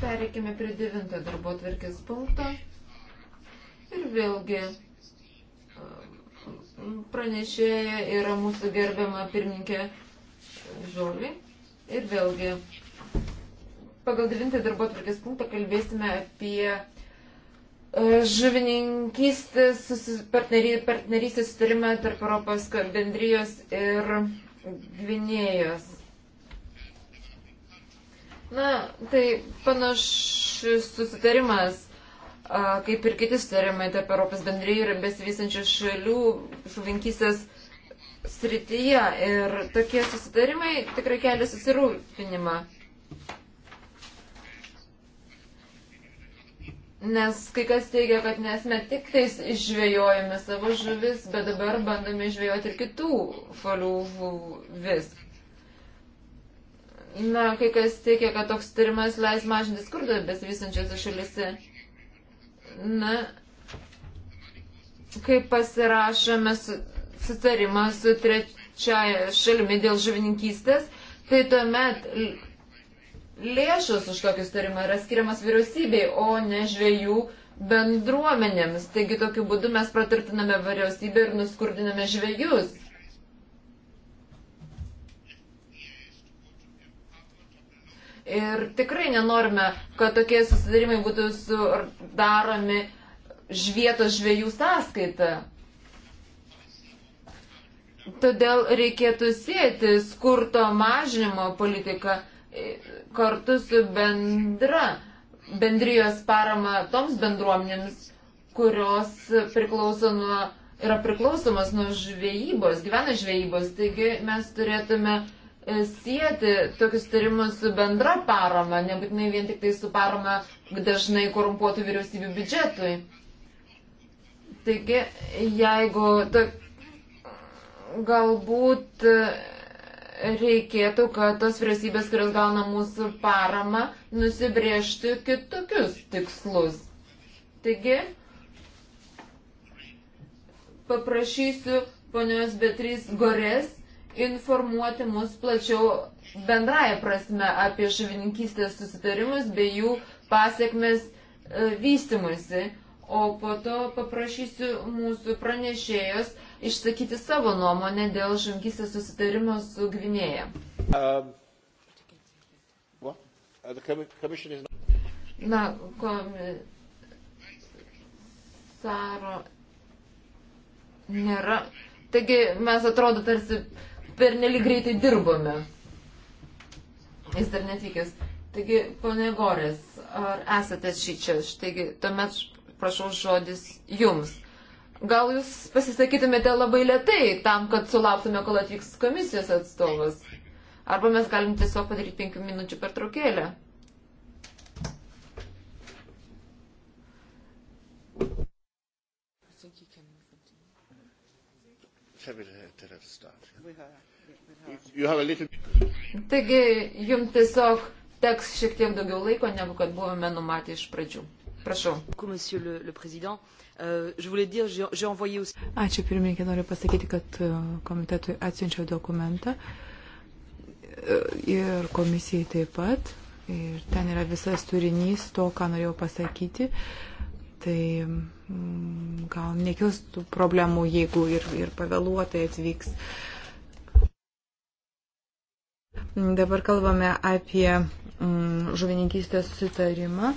Pereikime prie devinto darbo tvarkės punkto. Ir vėlgi um, pranešėja yra mūsų gerbiama pirmininkė Žolvi. Ir vėlgi pagal devintą darbo tvarkės punktą kalbėsime apie E, žuvininkystės partnery, partnerystės sutarimą tarp Europos bendrijos ir Gvinėjos. Na, tai panašus susitarimas, kaip ir kiti sutarimai tarp Europos bendrijų ir besivysančių šalių žuvininkystės srityje. Ir tokie susitarimai tikrai kelia susirūpinimą. Nes kai kas teigia, kad nesme tik tais žvejojame savo žuvis, bet dabar bandome žvejoti ir kitų šalių žuvis. Na, kai kas teigia, kad toks tyrimas leis mažinti skurdą besivysančiose šalise. Na, kai pasirašome sutarimą su, su trečiaja šalimi dėl žuvininkystės, tai tuomet lėšos už tokį sutarimą yra skiriamas vyriausybei, o ne žvėjų bendruomenėms. Taigi tokiu būdu mes praturtiname vyriausybę ir nuskurdiname žvėjus. Ir tikrai nenorime, kad tokie susidarimai būtų sudaromi žvietos žvėjų sąskaita. Todėl reikėtų sėti skurto mažinimo politiką kartu su bendra bendrijos parama toms bendruomenėms, kurios priklauso nuo, yra priklausomas nuo žvejybos, gyvena žvejybos. Taigi mes turėtume e, sieti tokius tarimus su bendra parama, nebūtinai vien tik tai su parama dažnai korumpuotų vyriausybių biudžetui. Taigi, jeigu to, galbūt reikėtų, kad tos vyriausybės, kurios gauna mūsų paramą, nusibriežtų kitokius tikslus. Taigi, paprašysiu ponios Betrys Gorės informuoti mus plačiau bendraja prasme apie žuvininkystės susitarimus bei jų pasiekmes e, vystimuisi. O po to paprašysiu mūsų pranešėjos išsakyti savo nuomonę dėl žungysės susitarimo su Gvinėja. Um, uh, Na, komisaro nėra. Taigi mes atrodo tarsi pernelyg greitai dirbome. Jis dar netvykęs. Taigi, ponė Gorės, ar esate šį čia? Taigi, tuomet prašau žodis jums. Gal jūs pasisakytumėte labai lietai tam, kad sulauktume, kol atvyks komisijos atstovas. Arba mes galim tiesiog padaryti penkių minučių per traukėlę. Taigi, jums tiesiog teks šiek tiek daugiau laiko, negu kad buvome numatę iš pradžių. Prašau. Euh, Ačiū pirmininkė, noriu pasakyti, kad e, komitetui atsiunčiau dokumentą e, ir komisijai taip pat. Ir ten yra visas turinys to, ką norėjau pasakyti. Tai mm, gal nekils tų problemų, jeigu ir, ir pavėluotai atvyks. Dabar kalbame apie mm, žuvininkystės sutarimą.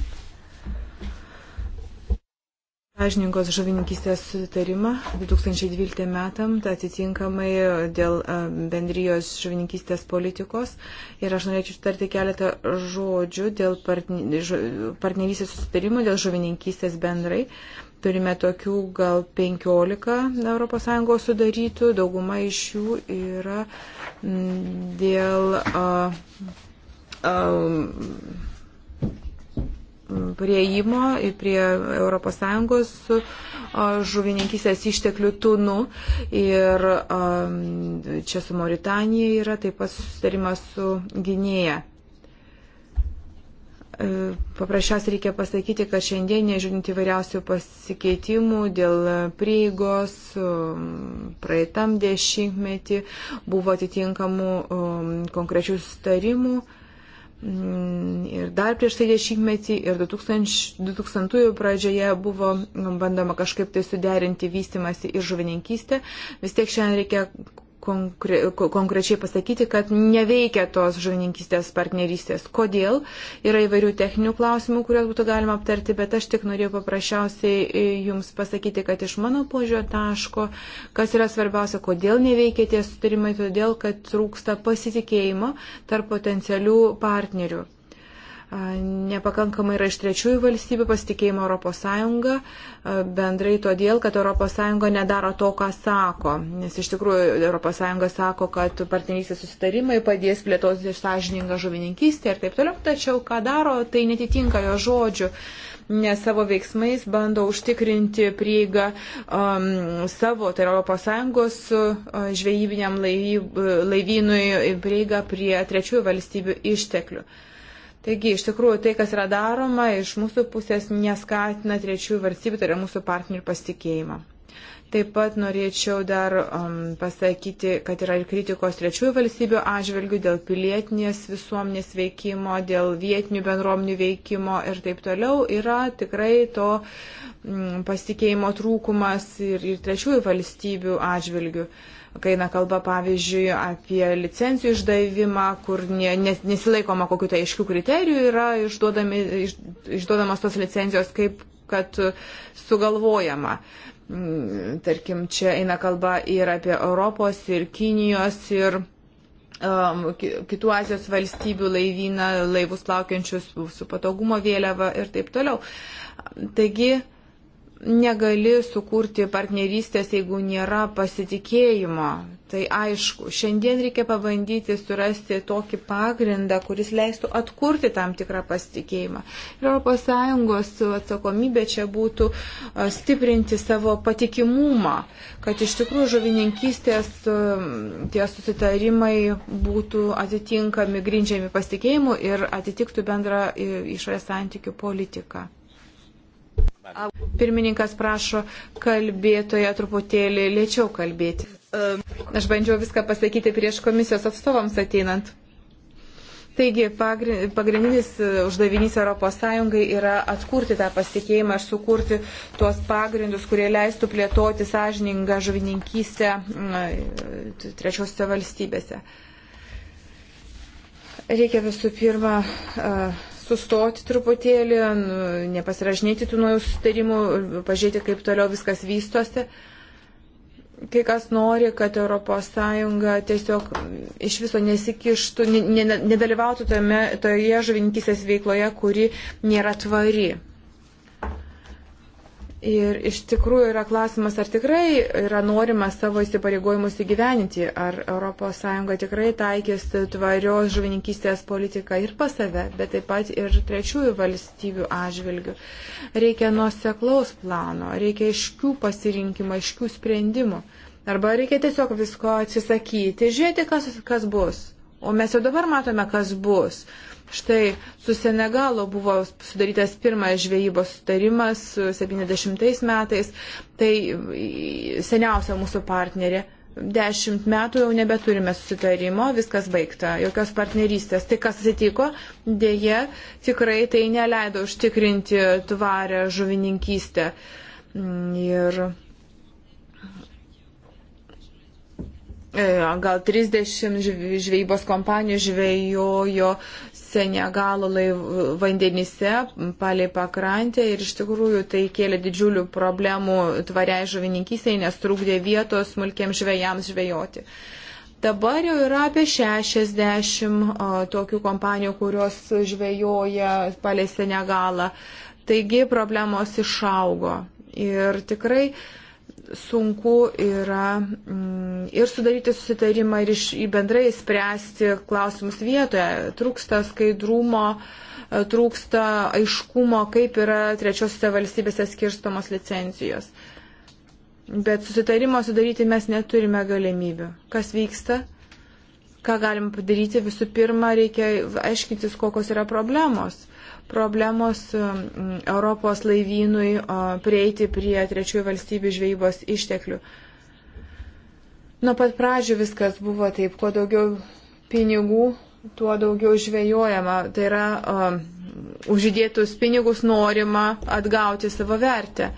Sąžiningos žuvininkystės sutarimą 2012 metam, atitinkamai dėl bendrijos žuvininkystės politikos. Ir aš norėčiau tarti keletą žodžių dėl partnerystės sutarimų, dėl žuvininkystės bendrai. Turime tokių gal 15 ES sudarytų, dauguma iš jų yra dėl. Uh, um, prieimo prie ES žuvininkysės išteklių tunų. Ir čia su Mauritanija yra taip pat susitarimas su Gynėja. E, paprasčiausiai reikia pasakyti, kad šiandien, nežiūrint įvairiausių pasikeitimų dėl prieigos, praeitam dešimtmetį buvo atitinkamų konkrečių sustarimų Ir dar prieš tai dešimtmetį ir 2000, 2000 pradžioje buvo bandoma kažkaip tai suderinti vystimasi ir žuvininkystę. Vis tiek šiandien reikia konkre, konkrečiai pasakyti, kad neveikia tos žuvininkystės partnerystės. Kodėl? Yra įvairių techninių klausimų, kuriuos būtų galima aptarti, bet aš tik norėjau paprasčiausiai e, Jums pasakyti, kad iš mano požio taško, kas yra svarbiausia, kodėl neveikia tie sutarimai, todėl, kad trūksta pasitikėjimo tarp potencialių partnerių nepakankamai yra iš trečiųjų valstybių pasitikėjimo ES, bendrai todėl, kad ES nedaro to, ką sako. Nes iš tikrųjų ES sako, kad partnerystės susitarimai padės plėtoti sąžiningą žuvininkystę ir taip toliau, tačiau ką daro, tai netitinka jo žodžių nes savo veiksmais bando užtikrinti prieigą um, savo, tai yra ES žvejybiniam laiv, laivynui prieigą prie trečiųjų valstybių išteklių. Uh, Taigi, iš tikrųjų, tai, kas yra daroma, iš mūsų pusės neskatina trečiųjų valstybių, tai yra mūsų partnerių pasitikėjimą. Taip pat norėčiau dar um, pasakyti, kad yra ir kritikos trečiųjų valstybių atžvilgių dėl pilietinės visuomenės veikimo, dėl vietinių bendruomenių veikimo ir taip toliau. Yra tikrai to mm, pasitikėjimo trūkumas ir, ir trečiųjų valstybių atžvilgių. Uh, kai eina kalba, pavyzdžiui, apie licencijų išdavimą, kur ne, nes, nesilaikoma kokiu tai aiškių kriterijų yra iš, išduodamos tos licencijos, kaip kad sugalvojama. Mm, tarkim, čia eina kalba ir apie Europos, ir Kinijos, ir um, kitų Azijos valstybių laivyną, laivus plaukiančius su patogumo vėliava ir taip toliau. Taigi, uh, negali sukurti partnerystės, jeigu nėra pasitikėjimo. Tai aišku, šiandien reikia pabandyti surasti tokį pagrindą, kuris leistų atkurti tam tikrą pasitikėjimą. Ir ES atsakomybė čia būtų stiprinti savo patikimumą, kad iš tikrųjų žuvininkystės tie susitarimai būtų atitinkami, grindžiami pasitikėjimu ir atitiktų bendrą išorės santykių politiką. Pirmininkas prašo kalbėtoje truputėlį lėčiau kalbėti. Aš bandžiau viską pasakyti prieš komisijos atstovams ateinant. Taigi, pagrindinis uždavinys ES yra atkurti tą pasitikėjimą ir sukurti tuos pagrindus, kurie leistų plėtoti sąžiningą žuvininkystę mm, trečiosiuose valstybėse. Reikia visų pirma. Uh, sustoti truputėlį, nu, nepasirašinėti tų naujų sustarimų, pažiūrėti, kaip toliau viskas vystosi. Kai kas nori, kad ES tiesiog iš viso nesikištų, nedalyvautų tame, toje žuvininkysės veikloje, kuri nėra tvari. Ir iš tikrųjų yra klausimas, ar tikrai yra norima savo įsipareigojimus įgyveninti, ar ES tikrai taikys tvarios žuvininkystės politiką ir pas save, bet taip pat ir trečiųjų valstybių atžvilgių. Reikia nuoseklaus plano, reikia iškių pasirinkimų, iškių sprendimų. Arba reikia tiesiog visko atsisakyti, žiūrėti, kas, kas bus. O mes jau dabar matome, kas bus. Uh, Štai su Senegalo buvo sudarytas pirmas žvejybos sutarimas 70 metais, tai seniausia mūsų partnerė. Dešimt metų jau nebeturime susitarimo, viskas baigta, jokios partnerystės. Tai kas atsitiko, dėje tikrai tai neleido užtikrinti tvarę žuvininkystę. Mm, ir e, gal 30 žvejybos kompanijų žvejojo Senegalo laiv, vandenyse, palei pakrantę ir iš tikrųjų tai kėlė didžiulių problemų tvariai žuvininkysiai, nes trukdė vietos smulkiam žvėjams žvejoti. Dabar jau yra apie 60 o, tokių kompanijų, kurios žvejoja palei Senegalą. Taigi problemos išaugo. Ir tikrai uh, sunku yra mm, ir sudaryti susitarimą, ir iš, ir bendrai spręsti klausimus vietoje. Trūksta skaidrumo, e, trūksta aiškumo, kaip yra trečiosiuose valstybėse skirstomos licencijos. Bet susitarimo sudaryti mes neturime galimybių. Kas vyksta? Ką galim padaryti? Visų pirma, reikia aiškintis, kokios yra problemos problemos um, Europos laivynui prieiti prie trečiųjų valstybių žvejybos išteklių. Nuo pat pradžių viskas buvo taip, kuo daugiau pinigų, tuo daugiau žvejojama. Tai yra um, uždėtus pinigus norima atgauti savo vertę.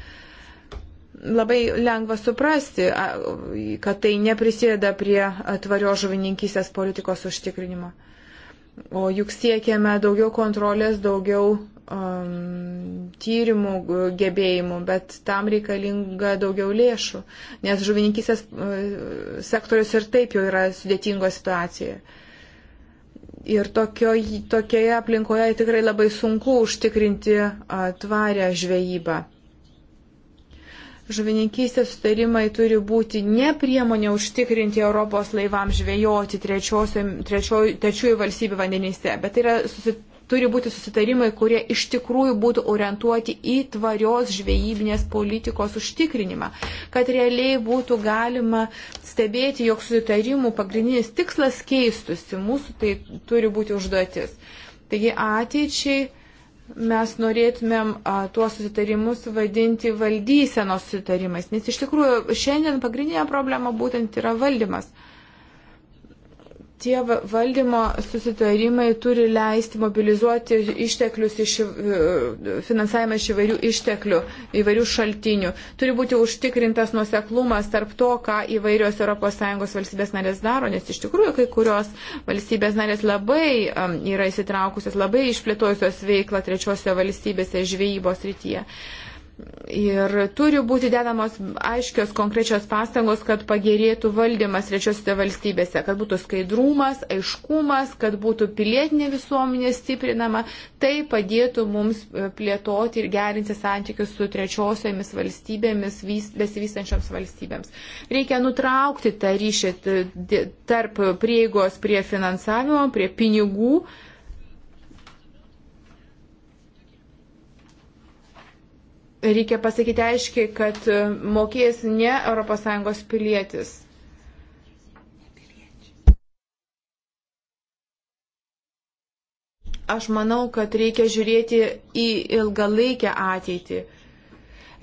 Labai lengva suprasti, kad tai neprisideda prie tvario žuvininkysės politikos užtikrinimo. O juk siekiame daugiau kontrolės, daugiau um, tyrimų gebėjimų, bet tam reikalinga daugiau lėšų, nes žuvininkysės uh, e, sektorius ir taip jau yra sudėtingo situacijoje. Ir tokio, tokioje aplinkoje tikrai labai sunku užtikrinti uh, tvarę žvejybą žuvininkystės sutarimai turi būti ne priemonė užtikrinti Europos laivam žvejoti trečiųjų valstybių vandenyse, bet tai yra susit, turi būti susitarimai, kurie iš tikrųjų būtų orientuoti į tvarios žvejybinės politikos užtikrinimą, kad realiai būtų galima stebėti, jog susitarimų pagrindinis tikslas keistusi, mūsų tai turi būti užduotis. Taigi ateičiai mes norėtumėm a, tuos susitarimus vadinti valdysenos susitarimais, nes iš tikrųjų šiandien pagrindinė problema būtent yra valdymas tie valdymo susitarimai turi leisti mobilizuoti išteklius iš e, finansavimą iš įvairių išteklių, įvairių šaltinių. Turi būti užtikrintas nuoseklumas tarp to, ką įvairios ES valstybės narės daro, nes iš tikrųjų kai kurios valstybės narės labai um, yra įsitraukusios, labai išplėtojusios veiklą trečiose valstybėse žvejybos rytyje. Uh, Ir turi būti dedamos aiškios konkrečios pastangos, kad pagerėtų valdymas trečiosiuose valstybėse, kad būtų skaidrumas, aiškumas, kad būtų pilietinė visuomenė stiprinama. Tai padėtų mums e, plėtoti ir gerinti santykius su trečiosiomis valstybėmis, besivystančioms valstybėms. Reikia nutraukti tą ryšį tarp prieigos prie finansavimo, prie pinigų reikia pasakyti aiškiai, kad e, mokės ne ES pilietis. Aš manau, kad reikia žiūrėti į ilgalaikę ateitį.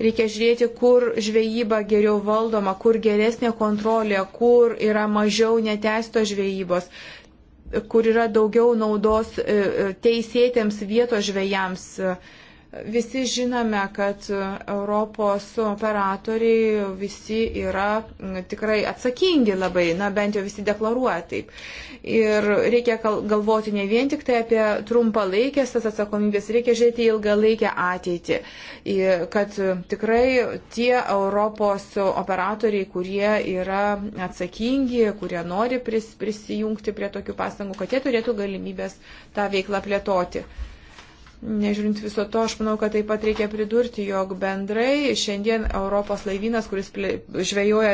Reikia žiūrėti, kur žvejyba geriau valdoma, kur geresnė kontrolė, kur yra mažiau netesto žvejybos, kur yra daugiau naudos e, e, teisėtėms vietos žvejams. Uh, Visi žinome, kad Europos operatoriai visi yra tikrai atsakingi labai, na bent jau visi deklaruoja taip. Ir reikia galvoti ne vien tik tai apie trumpalaikės tas atsakomybės, reikia žiūrėti į ilgalaikę ateitį, kad tikrai tie Europos operatoriai, kurie yra atsakingi, kurie nori pris, prisijungti prie tokių pastangų, kad jie turėtų galimybės tą veiklą plėtoti. Nežiūrint viso to, aš manau, kad taip pat reikia pridurti, jog bendrai šiandien Europos laivynas, kuris žvejoja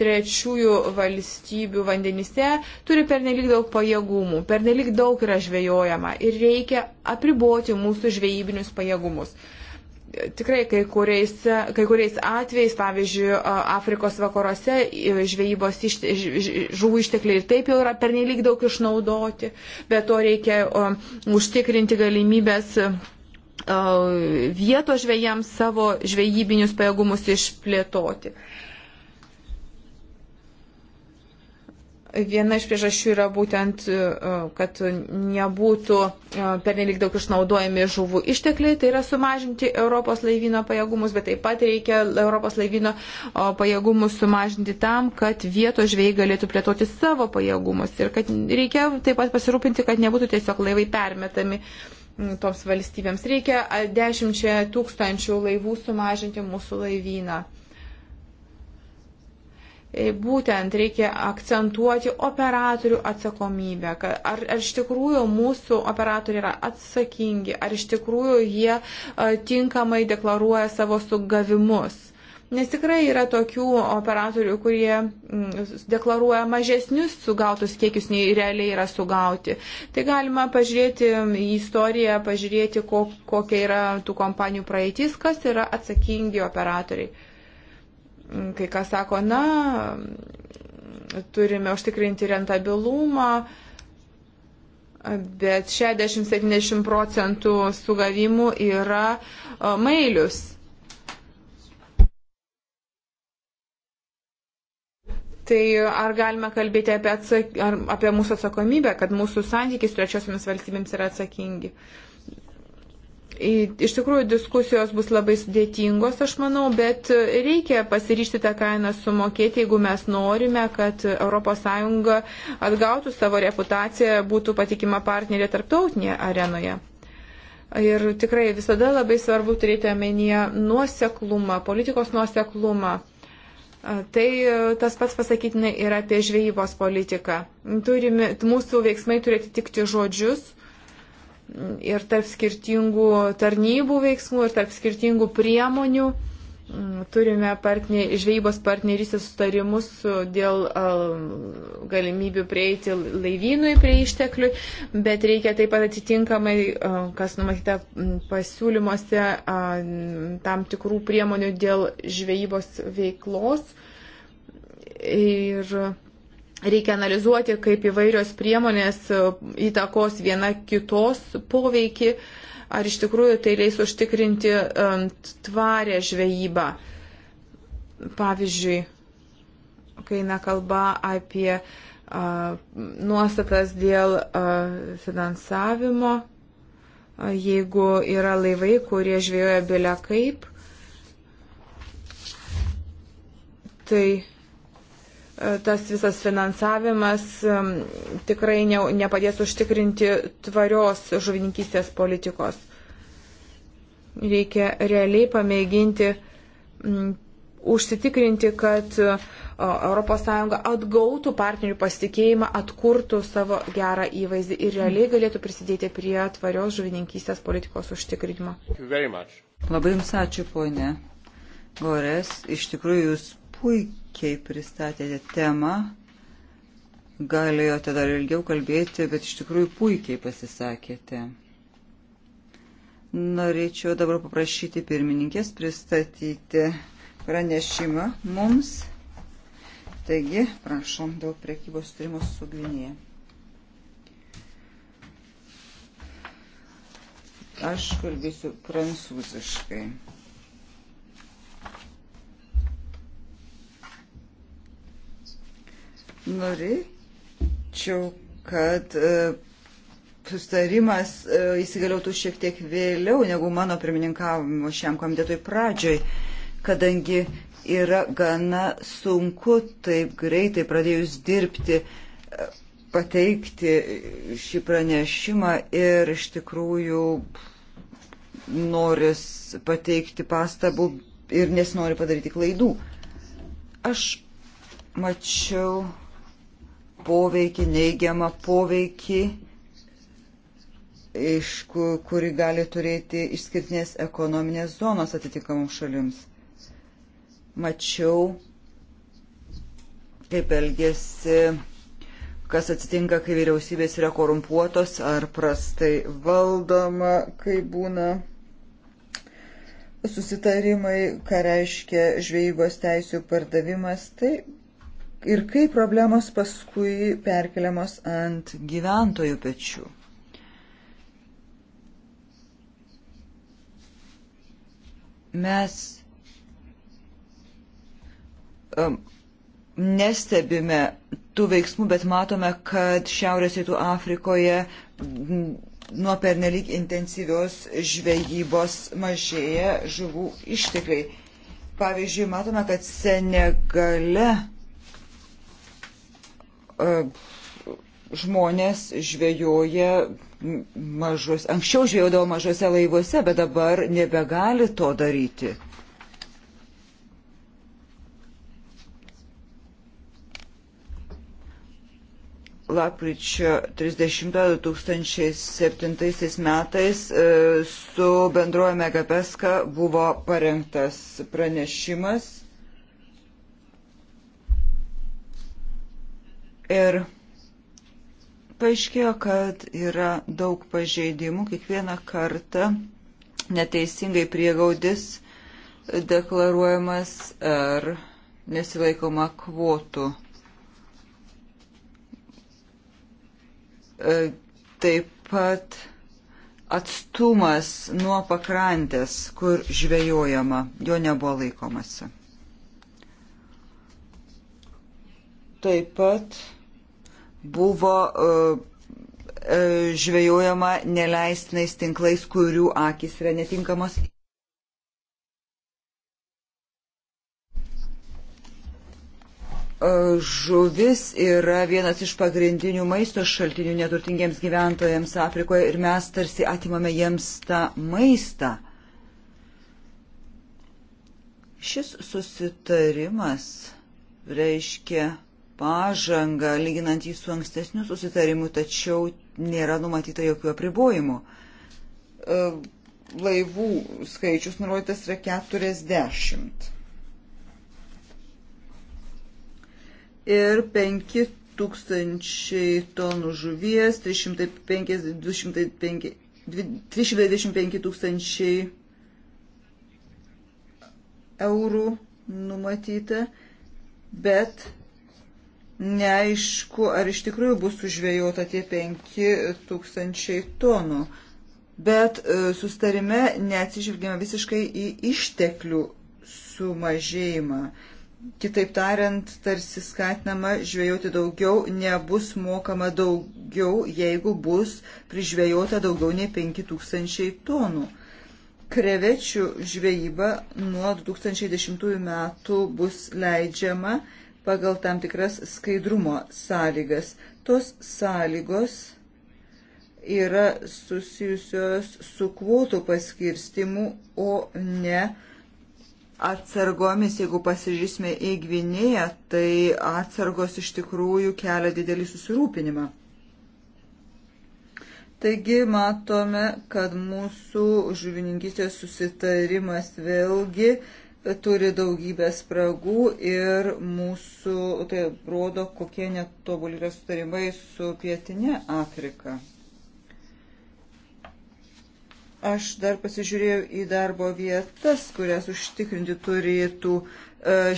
trečiųjų valstybių vandenyse, turi pernelyg daug pajėgumų, pernelyg daug yra žvejojama ir reikia apriboti mūsų žvejybinius pajėgumus tikrai kai kuriais, kai kuriais atvejais, pavyzdžiui, Afrikos vakaruose žvejybos iš, žuvų ištekliai ir taip jau yra pernelyg daug išnaudoti, bet to reikia o, užtikrinti galimybės vietos žvėjams savo žvejybinius pajėgumus išplėtoti. Uh, Viena iš priežasčių yra būtent, e, e, kad nebūtų e, pernelik daug išnaudojami žuvų ištekliai, tai yra sumažinti Europos laivyno pajėgumus, bet taip pat reikia Europos laivyno pajėgumus sumažinti tam, kad vietos žvėjai galėtų plėtoti savo pajėgumus ir kad reikia taip pat pasirūpinti, kad nebūtų tiesiog laivai permetami toms valstybėms. Reikia dešimčia tūkstančių laivų sumažinti mūsų laivyną. E, būtent reikia akcentuoti operatorių atsakomybę, ar, ar iš tikrųjų mūsų operatoriai yra atsakingi, ar iš tikrųjų jie a, e, tinkamai deklaruoja savo sugavimus. Nes tikrai yra tokių operatorių, kurie m, mm, deklaruoja mažesnius sugautus kiekius, nei realiai yra sugauti. Tai galima pažiūrėti į istoriją, pažiūrėti, ko, kokia yra tų kompanijų praeitis, kas yra atsakingi operatoriai. Kai kas sako, na, turime užtikrinti rentabilumą, bet 60-70 procentų sugavimų yra e, mailius. Tai ar galime kalbėti apie, atsak... ar apie mūsų atsakomybę, kad mūsų santykiai su trečiosiamis valstybėms yra atsakingi? Uh, Iš tikrųjų, diskusijos bus labai sudėtingos, aš manau, bet reikia pasiryšti tą kainą sumokėti, jeigu mes norime, kad ES atgautų savo reputaciją, būtų patikima partnerė tarptautinėje arenoje. Ir tikrai visada labai svarbu turėti omenyje nuoseklumą, politikos nuoseklumą. Tai tas pats pasakytina ir apie žvejybos politiką. Turime, mūsų veiksmai turi atitikti žodžius ir tarp skirtingų tarnybų veiksmų, ir tarp skirtingų priemonių. Mm, turime partner, žvejybos partnerystės sustarimus dėl galimybių prieiti laivynui prie išteklių, bet reikia taip pat atitinkamai, kas numatyta pasiūlymuose, tam tikrų priemonių dėl žvejybos veiklos. Ir Reikia analizuoti, kaip įvairios priemonės e, įtakos viena kitos poveikį, ar iš tikrųjų tai leis užtikrinti e, tvarę žvejybą. Pavyzdžiui, kai nekalba apie e, nuostatas dėl finansavimo, jeigu yra laivai, kurie žvėjoja bilia kaip, tai tas visas finansavimas tikrai ne, nepadės užtikrinti tvarios žuvininkystės politikos. Reikia realiai pamėginti m, užsitikrinti, kad ES atgautų partnerių pasitikėjimą, atkurtų savo gerą įvaizdį ir realiai galėtų prisidėti prie tvarios žuvininkystės politikos užtikrinimo. Labai Jums ačiū, ponė Gores. Iš tikrųjų, Jūs puikiai puikiai pristatėte temą. Galėjote dar ilgiau kalbėti, bet iš tikrųjų puikiai pasisakėte. Norėčiau dabar paprašyti pirmininkės pristatyti pranešimą mums. Taigi, prašom dėl prekybos sutarimo su Gvinėje. Aš kalbėsiu prancūziškai. Norėčiau, kad e, sustarimas e, įsigaliotų šiek tiek vėliau negu mano pirmininkavimo šiam komitetui pradžioj, kadangi yra gana sunku taip greitai pradėjus dirbti e, pateikti šį pranešimą ir iš tikrųjų noris pateikti pastabų ir nesinori padaryti klaidų. Aš mačiau poveikį, neigiamą poveikį, iš kuri gali turėti išskirtinės ekonominės zonos atitinkamoms šalims. Mačiau, kaip elgėsi, kas atsitinka, kai vyriausybės yra korumpuotos ar prastai valdoma, kai būna susitarimai, ką reiškia žvejybos teisų pardavimas, tai ir kaip problemos paskui perkeliamos ant gyventojų pečių. Mes um, nestebime tų veiksmų, bet matome, kad Šiaurės Rytų Afrikoje nuo pernelyg intensyvios žvejybos mažėja žuvų ištekliai. Pavyzdžiui, matome, kad Senegale E, žmonės žvejoja mažus, anksčiau žvejodavo mažose laivuose, bet dabar nebegali to daryti. lapkričio 30-2007 metais e, su bendruoju Megapeska buvo parengtas pranešimas Ir paaiškėjo, kad yra daug pažeidimų. Kiekvieną kartą neteisingai priegaudis deklaruojamas ar nesilaikoma kvotų. E, taip pat atstumas nuo pakrantės, kur žvejojama, jo nebuvo laikomasi. Taip pat buvo e, e, žvejojama neleistinais tinklais, kurių akis yra netinkamos. E, žuvis yra vienas iš pagrindinių maisto šaltinių neturtingiems gyventojams Afrikoje ir mes tarsi atimame jiems tą maistą. Šis susitarimas reiškia pažangą, lyginant jį su ankstesniu susitarimu, tačiau nėra numatyta jokių apribojimų. E, laivų skaičius nurodytas yra 40. Ir 5 tūkstančiai tonų žuvies, 325, 325 tūkstančiai eurų numatyta, bet neaišku, ar iš tikrųjų bus užvėjota tie 5000 tonų. Bet e, sustarime neatsižvelgiama visiškai į išteklių sumažėjimą. Kitaip tariant, tarsi skatinama žvejoti daugiau, nebus mokama daugiau, jeigu bus prižvejota daugiau nei 5000 tonų. Krevečių žvejyba nuo 2010 metų bus leidžiama pagal tam tikras skaidrumo sąlygas. Tos sąlygos yra susijusios su kvotų paskirstimu, o ne atsargomis. Jeigu pasižiūrėsime į Gvinėją, tai atsargos iš tikrųjų kelia didelį susirūpinimą. Taigi matome, kad mūsų žuvininkystės susitarimas vėlgi turi daugybę spragų ir mūsų, tai rodo, kokie netobuli yra sutarimai su pietinė Afrika. Aš dar pasižiūrėjau į darbo vietas, kurias užtikrinti turėtų e,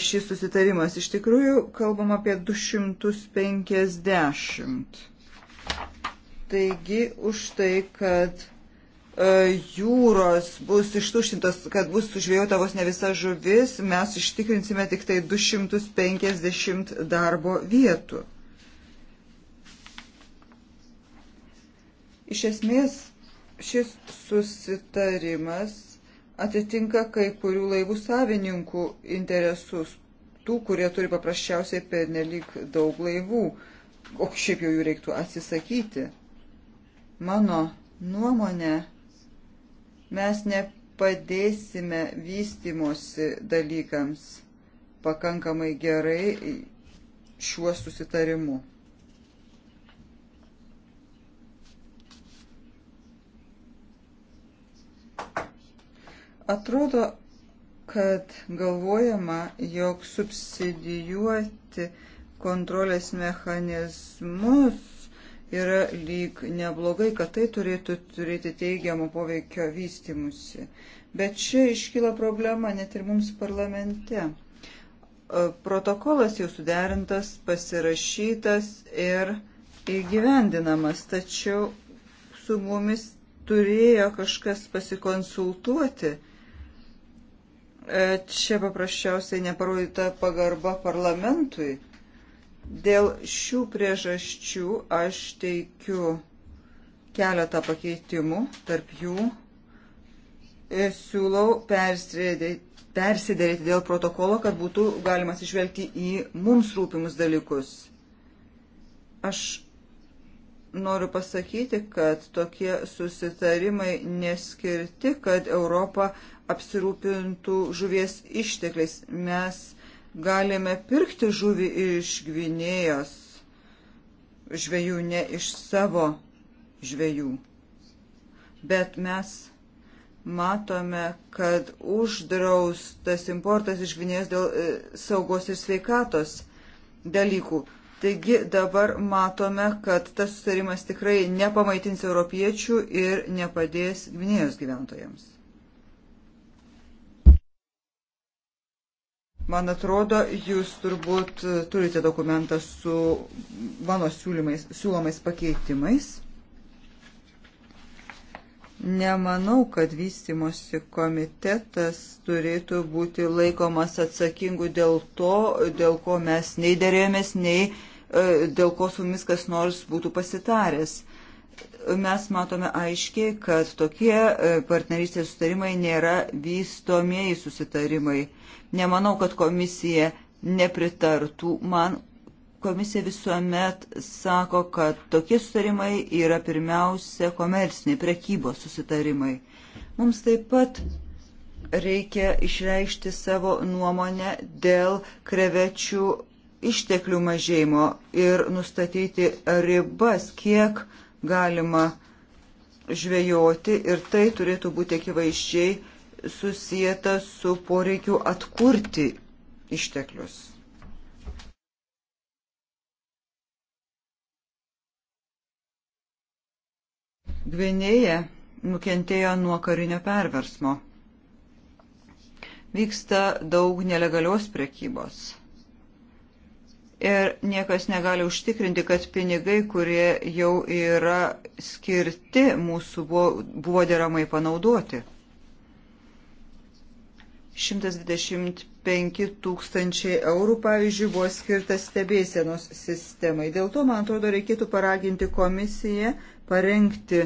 šis susitarimas. Iš tikrųjų, kalbam apie 250. Taigi, už tai, kad E, jūros bus ištuštintos, kad bus sužvėjota vos ne visa žuvis, mes ištikrinsime tik tai 250 darbo vietų. Iš esmės, šis susitarimas atitinka kai kurių laivų savininkų interesus, tų, kurie turi paprasčiausiai pernelyg daug laivų, o šiaip jau jų reiktų atsisakyti. Mano nuomonė, Mes nepadėsime vystimosi dalykams pakankamai gerai šiuo susitarimu. Atrodo, kad galvojama, jog subsidijuoti kontrolės mechanizmus yra lyg neblogai, kad tai turėtų turėti teigiamą poveikio vystimusi. Bet čia iškyla problema net ir mums parlamente. E, protokolas jau suderintas, pasirašytas ir įgyvendinamas, tačiau su mumis turėjo kažkas pasikonsultuoti. E, čia paprasčiausiai neparodyta pagarba parlamentui Dėl šių priežasčių aš teikiu keletą pakeitimų, tarp jų e, siūlau persidėrėti dėl protokolo, kad būtų galima atsižvelgti į mums rūpimus dalykus. Aš noriu pasakyti, kad tokie susitarimai neskirti, kad Europa apsirūpintų žuvies ištekliais. Mes galime pirkti žuvį iš Gvinėjos žvėjų, ne iš savo žvėjų. Bet mes matome, kad uždraustas importas iš Gvinėjos dėl e, saugos ir sveikatos dalykų. Taigi dabar matome, kad tas sustarimas tikrai nepamaitins europiečių ir nepadės Gvinėjos gyventojams. Man atrodo, jūs turbūt turite dokumentą su mano siūlomais pakeitimais. Nemanau, kad vystimosi komitetas turėtų būti laikomas atsakingu dėl to, dėl ko mes nei dėrėjomės, nei e, dėl ko su mumis kas nors būtų pasitaręs mes matome aiškiai, kad tokie e, partnerystės sutarimai nėra vystomieji susitarimai. Nemanau, kad komisija nepritartų man. Komisija visuomet sako, kad tokie susitarimai yra pirmiausia komerciniai, prekybos susitarimai. Mums taip pat reikia išreikšti savo nuomonę dėl krevečių išteklių mažėjimo ir nustatyti ribas, kiek uh, galima žvejoti ir tai turėtų būti akivaizdžiai susijęta su poreikiu atkurti išteklius. Gvinėje nukentėjo nuo karinio perversmo. Vyksta daug nelegalios prekybos ir niekas negali užtikrinti, kad pinigai, kurie jau yra skirti, mūsų buvo, buvo deramai panaudoti. 125 tūkstančiai eurų, pavyzdžiui, buvo skirtas stebėsienos sistemai. Dėl to, man atrodo, reikėtų paraginti komisiją parengti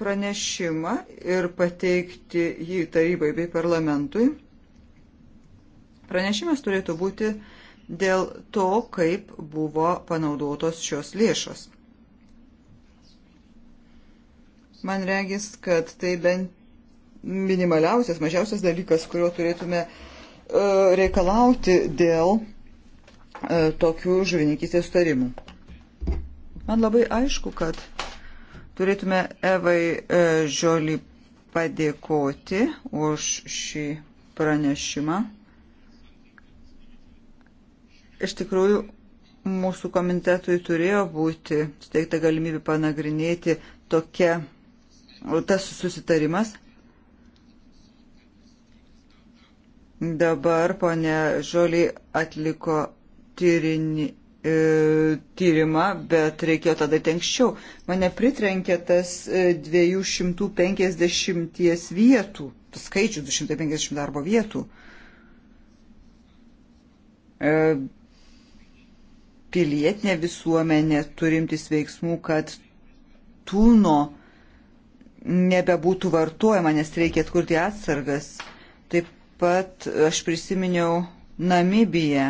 pranešimą ir pateikti jį tarybai bei parlamentui. Pranešimas turėtų būti uh, dėl to, kaip buvo panaudotos šios lėšos. Man regis, kad tai bent minimaliausias, mažiausias dalykas, kurio turėtume e, reikalauti dėl e, tokių žuvininkystės sutarimų. Man labai aišku, kad turėtume Evai e, Žiolį padėkoti už šį pranešimą. Iš tikrųjų, mūsų komitetui turėjo būti steigta galimybė panagrinėti tokia, tas susitarimas. Dabar ponė Žoliai atliko tyrinį, e, tyrimą, bet reikėjo tada tenkščiau. Mane pritrenkė tas 250 e, vietų, tas skaičius 250 darbo vietų. E, pilietinė visuomenė turimtis veiksmų, kad tūno nebebūtų vartojama, nes reikia atkurti atsargas. Taip pat aš prisiminiau Namibiją.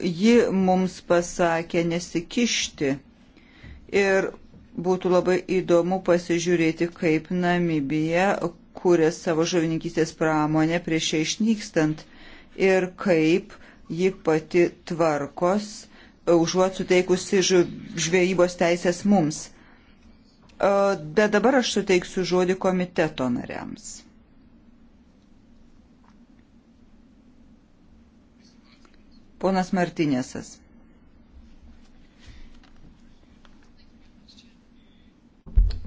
Ji mums pasakė nesikišti. Ir būtų labai įdomu pasižiūrėti, kaip Namibija kūrė savo žuvininkystės pramonę prieš ją išnykstant ir kaip ji pati tvarkos užuot suteikusi žvejybos teisės mums. E, bet dabar aš suteiksiu žodį komiteto nariams. Ponas Martinėsas.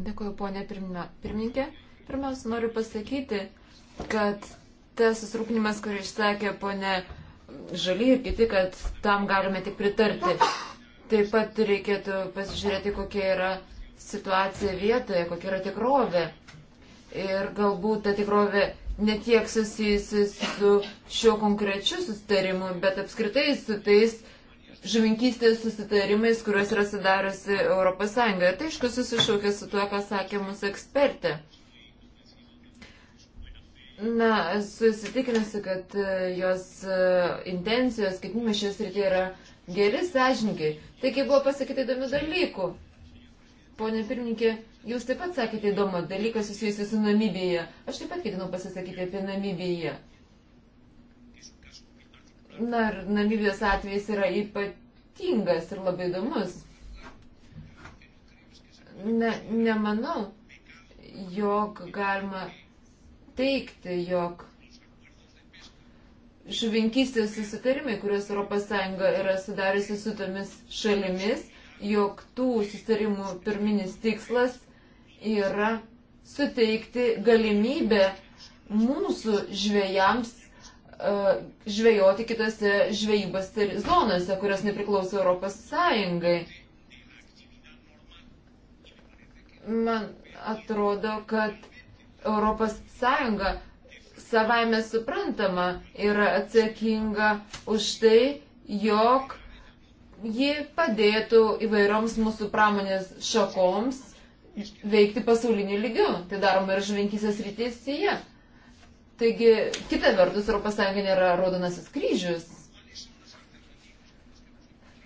Dėkuoju, ponė pirmininkė. Pirmiausia, noriu pasakyti, kad tas susirūpinimas, kurį išsakė ponė žaliai ir kiti, kad tam galime tik pritarti. Taip pat reikėtų pasižiūrėti, kokia yra situacija vietoje, kokia yra tikrovė. Ir galbūt ta tikrovė netiek susijusi su šiuo konkrečiu sustarimu, bet apskritai su tais žuvinkystės susitarimais, kuriuos yra sudariusi ES. Ir tai, aišku, susišaukia su tuo, ką sakė mūsų ekspertė. Na, esu įsitikinusi, kad e, jos e, intencijos, skaitinimai šios rytyje yra geri, sąžininkai. Taigi buvo pasakyti įdomių dalykų. Pone pirmininkė, jūs taip pat sakėte įdomų dalyką susijusiu su Namibija. Aš taip pat ketinau pasisakyti apie Namibiją. Na, ir Namibijos atvejis yra ypatingas ir labai įdomus. Ne, nemanau, jog galima teikti, jog žuvinkystės susitarimai, kuriuos ES yra sudariusi su tomis šalimis, jog tų susitarimų pirminis tikslas yra suteikti galimybę mūsų žvėjams e, žvejoti kitose žvejybos zonose, kurios nepriklauso Europos Sąjungai. Man atrodo, kad Europos Sąjunga savaime suprantama yra atsakinga už tai, jog ji padėtų įvairioms mūsų pramonės šakoms veikti pasaulinį lygių. Tai daroma ir žuvinkysės rytėsyje. Taigi, kita vertus, Europos Sąjunga nėra raudonasis kryžius.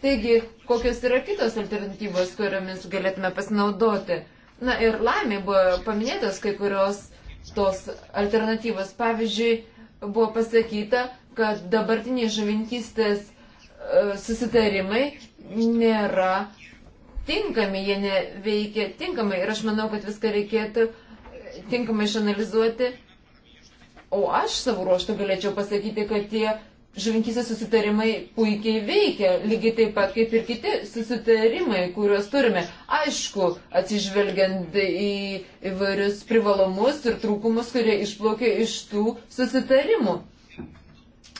Taigi, kokios yra kitos alternatyvos, kuriomis galėtume pasinaudoti? Na ir laimė buvo paminėtos kai kurios tos alternatyvos. Pavyzdžiui, buvo pasakyta, kad dabartiniai žuvinkystės e, susitarimai nėra tinkami, jie neveikia tinkamai ir aš manau, kad viską reikėtų e, tinkamai išanalizuoti. O aš savo ruoštų galėčiau pasakyti, kad tie žuvinkysės susitarimai puikiai veikia, lygiai taip pat kaip ir kiti susitarimai, kuriuos turime. Aišku, atsižvelgiant į įvairius privalumus ir trūkumus, kurie išplaukia iš tų susitarimų.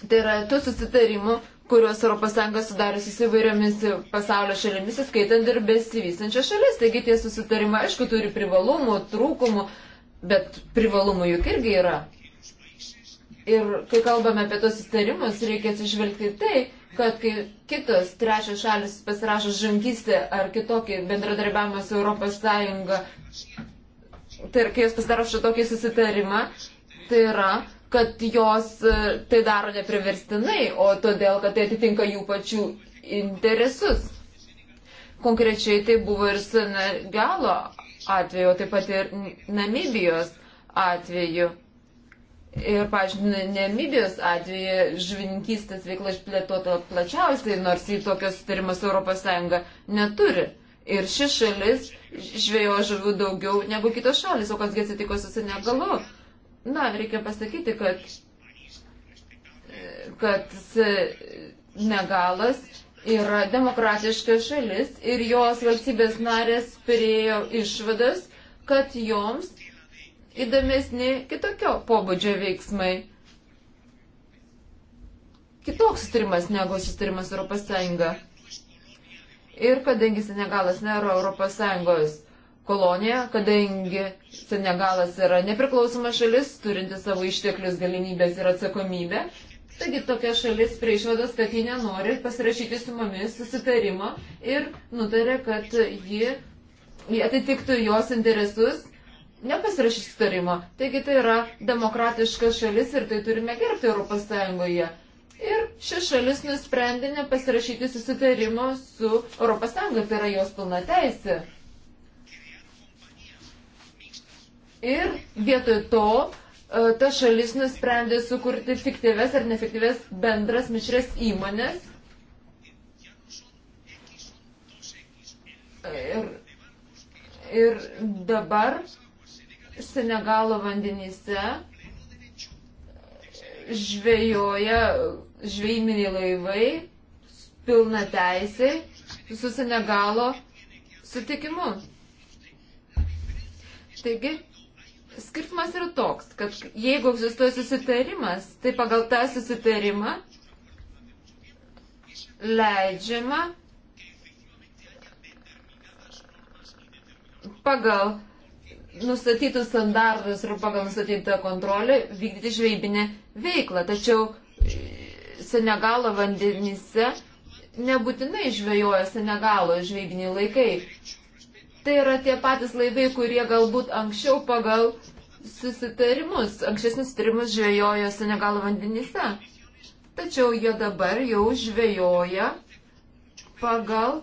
Tai yra tų susitarimų, kuriuos ES sudariusi su įvairiomis pasaulio šalimis, įskaitant ir besivystančias šalis. Taigi tie susitarimai, aišku, turi privalumų, trūkumų, bet privalumų juk irgi yra. Ir kai kalbame apie tos įstarimus, reikia atsižvelgti tai, kad kai kitos trečios šalis pasirašo žankystę ar kitokį bendradarbiavimą su Europos Sąjunga, tai ir kai jos pasirašo tokį susitarimą, tai yra, kad jos e, tai daro nepriverstinai, o todėl, kad tai atitinka jų pačių interesus. Konkrečiai tai buvo ir Senegalo atveju, taip pat ir Namibijos atveju. Ir, pažiūrėjau, Namibijos atveju žuvininkystės veikla išplėtota plačiausiai, nors į tokios sutarimas ES neturi. Ir ši šalis žvėjo žuvų daugiau negu kitos šalis, o kasgi atsitiko su Senegalu. Na, reikia pasakyti, kad, kad Senegalas yra demokratiška šalis ir jos valstybės narės priejo išvadas, kad joms įdomesni kitokio pobūdžio veiksmai. Kitoks sustarimas negu sustarimas Europos Sąjunga. Ir kadangi Senegalas nėra Europos Sąjungos kolonija, kadangi Senegalas yra nepriklausoma šalis, turinti savo išteklius, galimybės ir atsakomybę. Taigi tokia šalis prie išvados, kad ji nenori pasirašyti su mumis susitarimo ir nutarė, kad ji atitiktų jos interesus nepasirašys sutarimo. Taigi tai yra demokratiška šalis ir tai turime gerbti Europos Sąjungoje. Ir ši šalis nusprendė nepasirašyti susitarimo su Europos Sąjunga, tai yra jos pilna teisė. Ir vietoj to e, ta šalis nusprendė sukurti fiktyves ar nefiktyves bendras mišrės įmonės. Ir, ir dabar Senegalo vandenyse žvejoja žvejiminiai laivai pilna teisė su Senegalo sutikimu. Taigi, skirtumas yra toks, kad jeigu egzistuoja susitarimas, tai pagal tą susitarimą leidžiama pagal nustatytus standartus ir pagal nustatytą kontrolę vykdyti žvejybinę veiklą. Tačiau e, Senegalo vandenyse nebūtinai žvejoja Senegalo žvejybiniai laikai. Tai yra tie patys laivai, kurie galbūt anksčiau pagal susitarimus, anksčiausnius susitarimus žvejojo Senegalo vandenyse. Tačiau jie dabar jau žvejoja pagal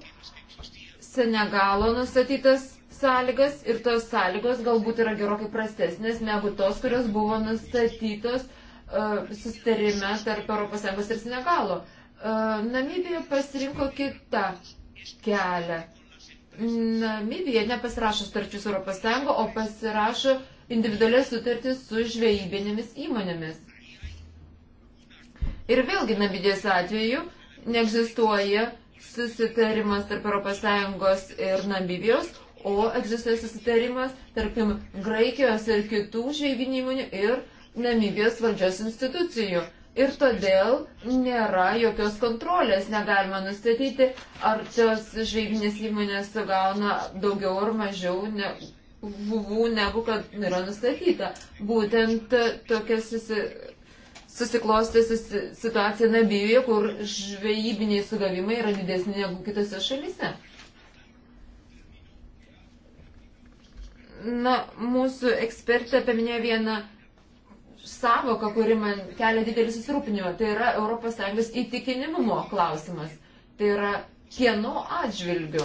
Senegalo nustatytas sąlygas ir tos sąlygos galbūt yra gerokai prastesnės negu tos, kurios buvo nustatytos uh, sustarime tarp ES ir Senegalo. Uh, Namibija pasirinko kitą kelią. Namibija nepasirašo starčius ES, o pasirašo individualias sutartis su žvejybinėmis įmonėmis. Ir vėlgi Namibijos atveju neegzistuoja susitarimas tarp ES ir Namibijos, o egzistuoja susitarimas, tarkim, Graikijos ir kitų žvejybinių įmonių ir Namibijos valdžios institucijų. Ir todėl nėra jokios kontrolės, negalima nustatyti, ar tos žvejybinės įmonės gauna daugiau ar mažiau ne, žuvų, negu kad yra nustatyta. Būtent tokia susi, susiklosti susi, situacija Nabijoje, kur žvejybiniai sugavimai yra didesni negu kitose šalyse. Na, mūsų ekspertė paminėjo vieną savoką, kuri man kelia didelį susirūpinimą. Tai yra ES įtikinimumo klausimas. Tai yra kieno atžvilgiu.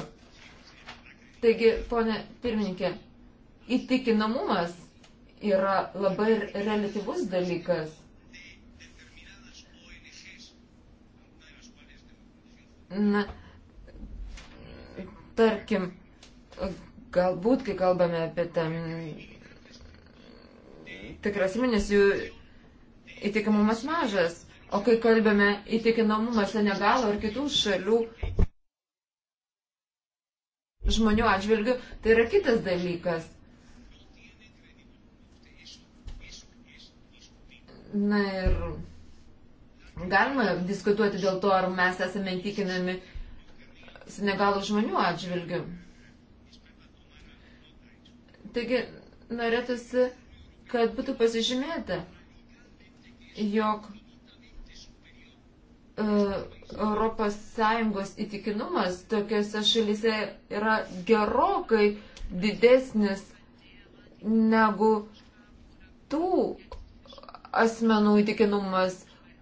Taigi, ponė pirmininkė, įtikinamumas yra labai relativus dalykas. Na, tarkim, Galbūt, kai kalbame apie tam tikras įmonės, jų įtikimumas mažas, o kai kalbame įtikinamumą Senegalo ar kitų šalių žmonių atžvilgių, tai yra kitas dalykas. Na ir galima diskutuoti dėl to, ar mes esame įtikinami Senegalo žmonių atžvilgių. Taigi norėtųsi, kad būtų pasižymėta, jog ES įtikinumas tokiuose šalyse yra gerokai didesnis negu tų asmenų įtikinumas,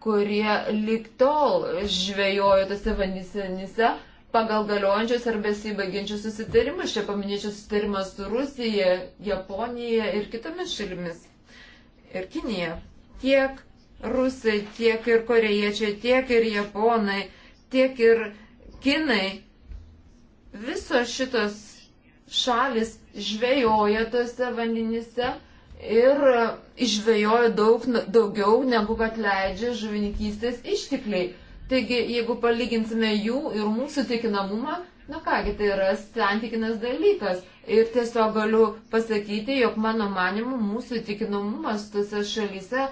kurie liktol žvejojo tose vandenyse, pagal galiojančius ar besibaigiančius susitarimus. Čia paminėčiau susitarimą su Rusija, Japonija ir kitomis šalimis. Ir Kinija. Tiek rusai, tiek ir korejiečiai, tiek ir japonai, tiek ir kinai. Visos šitos šalis žvejoja tose vandenyse ir išvejoja daug daugiau negu kad leidžia žuvininkystės ištikliai. Taigi, jeigu palyginsime jų ir mūsų tikinamumą, na kągi, tai yra santykinas dalykas. Ir tiesiog galiu pasakyti, jog mano manimu mūsų tikinamumas tose šalyse,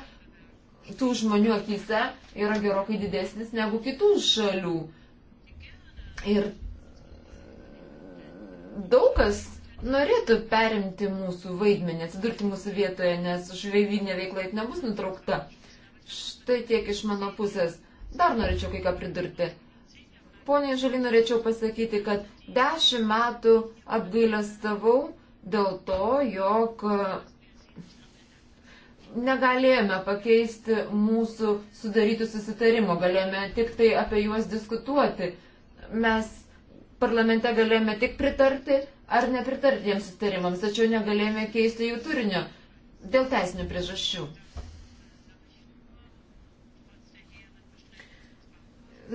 tų žmonių akise yra gerokai didesnis negu kitų šalių. Ir daug kas norėtų perimti mūsų vaidmenį, atsidurti mūsų vietoje, nes žvejybinė veikla nebus nutraukta. Štai tiek iš mano pusės. Dar norėčiau kai ką pridurti. Pone Žali, norėčiau pasakyti, kad dešimt metų apgailestavau dėl to, jog negalėjome pakeisti mūsų sudarytų susitarimo, galėjome tik tai apie juos diskutuoti. Mes parlamente galėjome tik pritarti ar nepritarti jiems susitarimams, tačiau negalėjome keisti jų turinio dėl teisinių priežasčių.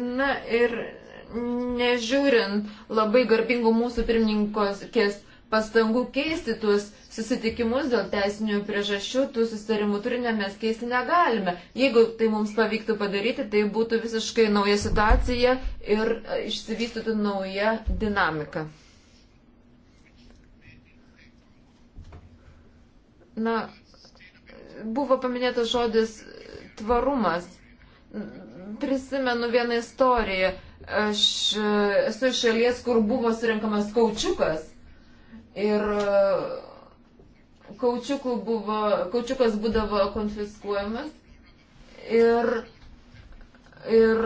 Na ir nežiūrint labai garbingų mūsų pirmininkos pastangų keisti tuos susitikimus dėl teisinių priežasčių, tų susitarimų turinio mes keisti negalime. Jeigu tai mums pavyktų padaryti, tai būtų visiškai nauja situacija ir išsivystytų nauja dinamika. Na, buvo paminėtas žodis tvarumas prisimenu vieną istoriją. Aš esu iš šalies, kur buvo surinkamas kaučiukas. Ir e, buvo, kaučiukas būdavo konfiskuojamas. Ir, ir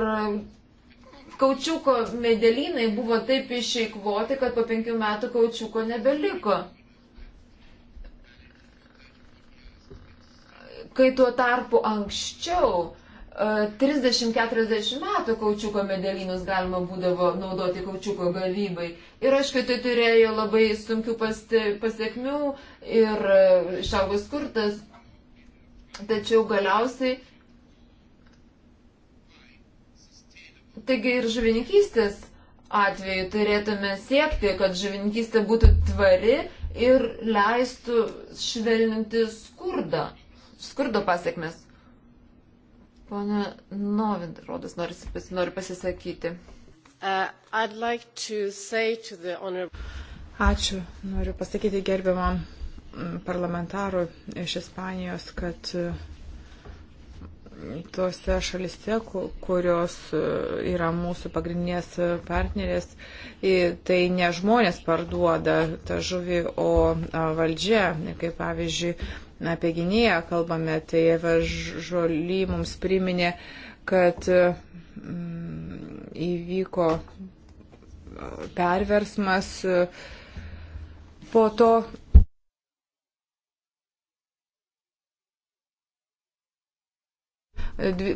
kaučiuko medelynai buvo taip išeikvoti, kad po penkių metų kaučiuko nebeliko. Kai tuo tarpu anksčiau 30-40 e, metų kaučiuko medelynus galima būdavo naudoti kaučiuko gavybai. Ir aišku, tai turėjo labai sunkių pasiekmių ir e, išaugo skurtas. Tačiau galiausiai. Taigi ir žuvininkystės atveju turėtume siekti, kad žuvininkystė būtų tvari ir leistų švelninti skurdą, skurdo pasiekmes. Pone Novint, rodas, nori pasisakyti. Uh, like to to honorable... Ačiū. Noriu pasakyti gerbiamam mm, parlamentarui iš Ispanijos, kad mm, tuose šalise, kurios e, yra mūsų pagrindinės partnerės, tai ne žmonės parduoda tą žuvį, o valdžia. Kaip pavyzdžiui, apie gynėją kalbame, tai Eva Žoly mums priminė, kad mm, įvyko e, perversmas e, po to.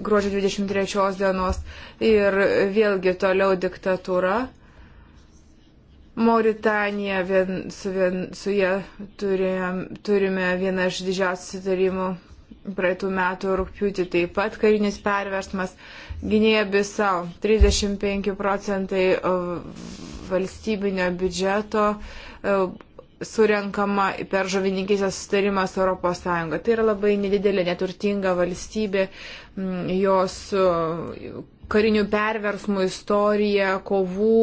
Gruodžio 23 dienos ir vėlgi toliau diktatūra. Mauritanija, vien, su, vien, su jie turime, turime vieną iš didžiausių sutarimų praeitų metų rūpiutį, taip pat karinis perversmas. Gynėja Bisau, 35 procentai valstybinio biudžeto surenkama per žuvininkysės sustarimas Europos Sąjunga. Tai yra labai nedidelė, neturtinga valstybė, jos karinių perversmų istorija, kovų,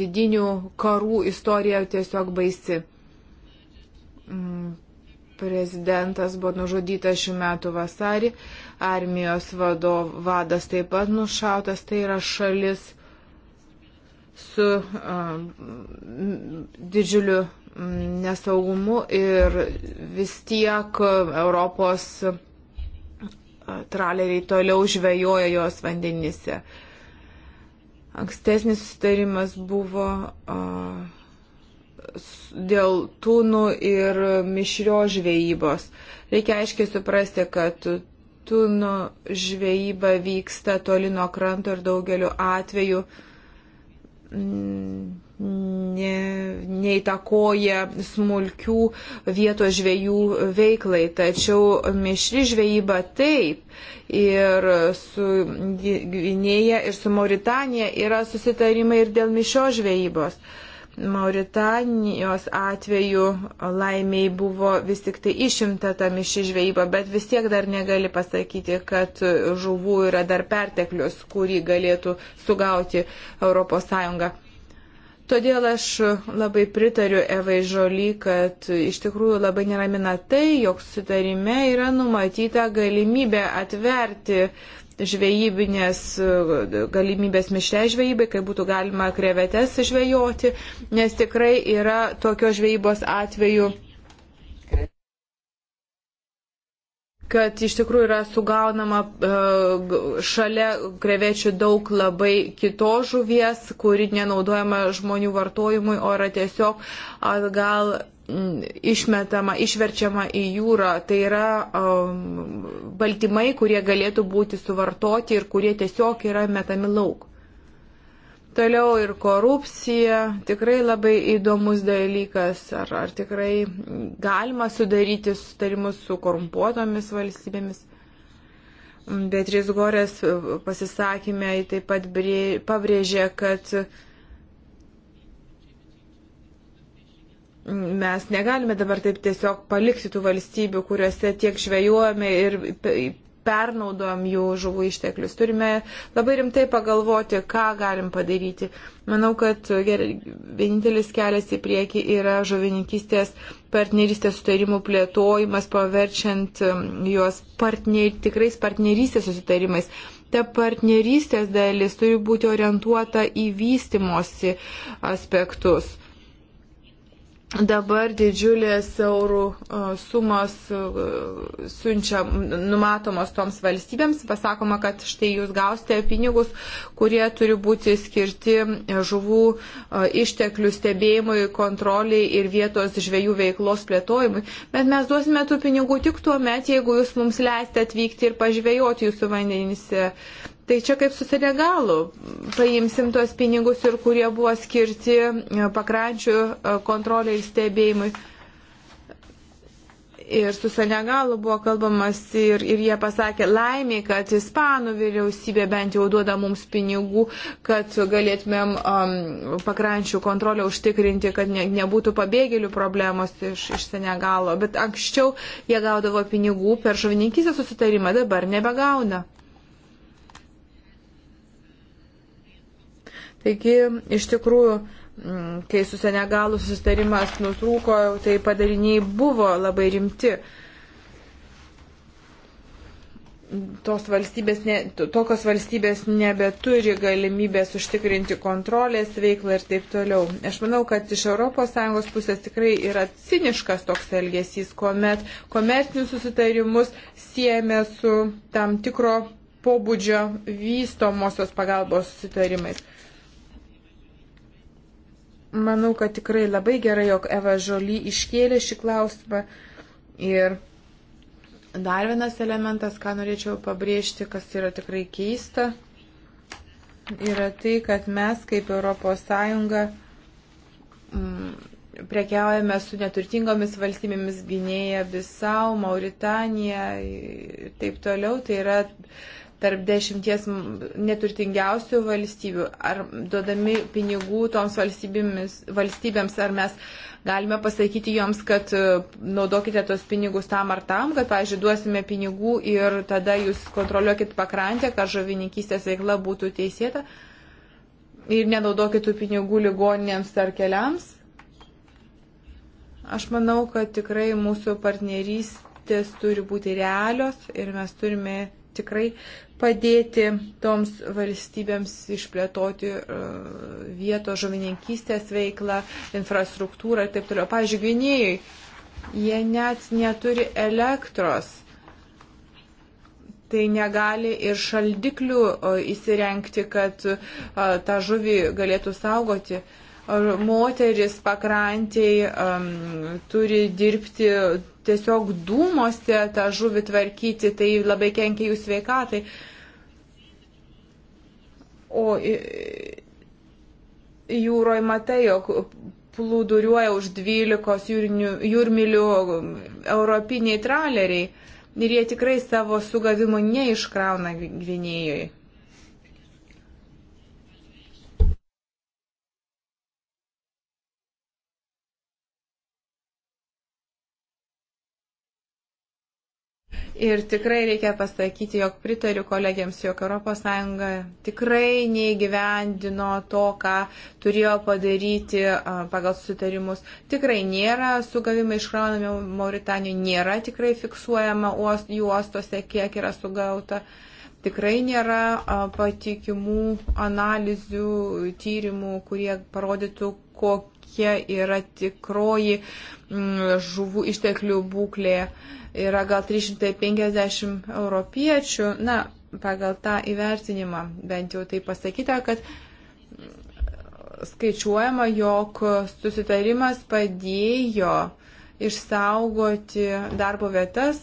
vidinių karų istorija tiesiog baisi. Mm, prezidentas buvo nužudytas šių metų vasarį, armijos vadas taip pat nušautas, tai yra šalis su um, didžiuliu nesaugumu ir vis tiek Europos um, traleriai toliau žvejoja jos vandenyse. Ankstesnis sustarimas buvo dėl tūnų ir mišrio žvejybos. Reikia aiškiai suprasti, kad tūnų žvejyba vyksta toli nuo kranto ir daugeliu atveju. Mm, ne, neįtakoja smulkių vietos žvėjų veiklai, tačiau mišri žvejyba taip. Ir su Gvinėja ir su Mauritanija yra susitarimai ir dėl mišio žvejybos. Mauritanijos atveju laimiai buvo vis tik tai išimta ta miši žvejyba, bet vis tiek dar negali pasakyti, kad žuvų yra dar perteklius, kurį galėtų sugauti ES. Todėl aš labai pritariu Evai Žoly, kad iš tikrųjų labai neramina tai, jog sutarime yra numatyta galimybė atverti žvejybinės galimybės mišre žvejybai, kai būtų galima krevetes žvejoti, nes tikrai yra tokios žvejybos atveju kad iš tikrųjų yra sugaunama e, šalia krevečių daug labai kitos žuvies, kuri nenaudojama žmonių vartojimui, o yra tiesiog atgal išmetama, išverčiama į jūrą. Tai yra um, baltymai, kurie galėtų būti suvartoti ir kurie tiesiog yra metami lauk. Toliau ir korupcija, tikrai labai įdomus dalykas, ar, ar tikrai galima sudaryti sustarimus su korumpuotomis valstybėmis. Beatriz Gorės pasisakymė taip pat pabrėžė, kad mes negalime dabar taip tiesiog palikti tų valstybių, kuriuose tiek žvejojame ir pernaudojam jų žuvų išteklius. Turime labai rimtai pagalvoti, ką galim padaryti. Manau, kad gerai, vienintelis kelias į priekį yra žuvininkystės partnerystės sutarimų plėtojimas, paverčiant um, juos partner, tikrais partnerystės susitarimais ta partnerystės dalis turi būti orientuota į vystimosi aspektus dabar didžiulės eurų e, sumos e, siunčia, numatomos toms valstybėms. Pasakoma, kad štai jūs gausite pinigus, kurie turi būti skirti e, žuvų išteklių stebėjimui, kontroliai ir vietos žvėjų veiklos plėtojimui. Bet mes duosime tų pinigų tik tuo met, jeigu jūs mums leisite atvykti ir pažvėjoti jūsų vandenyse. Tai čia kaip su Senegalu. Paimsim tuos pinigus ir kurie buvo skirti e, pakrančių e, kontroliai ir stebėjimui. Ir su Senegalu buvo kalbamas ir, ir jie pasakė laimė, kad Ispanų vyriausybė bent jau duoda mums pinigų, kad galėtumėm um, pakrančių kontrolę užtikrinti, kad ne, nebūtų pabėgėlių problemos iš, iš Senegalo. Bet anksčiau jie gaudavo pinigų per žuvininkysę susitarimą, dabar nebegauna. Taigi, iš tikrųjų, kai su Senegalu susitarimas nutrūko, tai padariniai buvo labai rimti. Tos valstybės ne, tokios valstybės nebeturi galimybės užtikrinti kontrolės veiklą ir taip toliau. Aš manau, kad iš ES pusės tikrai yra ciniškas toks elgesys, kuomet komercinius susitarimus siemė su tam tikro pobūdžio vystomosios pagalbos susitarimais. Manau, kad tikrai labai gerai, jog Eva Žoly iškėlė šį klausimą. Ir dar vienas elementas, ką norėčiau pabrėžti, kas yra tikrai keista, yra tai, kad mes kaip Europos Sąjunga mm, prekiaujame su neturtingomis valstybėmis Gynėja, Bisau, Mauritanija ir taip toliau. Tai yra tarp dešimties neturtingiausių valstybių, ar duodami pinigų toms valstybėms, ar mes galime pasakyti joms, kad e, naudokite tos pinigus tam ar tam, kad, pavyzdžiui, duosime pinigų ir tada jūs kontroliuokit pakrantę, kad žovininkystės veikla būtų teisėta ir nenaudokit tų pinigų ligoninėms ar keliams. Aš manau, kad tikrai mūsų partnerystės turi būti realios ir mes turime tikrai padėti toms valstybėms išplėtoti e, vietos žuvininkystės veiklą, infrastruktūrą ir taip toliau. Pavyzdžiui, gynėjai, jie net neturi elektros. Tai negali ir šaldiklių e, įsirenkti, kad e, tą žuvį galėtų saugoti moteris pakrantėje um, turi dirbti tiesiog dūmose tą žuvį tvarkyti, tai labai kenkia jų sveikatai. O jūroje matai, jog plūduriuoja už 12 jūrinių, jūrmilių europiniai traleriai ir jie tikrai savo sugavimų neiškrauna Gvinėjoje. Ir tikrai reikia pasakyti, jog pritariu kolegiams, jog ES tikrai neįgyvendino to, ką turėjo padaryti pagal susitarimus. Tikrai nėra sugavimai iškraunami Mauritanijoje, nėra tikrai fiksuojama jų uostose, kiek yra sugauta. Tikrai nėra patikimų analizių, tyrimų, kurie parodytų, kokia yra tikroji Mm, žuvų išteklių būklė yra gal 350 europiečių. Na, pagal tą įvertinimą bent jau tai pasakyta, kad skaičiuojama, jog susitarimas padėjo išsaugoti darbo vietas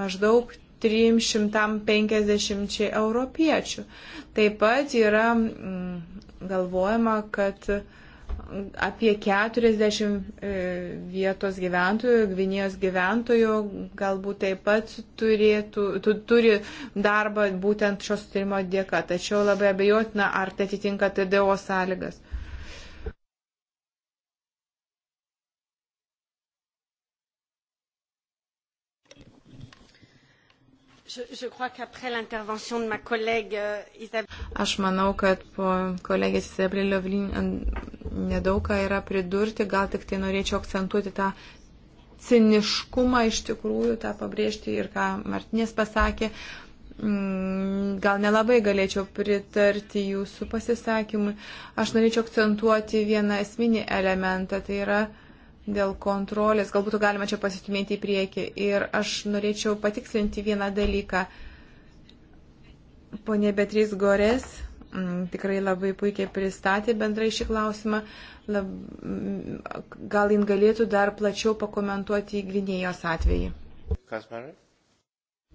maždaug 350 europiečių. Taip pat yra mm, galvojama, kad apie 40 e, vietos gyventojų, Gvinėjos gyventojų galbūt taip pat turėtų, tu, turi darbą būtent šios tyrimo dėka, tačiau labai abejotina, ar tai atitinka TDO sąlygas. Euh, Aš manau, kad po kolegės Izabelio nedaug ką yra pridurti, gal tik tai norėčiau akcentuoti tą ciniškumą iš tikrųjų, tą pabrėžti ir ką Martinės pasakė. Mm, gal nelabai galėčiau pritarti jūsų pasisakymui. Aš norėčiau akcentuoti vieną esminį elementą, tai yra uh, dėl kontrolės, galbūt galima čia pasitumėti į priekį. Ir aš norėčiau patikslinti vieną dalyką. Pone Betrys Gores m, mm, tikrai labai puikiai pristatė bendrai šį klausimą. Lab, m, mm, gal jin galėtų dar plačiau pakomentuoti Gvinėjos atvejį. Kasmarė?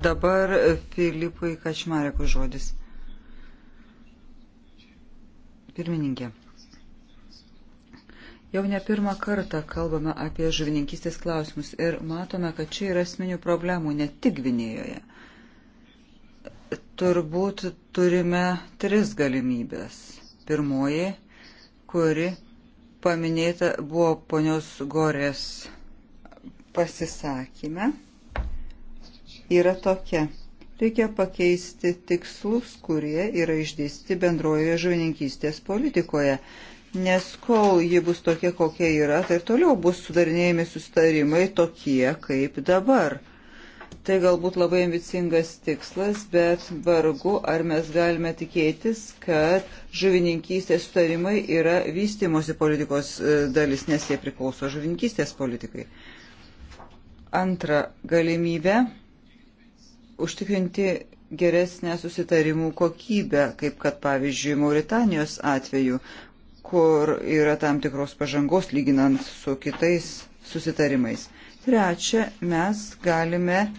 Dabar Filipui Kačmarekui žodis. Pirmininkė. Jau ne pirmą kartą kalbame apie žuvininkystės klausimus ir matome, kad čia yra asmenių problemų ne tik Gvinėjoje. Turbūt turime tris galimybės. Pirmoji, kuri paminėta buvo ponios Gorės pasisakyme, yra tokia. Reikia pakeisti tikslus, kurie yra išdėsti bendrojoje žuvininkystės politikoje nes kol ji bus tokia, kokia yra, tai toliau bus sudarinėjami sustarimai tokie kaip dabar. Tai galbūt labai ambicingas tikslas, bet vargu ar mes galime tikėtis, kad žuvininkystės sutarimai yra vystimosi politikos e, dalis, nes jie priklauso žuvininkystės politikai. Antra galimybė - užtikrinti geresnę susitarimų kokybę, kaip kad pavyzdžiui Mauritanijos atveju, kur yra tam tikros pažangos lyginant su kitais susitarimais. Trečia, mes galime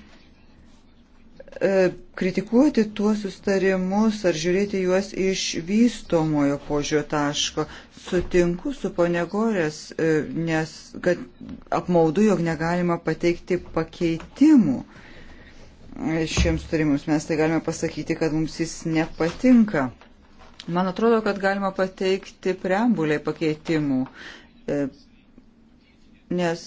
e, kritikuoti tuos sustarimus ar žiūrėti juos iš vystomojo požiūrio taško. Sutinku su ponegorės, e, nes kad apmaudu, jog negalima pateikti pakeitimų e, šiems sustarimus. Mes tai galime pasakyti, kad mums jis nepatinka. Man atrodo, kad galima pateikti preambuliai pakeitimų, e, nes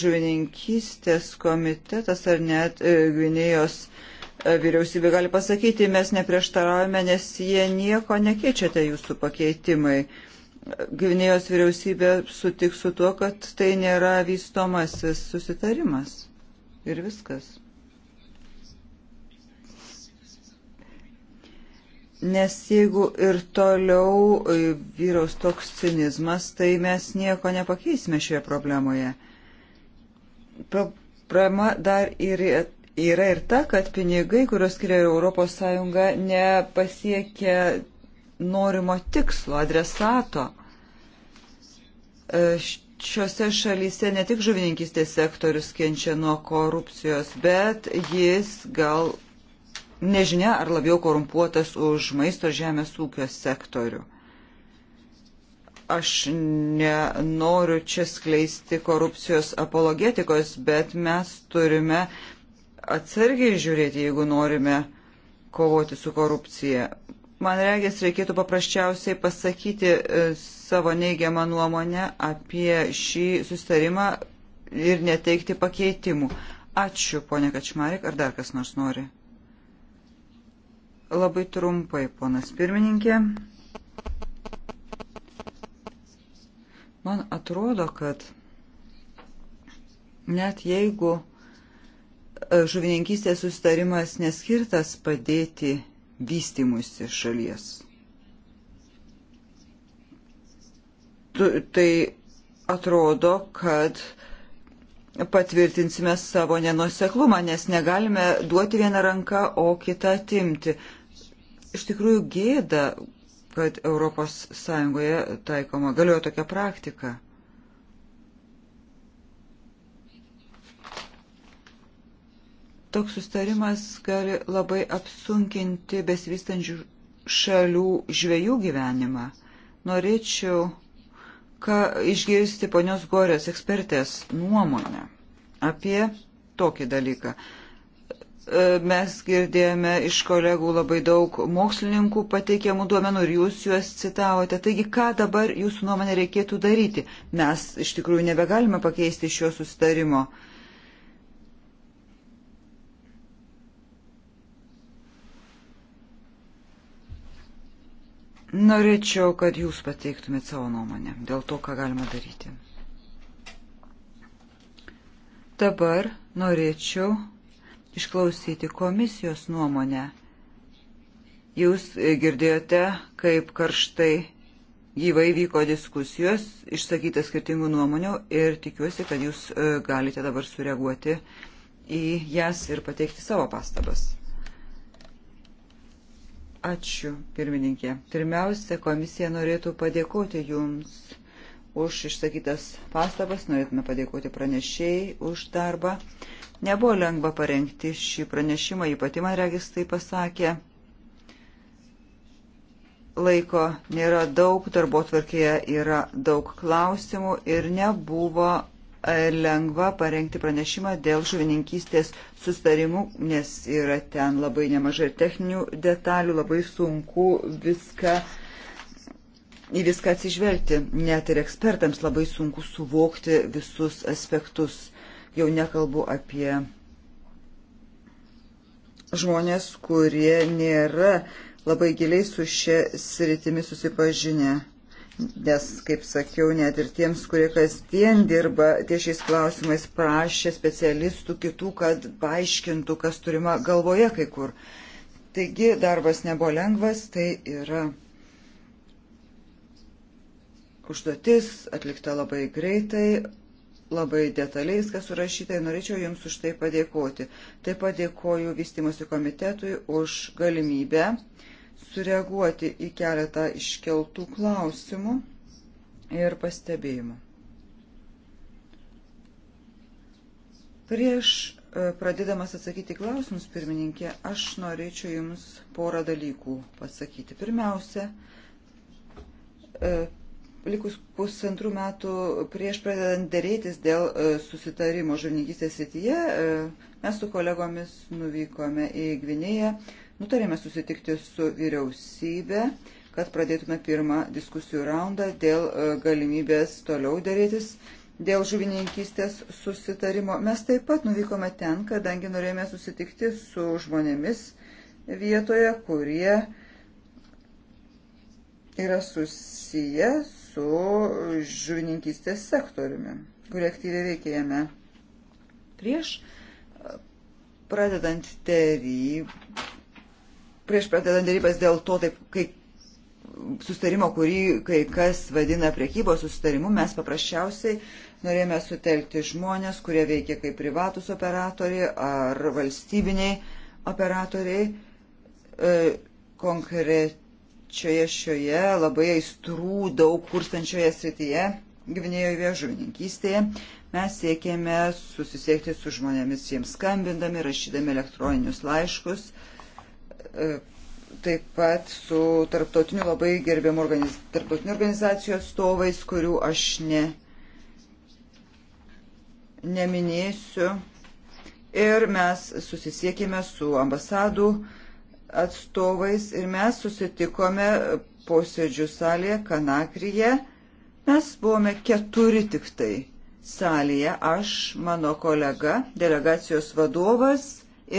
žuvininkystės komitetas ar net e, Gvinėjos e, vyriausybė gali pasakyti, mes neprieštaravome, nes jie nieko nekeičiate jūsų pakeitimai. Gvinėjos vyriausybė sutiks su tuo, kad tai nėra vystomasis susitarimas. Ir viskas. Nes jeigu ir toliau e, vyraus toks cinizmas, tai mes nieko nepakeisime šioje problemoje. Problema dar ir e, yra ir ta, kad pinigai, kuriuos skiria ES, nepasiekia norimo tikslo, adresato. E, Šiuose šalyse ne tik žuvininkistės sektorius kenčia nuo korupcijos, bet jis gal nežinia ar labiau korumpuotas už maisto žemės ūkio sektorių. Aš nenoriu čia skleisti korupcijos apologetikos, bet mes turime atsargiai žiūrėti, jeigu norime kovoti su korupcija. Man regis, reikėtų paprasčiausiai pasakyti e, savo neigiamą nuomonę apie šį sustarimą ir neteikti pakeitimų. Ačiū, ponė Kačmarek, ar dar kas nors nori? Labai trumpai, ponas pirmininkė. Man atrodo, kad net jeigu e, žuvininkystės sustarimas neskirtas padėti vystimusi šalies, tai atrodo, kad patvirtinsime savo nenuseklumą, nes negalime duoti vieną ranką, o kitą atimti iš tikrųjų gėda, kad ES taikoma galioja tokia praktika. Toks sustarimas gali labai apsunkinti besivystančių šalių žvėjų gyvenimą. Norėčiau ką išgirsti ponios Gorės ekspertės nuomonę apie tokį dalyką. Mes girdėjome iš kolegų labai daug mokslininkų pateikiamų duomenų ir jūs juos citavote. Taigi, ką dabar jūsų nuomonė reikėtų daryti? Mes iš tikrųjų nebegalime pakeisti šio sustarimo. Norėčiau, kad jūs pateiktumėte savo nuomonę dėl to, ką galima daryti. Dabar norėčiau išklausyti komisijos nuomonę. Jūs girdėjote, kaip karštai gyvai vyko diskusijos, išsakyta skirtingų nuomonių ir tikiuosi, kad jūs e, galite dabar sureaguoti į jas ir pateikti savo pastabas. Ačiū, pirmininkė. Pirmiausia, komisija norėtų padėkoti Jums už išsakytas pastabas, norėtume padėkoti pranešėjai už darbą. Nebuvo lengva parengti šį pranešimą, jį pati man regis tai pasakė. Laiko nėra daug, darbo tvarkėje yra daug klausimų ir nebuvo e, lengva parengti pranešimą dėl žuvininkystės sustarimų, nes yra ten labai nemažai techninių detalių, labai sunku viską, į viską atsižvelgti. Net ir ekspertams labai sunku suvokti visus aspektus. Jau nekalbu apie žmonės, kurie nėra labai giliai su šia sritimi susipažinę. Nes, kaip sakiau, net ir tiems, kurie kasdien dirba ties šiais klausimais, prašė specialistų kitų, kad paaiškintų, kas turima galvoje kai kur. Taigi darbas nebuvo lengvas, tai yra užduotis atlikta labai greitai, labai detaliai viskas surašyta ir norėčiau Jums už tai padėkoti. Taip pat dėkoju vystimosi komitetui už galimybę sureaguoti į keletą iškeltų klausimų ir pastebėjimų. Prieš e, pradėdamas atsakyti klausimus, pirmininkė, aš norėčiau Jums porą dalykų pasakyti. Pirmiausia, e, likus pusantrų metų prieš pradedant dėrėtis dėl e, susitarimo žuvininkystės srityje, e, mes su kolegomis nuvykome į Gvinėją, nutarėme susitikti su vyriausybė, kad pradėtume pirmą diskusijų raundą dėl e, galimybės toliau dėrėtis. Dėl žuvininkystės susitarimo mes taip pat nuvykome ten, kadangi norėjome susitikti su žmonėmis vietoje, kurie yra susijęs su žuvininkystės sektoriumi, kurie aktyviai veikia jame. Prieš e, pradedant dėryb... prieš pradedant dėrybas dėl to, taip, kai sustarimo, kurį kai kas vadina priekybos sustarimu, mes paprasčiausiai norėjome sutelkti žmonės, kurie veikia kaip privatus operatoriai ar valstybiniai operatoriai. E, konkret pačioje šioje labai aistrų daug kurstančioje srityje, gyvinėjoje žuvininkystėje, mes siekėme susisiekti su žmonėmis, jiems skambindami, rašydami elektroninius laiškus, e, taip pat su tarptautiniu labai gerbiamu organiz... tarptautiniu organizacijų atstovais, kurių aš ne... neminėsiu. Ir mes susisiekėme su ambasadų uh, atstovais ir mes susitikome posėdžių salėje Kanakryje. Mes buvome keturi tik tai salėje, aš, mano kolega, delegacijos vadovas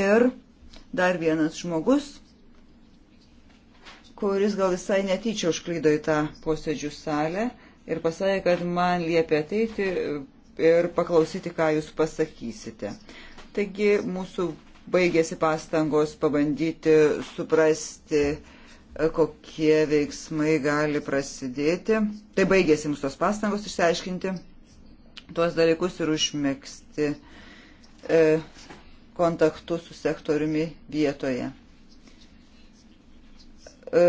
ir dar vienas žmogus, kuris gal visai netyčia užklydo į tą posėdžių salę ir pasakė, kad man liepia ateiti ir paklausyti, ką jūs pasakysite. Taigi mūsų baigėsi pastangos pabandyti suprasti, e, kokie veiksmai gali prasidėti. Tai baigėsi mūsų tos pastangos išsiaiškinti tuos dalykus ir užmėgsti e, kontaktus su sektoriumi vietoje. E,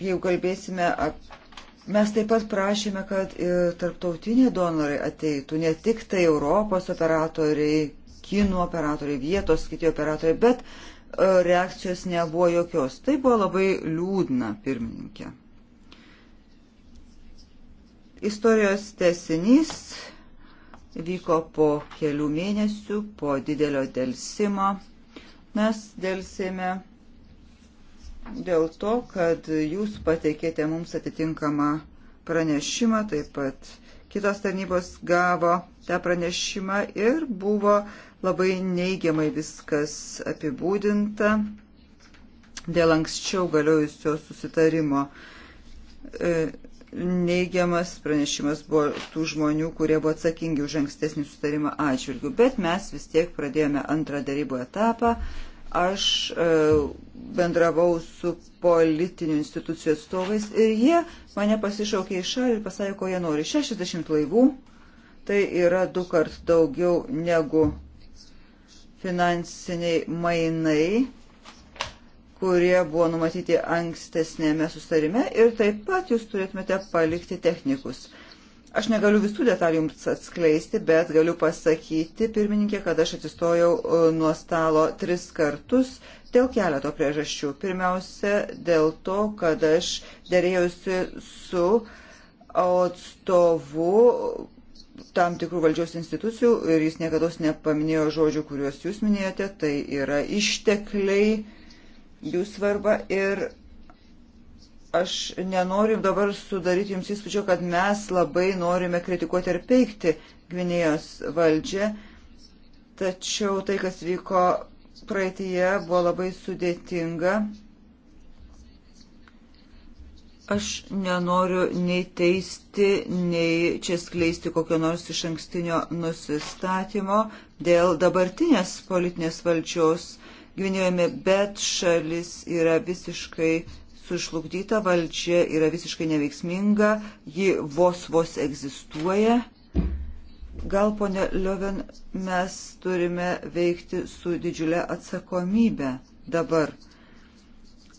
jeigu kalbėsime apie Mes taip pat prašėme, kad ir tarptautiniai donorai ateitų, ne tik tai Europos operatoriai, kinų operatoriai, vietos kiti operatoriai, bet e, reakcijos nebuvo jokios. Tai buvo labai liūdna pirmininkė. Istorijos tesinys vyko po kelių mėnesių, po didelio dėlsimo. Mes dėlsime dėl to, kad jūs pateikėte mums atitinkamą pranešimą, taip pat kitos tarnybos gavo tą pranešimą ir buvo uh, Labai neigiamai viskas apibūdinta dėl anksčiau galiojusio susitarimo. E, neigiamas pranešimas buvo tų žmonių, kurie buvo atsakingi už ankstesnį sutarimą atžvilgių, bet mes vis tiek pradėjome antrą darybų etapą. Aš e, bendravau su politinių institucijų atstovais ir jie mane pasišaukė į šalį ir pasakė, ko jie nori. 60 laivų, tai yra du kart daugiau negu finansiniai mainai, kurie buvo numatyti ankstesnėme sustarime ir taip pat jūs turėtumėte palikti technikus. Aš negaliu visų detalių jums atskleisti, bet galiu pasakyti, pirmininkė, kad aš atsistojau e, nuo stalo tris kartus dėl keleto priežasčių. Pirmiausia, dėl to, kad aš dėrėjausi su atstovu tam tikrų valdžios institucijų ir jis niekada nepaminėjo žodžių, kuriuos jūs minėjote, tai yra ištekliai, jų svarba ir aš nenoriu dabar sudaryti jums įspūdžio, kad mes labai norime kritikuoti ir peikti Gvinėjos valdžią, tačiau tai, kas vyko praeitie, buvo labai sudėtinga Aš nenoriu nei teisti, nei čia skleisti kokio nors iš ankstinio nusistatymo dėl dabartinės politinės valdžios Gvinėjome, bet šalis yra visiškai sužlugdyta, valdžia yra visiškai neveiksminga, ji vos vos egzistuoja. Gal, ponė Lioven, mes turime veikti su didžiulė atsakomybė dabar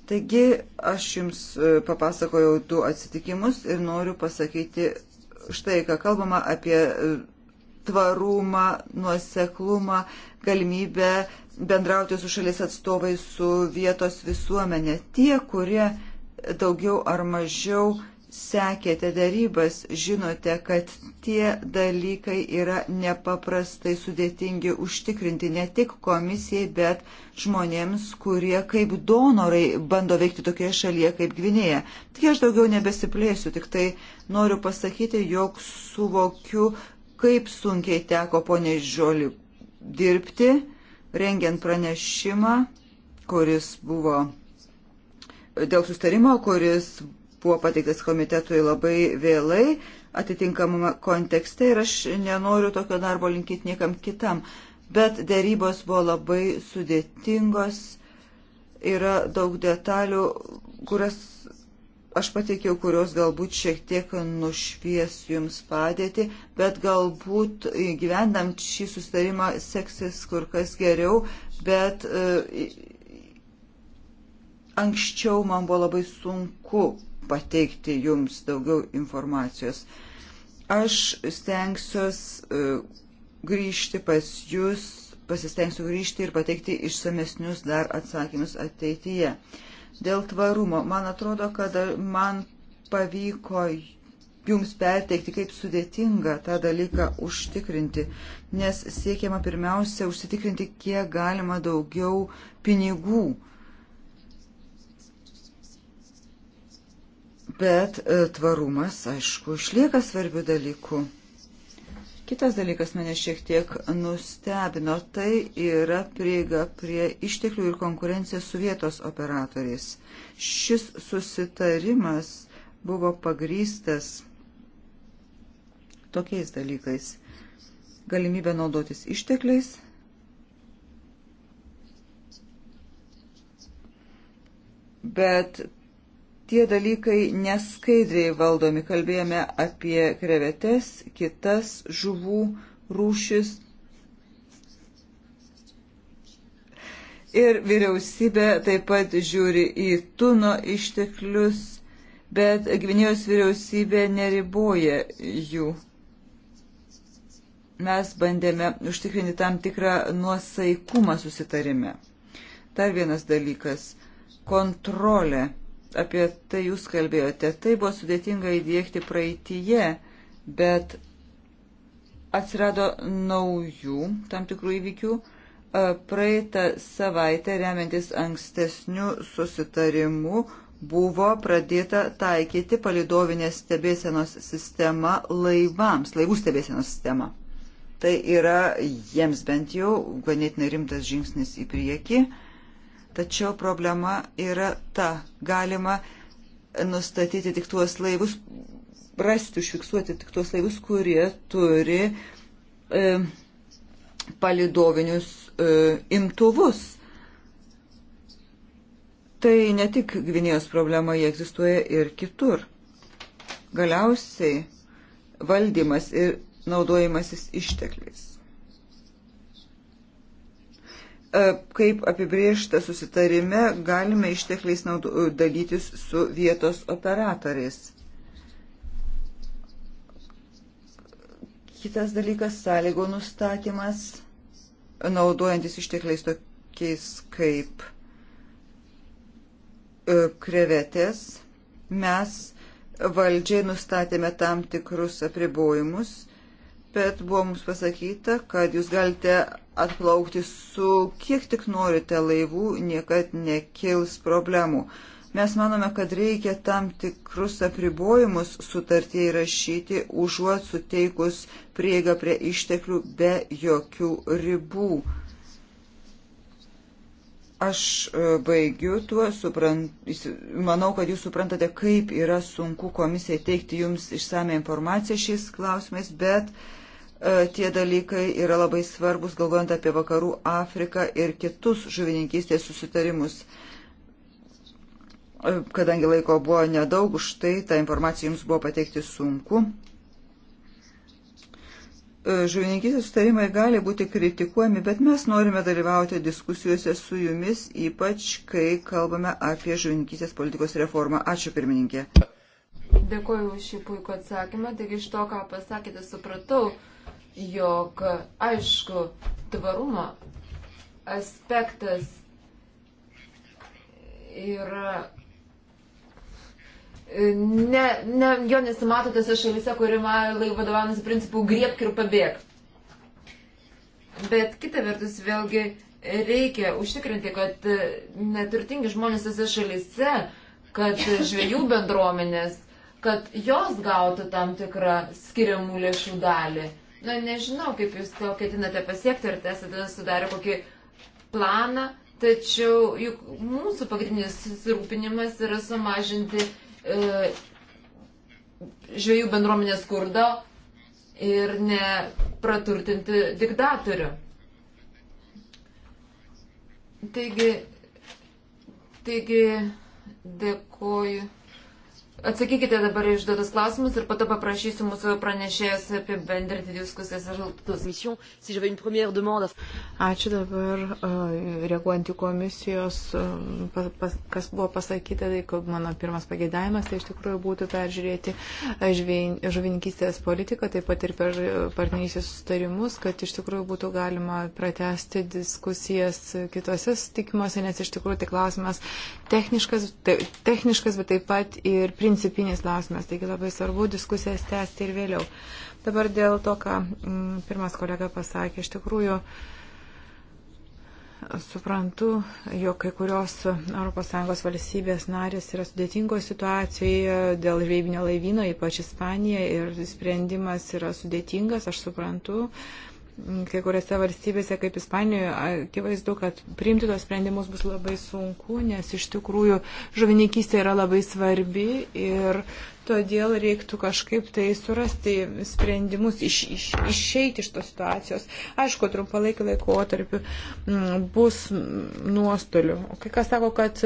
Taigi aš jums e, papasakojau tų atsitikimus ir noriu pasakyti štai, ką kalbama apie e, tvarumą, nuoseklumą, galimybę bendrauti su šalies atstovais, su vietos visuomenė. Tie, kurie daugiau ar mažiau sekėte darybas, žinote, kad tie dalykai yra nepaprastai sudėtingi užtikrinti ne tik komisijai, bet žmonėms, kurie kaip donorai bando veikti tokioje šalyje kaip Gvinėje. Tik aš daugiau nebesiplėsiu, tik tai noriu pasakyti, jog suvokiu, kaip sunkiai teko poniai Žoli dirbti, rengiant pranešimą, kuris buvo dėl sustarimo, kuris buvo pateiktas komitetui labai vėlai atitinkamame kontekste ir aš nenoriu tokio darbo linkyti niekam kitam. Bet dėrybos buvo labai sudėtingos, yra daug detalių, kurias aš pateikiau, kurios galbūt šiek tiek nušvies jums padėti, bet galbūt gyvendant šį sustarimą seksis kur kas geriau, bet e, anksčiau man buvo labai sunku pateikti jums daugiau informacijos. Aš stengsiuos e, grįžti pas jūs, pasistengsiu grįžti ir pateikti išsamesnius dar atsakymus ateityje. Dėl tvarumo, man atrodo, kad man pavyko jums perteikti, kaip sudėtinga tą dalyką užtikrinti, nes siekiama pirmiausia užsitikrinti, kiek galima daugiau pinigų Bet e, tvarumas, aišku, išlieka svarbių dalykų. Kitas dalykas mane šiek tiek nustebino, tai yra prieiga prie išteklių ir konkurencija su vietos operatoriais. Šis susitarimas buvo pagrystas tokiais dalykais. Galimybė naudotis ištekliais. Bet tie dalykai neskaidriai valdomi. Kalbėjome apie krevetes, kitas žuvų rūšis. Ir vyriausybė taip pat žiūri į tuno išteklius, bet Gvinėjos vyriausybė neriboja jų mes bandėme užtikrinti tam tikrą nuosaikumą susitarime. Dar vienas dalykas - kontrolė apie tai jūs kalbėjote. Tai buvo sudėtinga įdėkti praeitįje, bet atsirado naujų tam tikrų įvykių. Praeitą savaitę, remiantis ankstesnių susitarimų, buvo pradėta taikyti palidovinės stebėsenos sistema laivams, laivų stebėsenos sistema. Tai yra jiems bent jau ganėtinai rimtas žingsnis į priekį. Uh, Tačiau problema yra ta, galima nustatyti tik tuos laivus, rasti, užfiksuoti tik tuos laivus, kurie turi e, palidovinius e, imtuvus. Tai ne tik Gvinėjos problema, jie egzistuoja ir kitur. Galiausiai valdymas ir naudojimasis ištekliais. E, kaip apibriešta susitarime, galime ištekliais e, dalytis su vietos operatoriais. Kitas dalykas - sąlygo nustatymas, naudojantis ištekliais tokiais kaip e, krevetės. Mes valdžiai nustatėme tam tikrus apribojimus, bet buvo mums pasakyta, kad jūs galite atplaukti su kiek tik norite laivų, niekad nekils problemų. Mes manome, kad reikia tam tikrus apribojimus sutartie įrašyti, užuot suteikus prieigą prie išteklių be jokių ribų. Aš e, baigiu tuo, suprant, manau, kad jūs suprantate, kaip yra sunku komisijai teikti jums išsame informaciją šiais klausimais, bet uh, E, tie dalykai yra labai svarbus, galvojant apie vakarų Afriką ir kitus žuvininkystės susitarimus. E, kadangi laiko buvo nedaug, už tai tą informaciją jums buvo pateikti sunku. E, žuvininkystės sutarimai gali būti kritikuojami, bet mes norime dalyvauti diskusijose su jumis, ypač kai kalbame apie žuvininkystės politikos reformą. Ačiū pirmininkė. Dėkuoju už šį puikų atsakymą, taigi iš to, ką pasakėte, supratau, jog aišku, tvarumo aspektas yra. Ne, ne, jo nesimato tose šalise, kurima laivadovavimas principų griebk ir pabėg. Bet kita vertus, vėlgi, reikia užtikrinti, kad neturtingi žmonės tose šalise, kad žvėjų bendruomenės, kad jos gautų tam tikrą skiriamų lėšų dalį. Na, nežinau, kaip jūs to ketinate pasiekti, ar esate sudarę kokį planą, tačiau juk mūsų pagrindinis susirūpinimas yra sumažinti e, žvėjų bendruomenės skurdo ir nepraturtinti diktatorių. Taigi, taigi dėkoju Atsakykite dabar išduotus klausimus ir pato paprašysiu mūsų pranešėjos apibendrinti diskusijas rezultatus. Ačiū dabar, reaguojant į komisijos, pas, pas, kas buvo pasakyta, tai kad mano pirmas pagėdavimas, tai iš tikrųjų būtų peržiūrėti žuvininkystės politiką, taip pat ir per partnerysės sustarimus, kad iš tikrųjų būtų galima pratesti diskusijas kitose sutikimuose, nes iš tikrųjų tai klausimas techniškas, te, techniškas bet taip pat ir principas principinis klausimas, taigi labai svarbu diskusijas tęsti ir vėliau. Dabar dėl to, ką mm, pirmas kolega pasakė, iš tikrųjų suprantu, jog kai kurios ES valstybės narės yra sudėtingos situacijoje dėl žvejybinio laivyno, ypač Ispanija, ir sprendimas yra sudėtingas, aš suprantu. Uh, kai kuriuose valstybėse, kaip Ispanijoje, akivaizdu, kad priimti tos sprendimus bus labai sunku, nes iš tikrųjų žuvininkystė yra labai svarbi ir Todėl reiktų kažkaip tai surasti sprendimus, iš, iš, išeiti iš tos situacijos. Aišku, trumpalaikį laikotarpį mm, bus nuostolių. Kai kas sako, kad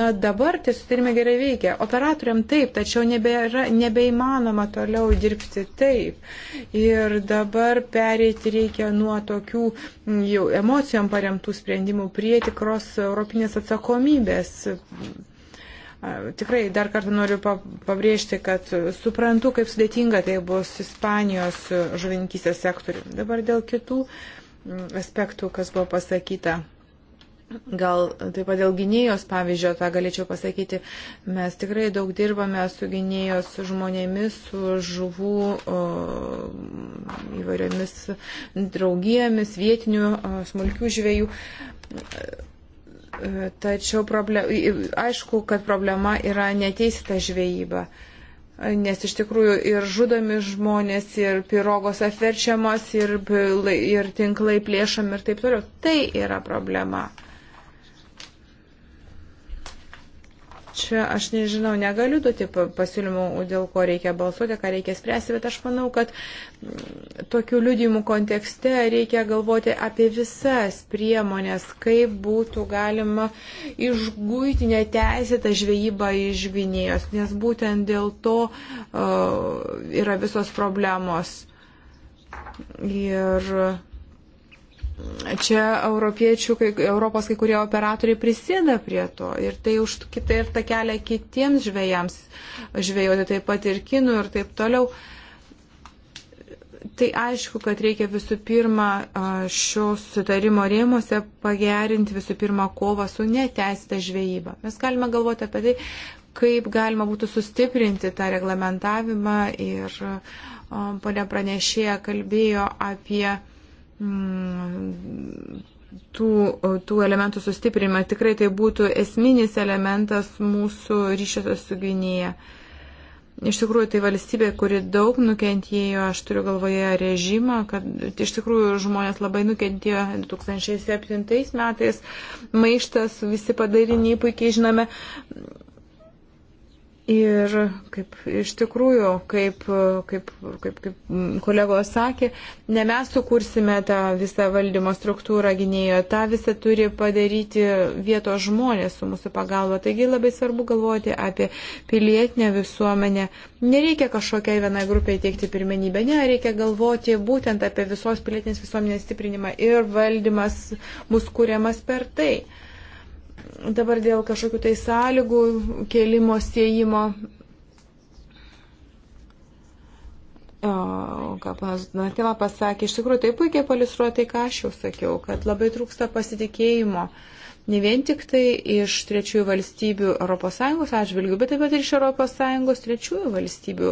na, dabar tie sutarimai gerai veikia. Operatoriam taip, tačiau nebėra, nebeįmanoma toliau dirbti taip. Ir dabar pereiti reikia nuo tokių mm, jau emocijom paremtų sprendimų prie tikros europinės atsakomybės Tikrai dar kartą noriu pabrėžti, kad suprantu, kaip sudėtinga tai bus Ispanijos žuvininkysės sektoriu. Dabar dėl kitų mm, aspektų, kas buvo pasakyta. Gal taip pat dėl gynėjos pavyzdžio tą galėčiau pasakyti. Mes tikrai daug dirbame su gynėjos žmonėmis, su žuvų o, įvairiomis draugijomis, vietinių o, smulkių žvėjų. Tačiau problem, aišku, kad problema yra neteisėta žvejyba, nes iš tikrųjų ir žudomi žmonės, ir pirogos apverčiamos, ir, ir tinklai plėšomi ir taip toliau. Tai yra problema. čia aš nežinau, negaliu duoti pasiūlymų, dėl ko reikia balsuoti, ką reikia spręsti, bet aš manau, kad mm, tokių liudijimų kontekste reikia galvoti apie visas priemonės, kaip būtų galima išguiti neteisėtą žvejybą iš Gvinėjos, nes būtent dėl to uh, yra visos problemos. Ir čia europiečių, kai, Europos kai kurie operatoriai prisėda prie to ir tai už kitą ir tą kelią kitiems žvėjams žvėjoti, taip pat ir kinų ir taip toliau. Tai aišku, kad reikia visų pirma šio sutarimo rėmose pagerinti visų pirma kovą su neteisėta žvejyba. Mes galime galvoti apie tai, kaip galima būtų sustiprinti tą reglamentavimą ir ponė pranešėja kalbėjo apie Mm, tų, tų elementų sustiprinimą. Tikrai tai būtų esminis elementas mūsų ryšio su Gvinėje. Iš tikrųjų, tai valstybė, kuri daug nukentėjo, aš turiu galvoje režimą, kad iš tikrųjų žmonės labai nukentėjo 2007 metais, maištas, visi padariniai puikiai žinome. Ir kaip iš tikrųjų, kaip, kaip, kaip, kaip kolegos sakė, ne mes sukursime tą visą valdymo struktūrą gynėjo, tą visą turi padaryti vietos žmonės su mūsų pagalba. Taigi labai svarbu galvoti apie pilietinę visuomenę. Nereikia kažkokiai vienai grupiai teikti pirmenybę, ne, reikia galvoti būtent apie visos pilietinės visuomenės stiprinimą ir valdymas bus kuriamas per tai. Dabar dėl kažkokių tai sąlygų kelimo siejimo. O, ką panas Natila pasakė, iš tikrųjų tai puikiai palistruoja tai, ką aš jau sakiau, kad labai trūksta pasitikėjimo. Ne vien tik tai iš trečiųjų valstybių ES atžvilgių, bet taip pat ir iš ES trečiųjų valstybių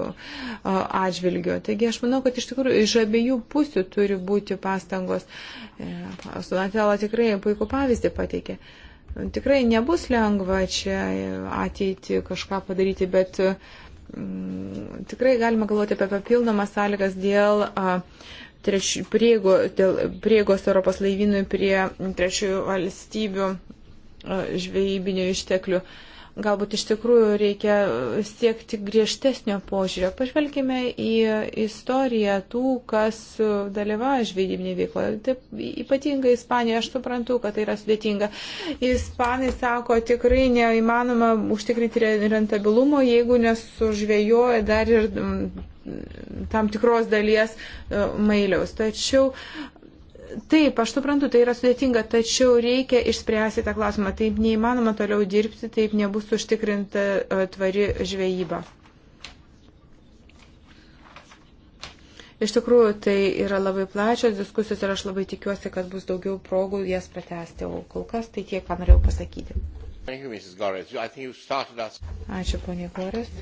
atžvilgių. Taigi aš manau, kad iš tikrųjų iš abiejų pusių turi būti pastangos. E, Sunatela tikrai puikų pavyzdį pateikė. Uh, Tikrai nebus lengva čia ateiti kažką padaryti, bet m, mm, tikrai galima galvoti apie papildomas sąlygas dėl a, treš, prieigo, dėl prieigos Europos laivynui prie trečiųjų valstybių žvejybinių išteklių. A, Galbūt iš tikrųjų reikia siekti griežtesnio požiūrio. Pažvelkime į istoriją tų, kas dalyvauja žvejybinėje veikloje. Taip, ypatingai Ispanija, aš suprantu, kad tai yra sudėtinga. Ispanai sako, tikrai neįmanoma užtikrinti rentabilumo, jeigu nesužvėjoja dar ir mm, tam tikros dalies e, mailiaus. Tačiau Taip, aš suprantu, tai yra sudėtinga, tačiau reikia išspręsti tą klausimą. Taip neįmanoma toliau dirbti, taip nebus užtikrinta e, tvari žvejyba. Iš tikrųjų, tai yra labai plačios diskusijos ir aš labai tikiuosi, kad bus daugiau progų jas pratesti. O kol kas tai tiek, ką norėjau pasakyti. Ačiū, ponė Goris.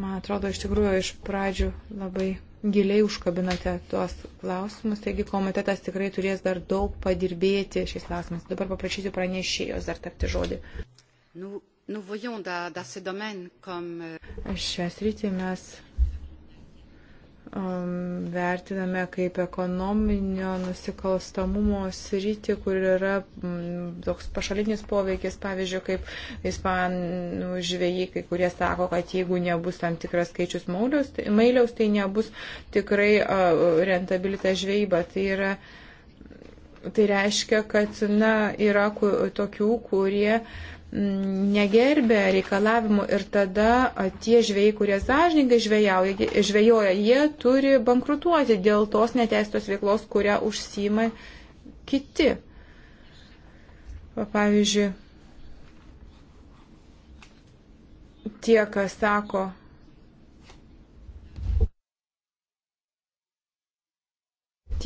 Man atrodo, iš tikrųjų, iš pradžių labai giliai užkabinote tuos klausimus, taigi komitetas tikrai turės dar daug padirbėti šiais klausimais. Dabar paprašysiu pranešėjos dar tarti žodį. Nu, nu da, da domen, kom... Euh, Šią sritį mes um, vertiname kaip ekonominio nusikalstamumo sritį, kur yra um, toks pašalinis poveikis, pavyzdžiui, kaip ispanų žvėjai, kai kurie sako, kad jeigu nebus tam tikras skaičius mauliaus, tai, mailiaus, tai nebus tikrai uh, rentabilita žvejyba. Tai yra, tai reiškia, kad na, yra tokių, kurie uh, negerbė reikalavimų ir tada tie žvėjai, kurie sąžininkai žvejoja, jie turi bankrutuoti dėl tos neteistos veiklos, kurią užsima kiti. Pavyzdžiui, tie, kas sako,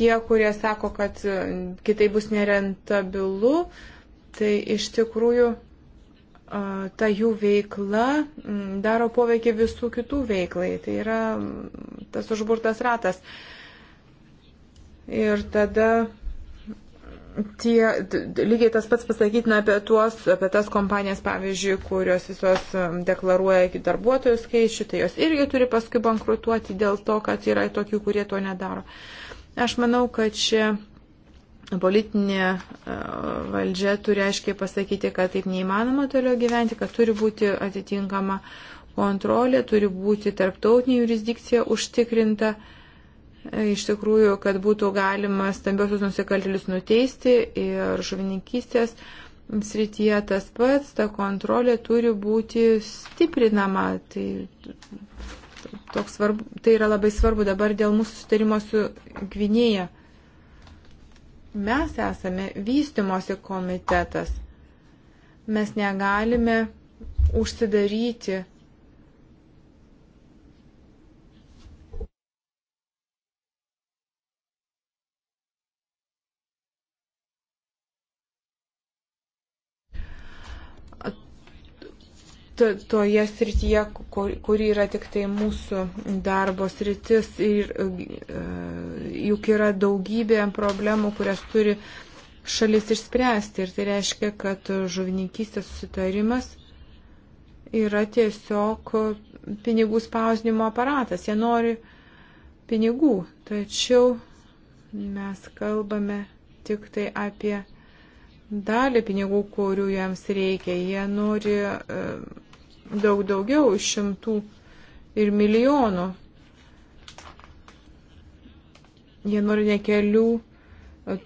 tie, kurie sako, kad mm, kitai bus nerentabilu, tai iš tikrųjų ta jų veikla daro poveikį visų kitų veiklai. Tai yra tas užburtas ratas. Ir tada tie, lygiai tas pats pasakytina apie tuos, apie tas kompanijas, pavyzdžiui, kurios visos deklaruoja iki darbuotojų skaičių, tai jos irgi turi paskui bankrutuoti dėl to, kad yra tokių, kurie to nedaro. Aš manau, kad čia politinė e, valdžia turi aiškiai pasakyti, kad taip neįmanoma toliau gyventi, kad turi būti atitinkama kontrolė, turi būti tarptautinė jurisdikcija užtikrinta, e, iš tikrųjų, kad būtų galima stambiosius nusikaltėlius nuteisti ir žuvininkystės srityje tas pats, ta kontrolė turi būti stiprinama. Tai, svarbu, tai yra labai svarbu dabar dėl mūsų sutarimo su Gvinėja. Mes esame vystimosi komitetas. Mes negalime užsidaryti toje srityje, kur, kuri yra tik tai mūsų darbo sritis ir e, juk yra daugybė problemų, kurias turi šalis išspręsti. Ir tai reiškia, kad žuvininkystės susitarimas yra tiesiog pinigų spausdinimo aparatas. Jie nori pinigų, tačiau mes kalbame tik tai apie dalį pinigų, kurių jiems reikia. Jie nori e, daug daugiau šimtų ir milijonų. Jie nori ne kelių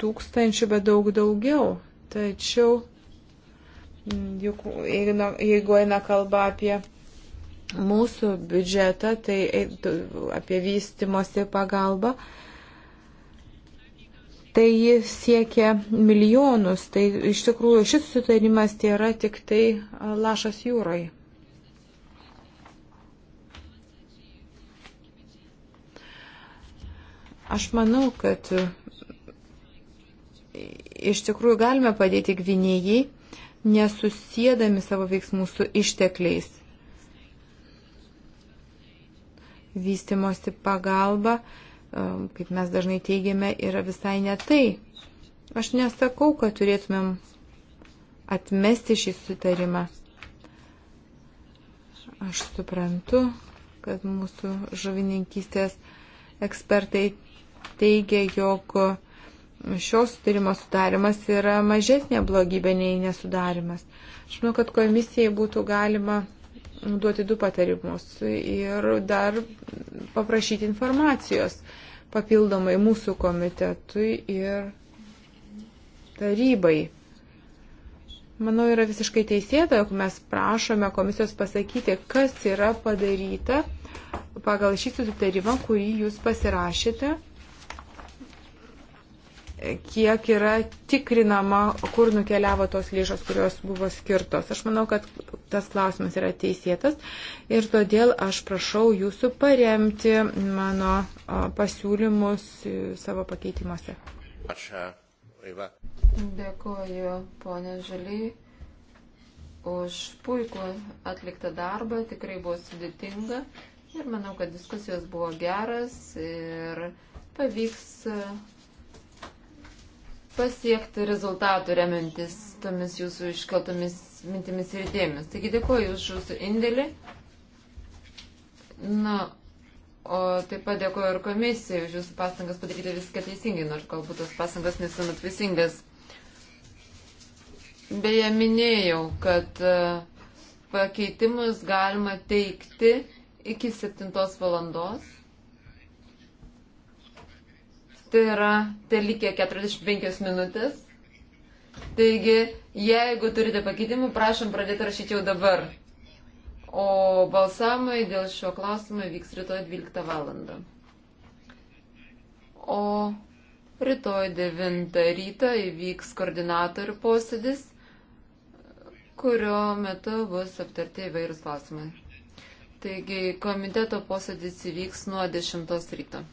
tūkstančių, bet daug daugiau. Tačiau, mm, juk, jeigu eina kalba apie mūsų biudžetą, tai e, apie vystimosi pagalbą, tai jis siekia milijonus. Tai iš tikrųjų šis sutarimas tai yra tik tai lašas jūroje. Aš manau, kad e, iš tikrųjų galime padėti gvinėjai, nesusėdami savo veiksmų su ištekliais. Vystimosi pagalba, e, kaip mes dažnai teigiame, yra visai ne tai. Aš nesakau, kad turėtumėm atmesti šį sutarimą. Aš suprantu, kad mūsų žuvininkystės ekspertai teigia, jog šios sutarimo sudarimas yra mažesnė blogybė nei nesudarimas. Aš manau, kad komisijai būtų galima duoti du patarimus ir dar paprašyti informacijos papildomai mūsų komitetui ir tarybai. Manau, yra visiškai teisėta, jog mes prašome komisijos pasakyti, kas yra padaryta pagal šį sutarimą, kurį jūs pasirašėte kiek yra tikrinama, kur nukeliavo tos lėšos, kurios buvo skirtos. Aš manau, kad tas klausimas yra teisėtas ir todėl aš prašau jūsų paremti mano pasiūlymus e, savo pakeitimuose. Ačiū, Iva. Dėkuoju, ponė Žaliai, už puikų atliktą darbą. Tikrai buvo sudėtinga ir manau, kad diskusijos buvo geras ir pavyks pasiekti rezultatų remintis tomis jūsų iškeltomis mintimis ir idėjomis. Taigi dėkuoju už jūsų indėlį. Na, o taip pat dėkuoju ir komisijai už jūsų pastangas padaryti viską teisingai, nors galbūt tos pastangas nesuomet teisingas. Beje, minėjau, kad e, pakeitimus galima teikti iki 7 valandos. Tai yra telikė tai 45 minutės. Taigi, jeigu turite pakeitimų, prašom pradėti rašyti jau dabar. O balsamai dėl šio klausimo vyks rytoj 12 val. O rytoj 9 ryto įvyks koordinatorių posėdis, kurio metu bus aptarti įvairūs klausimai. Taigi komiteto posėdis įvyks nuo 10 ryto.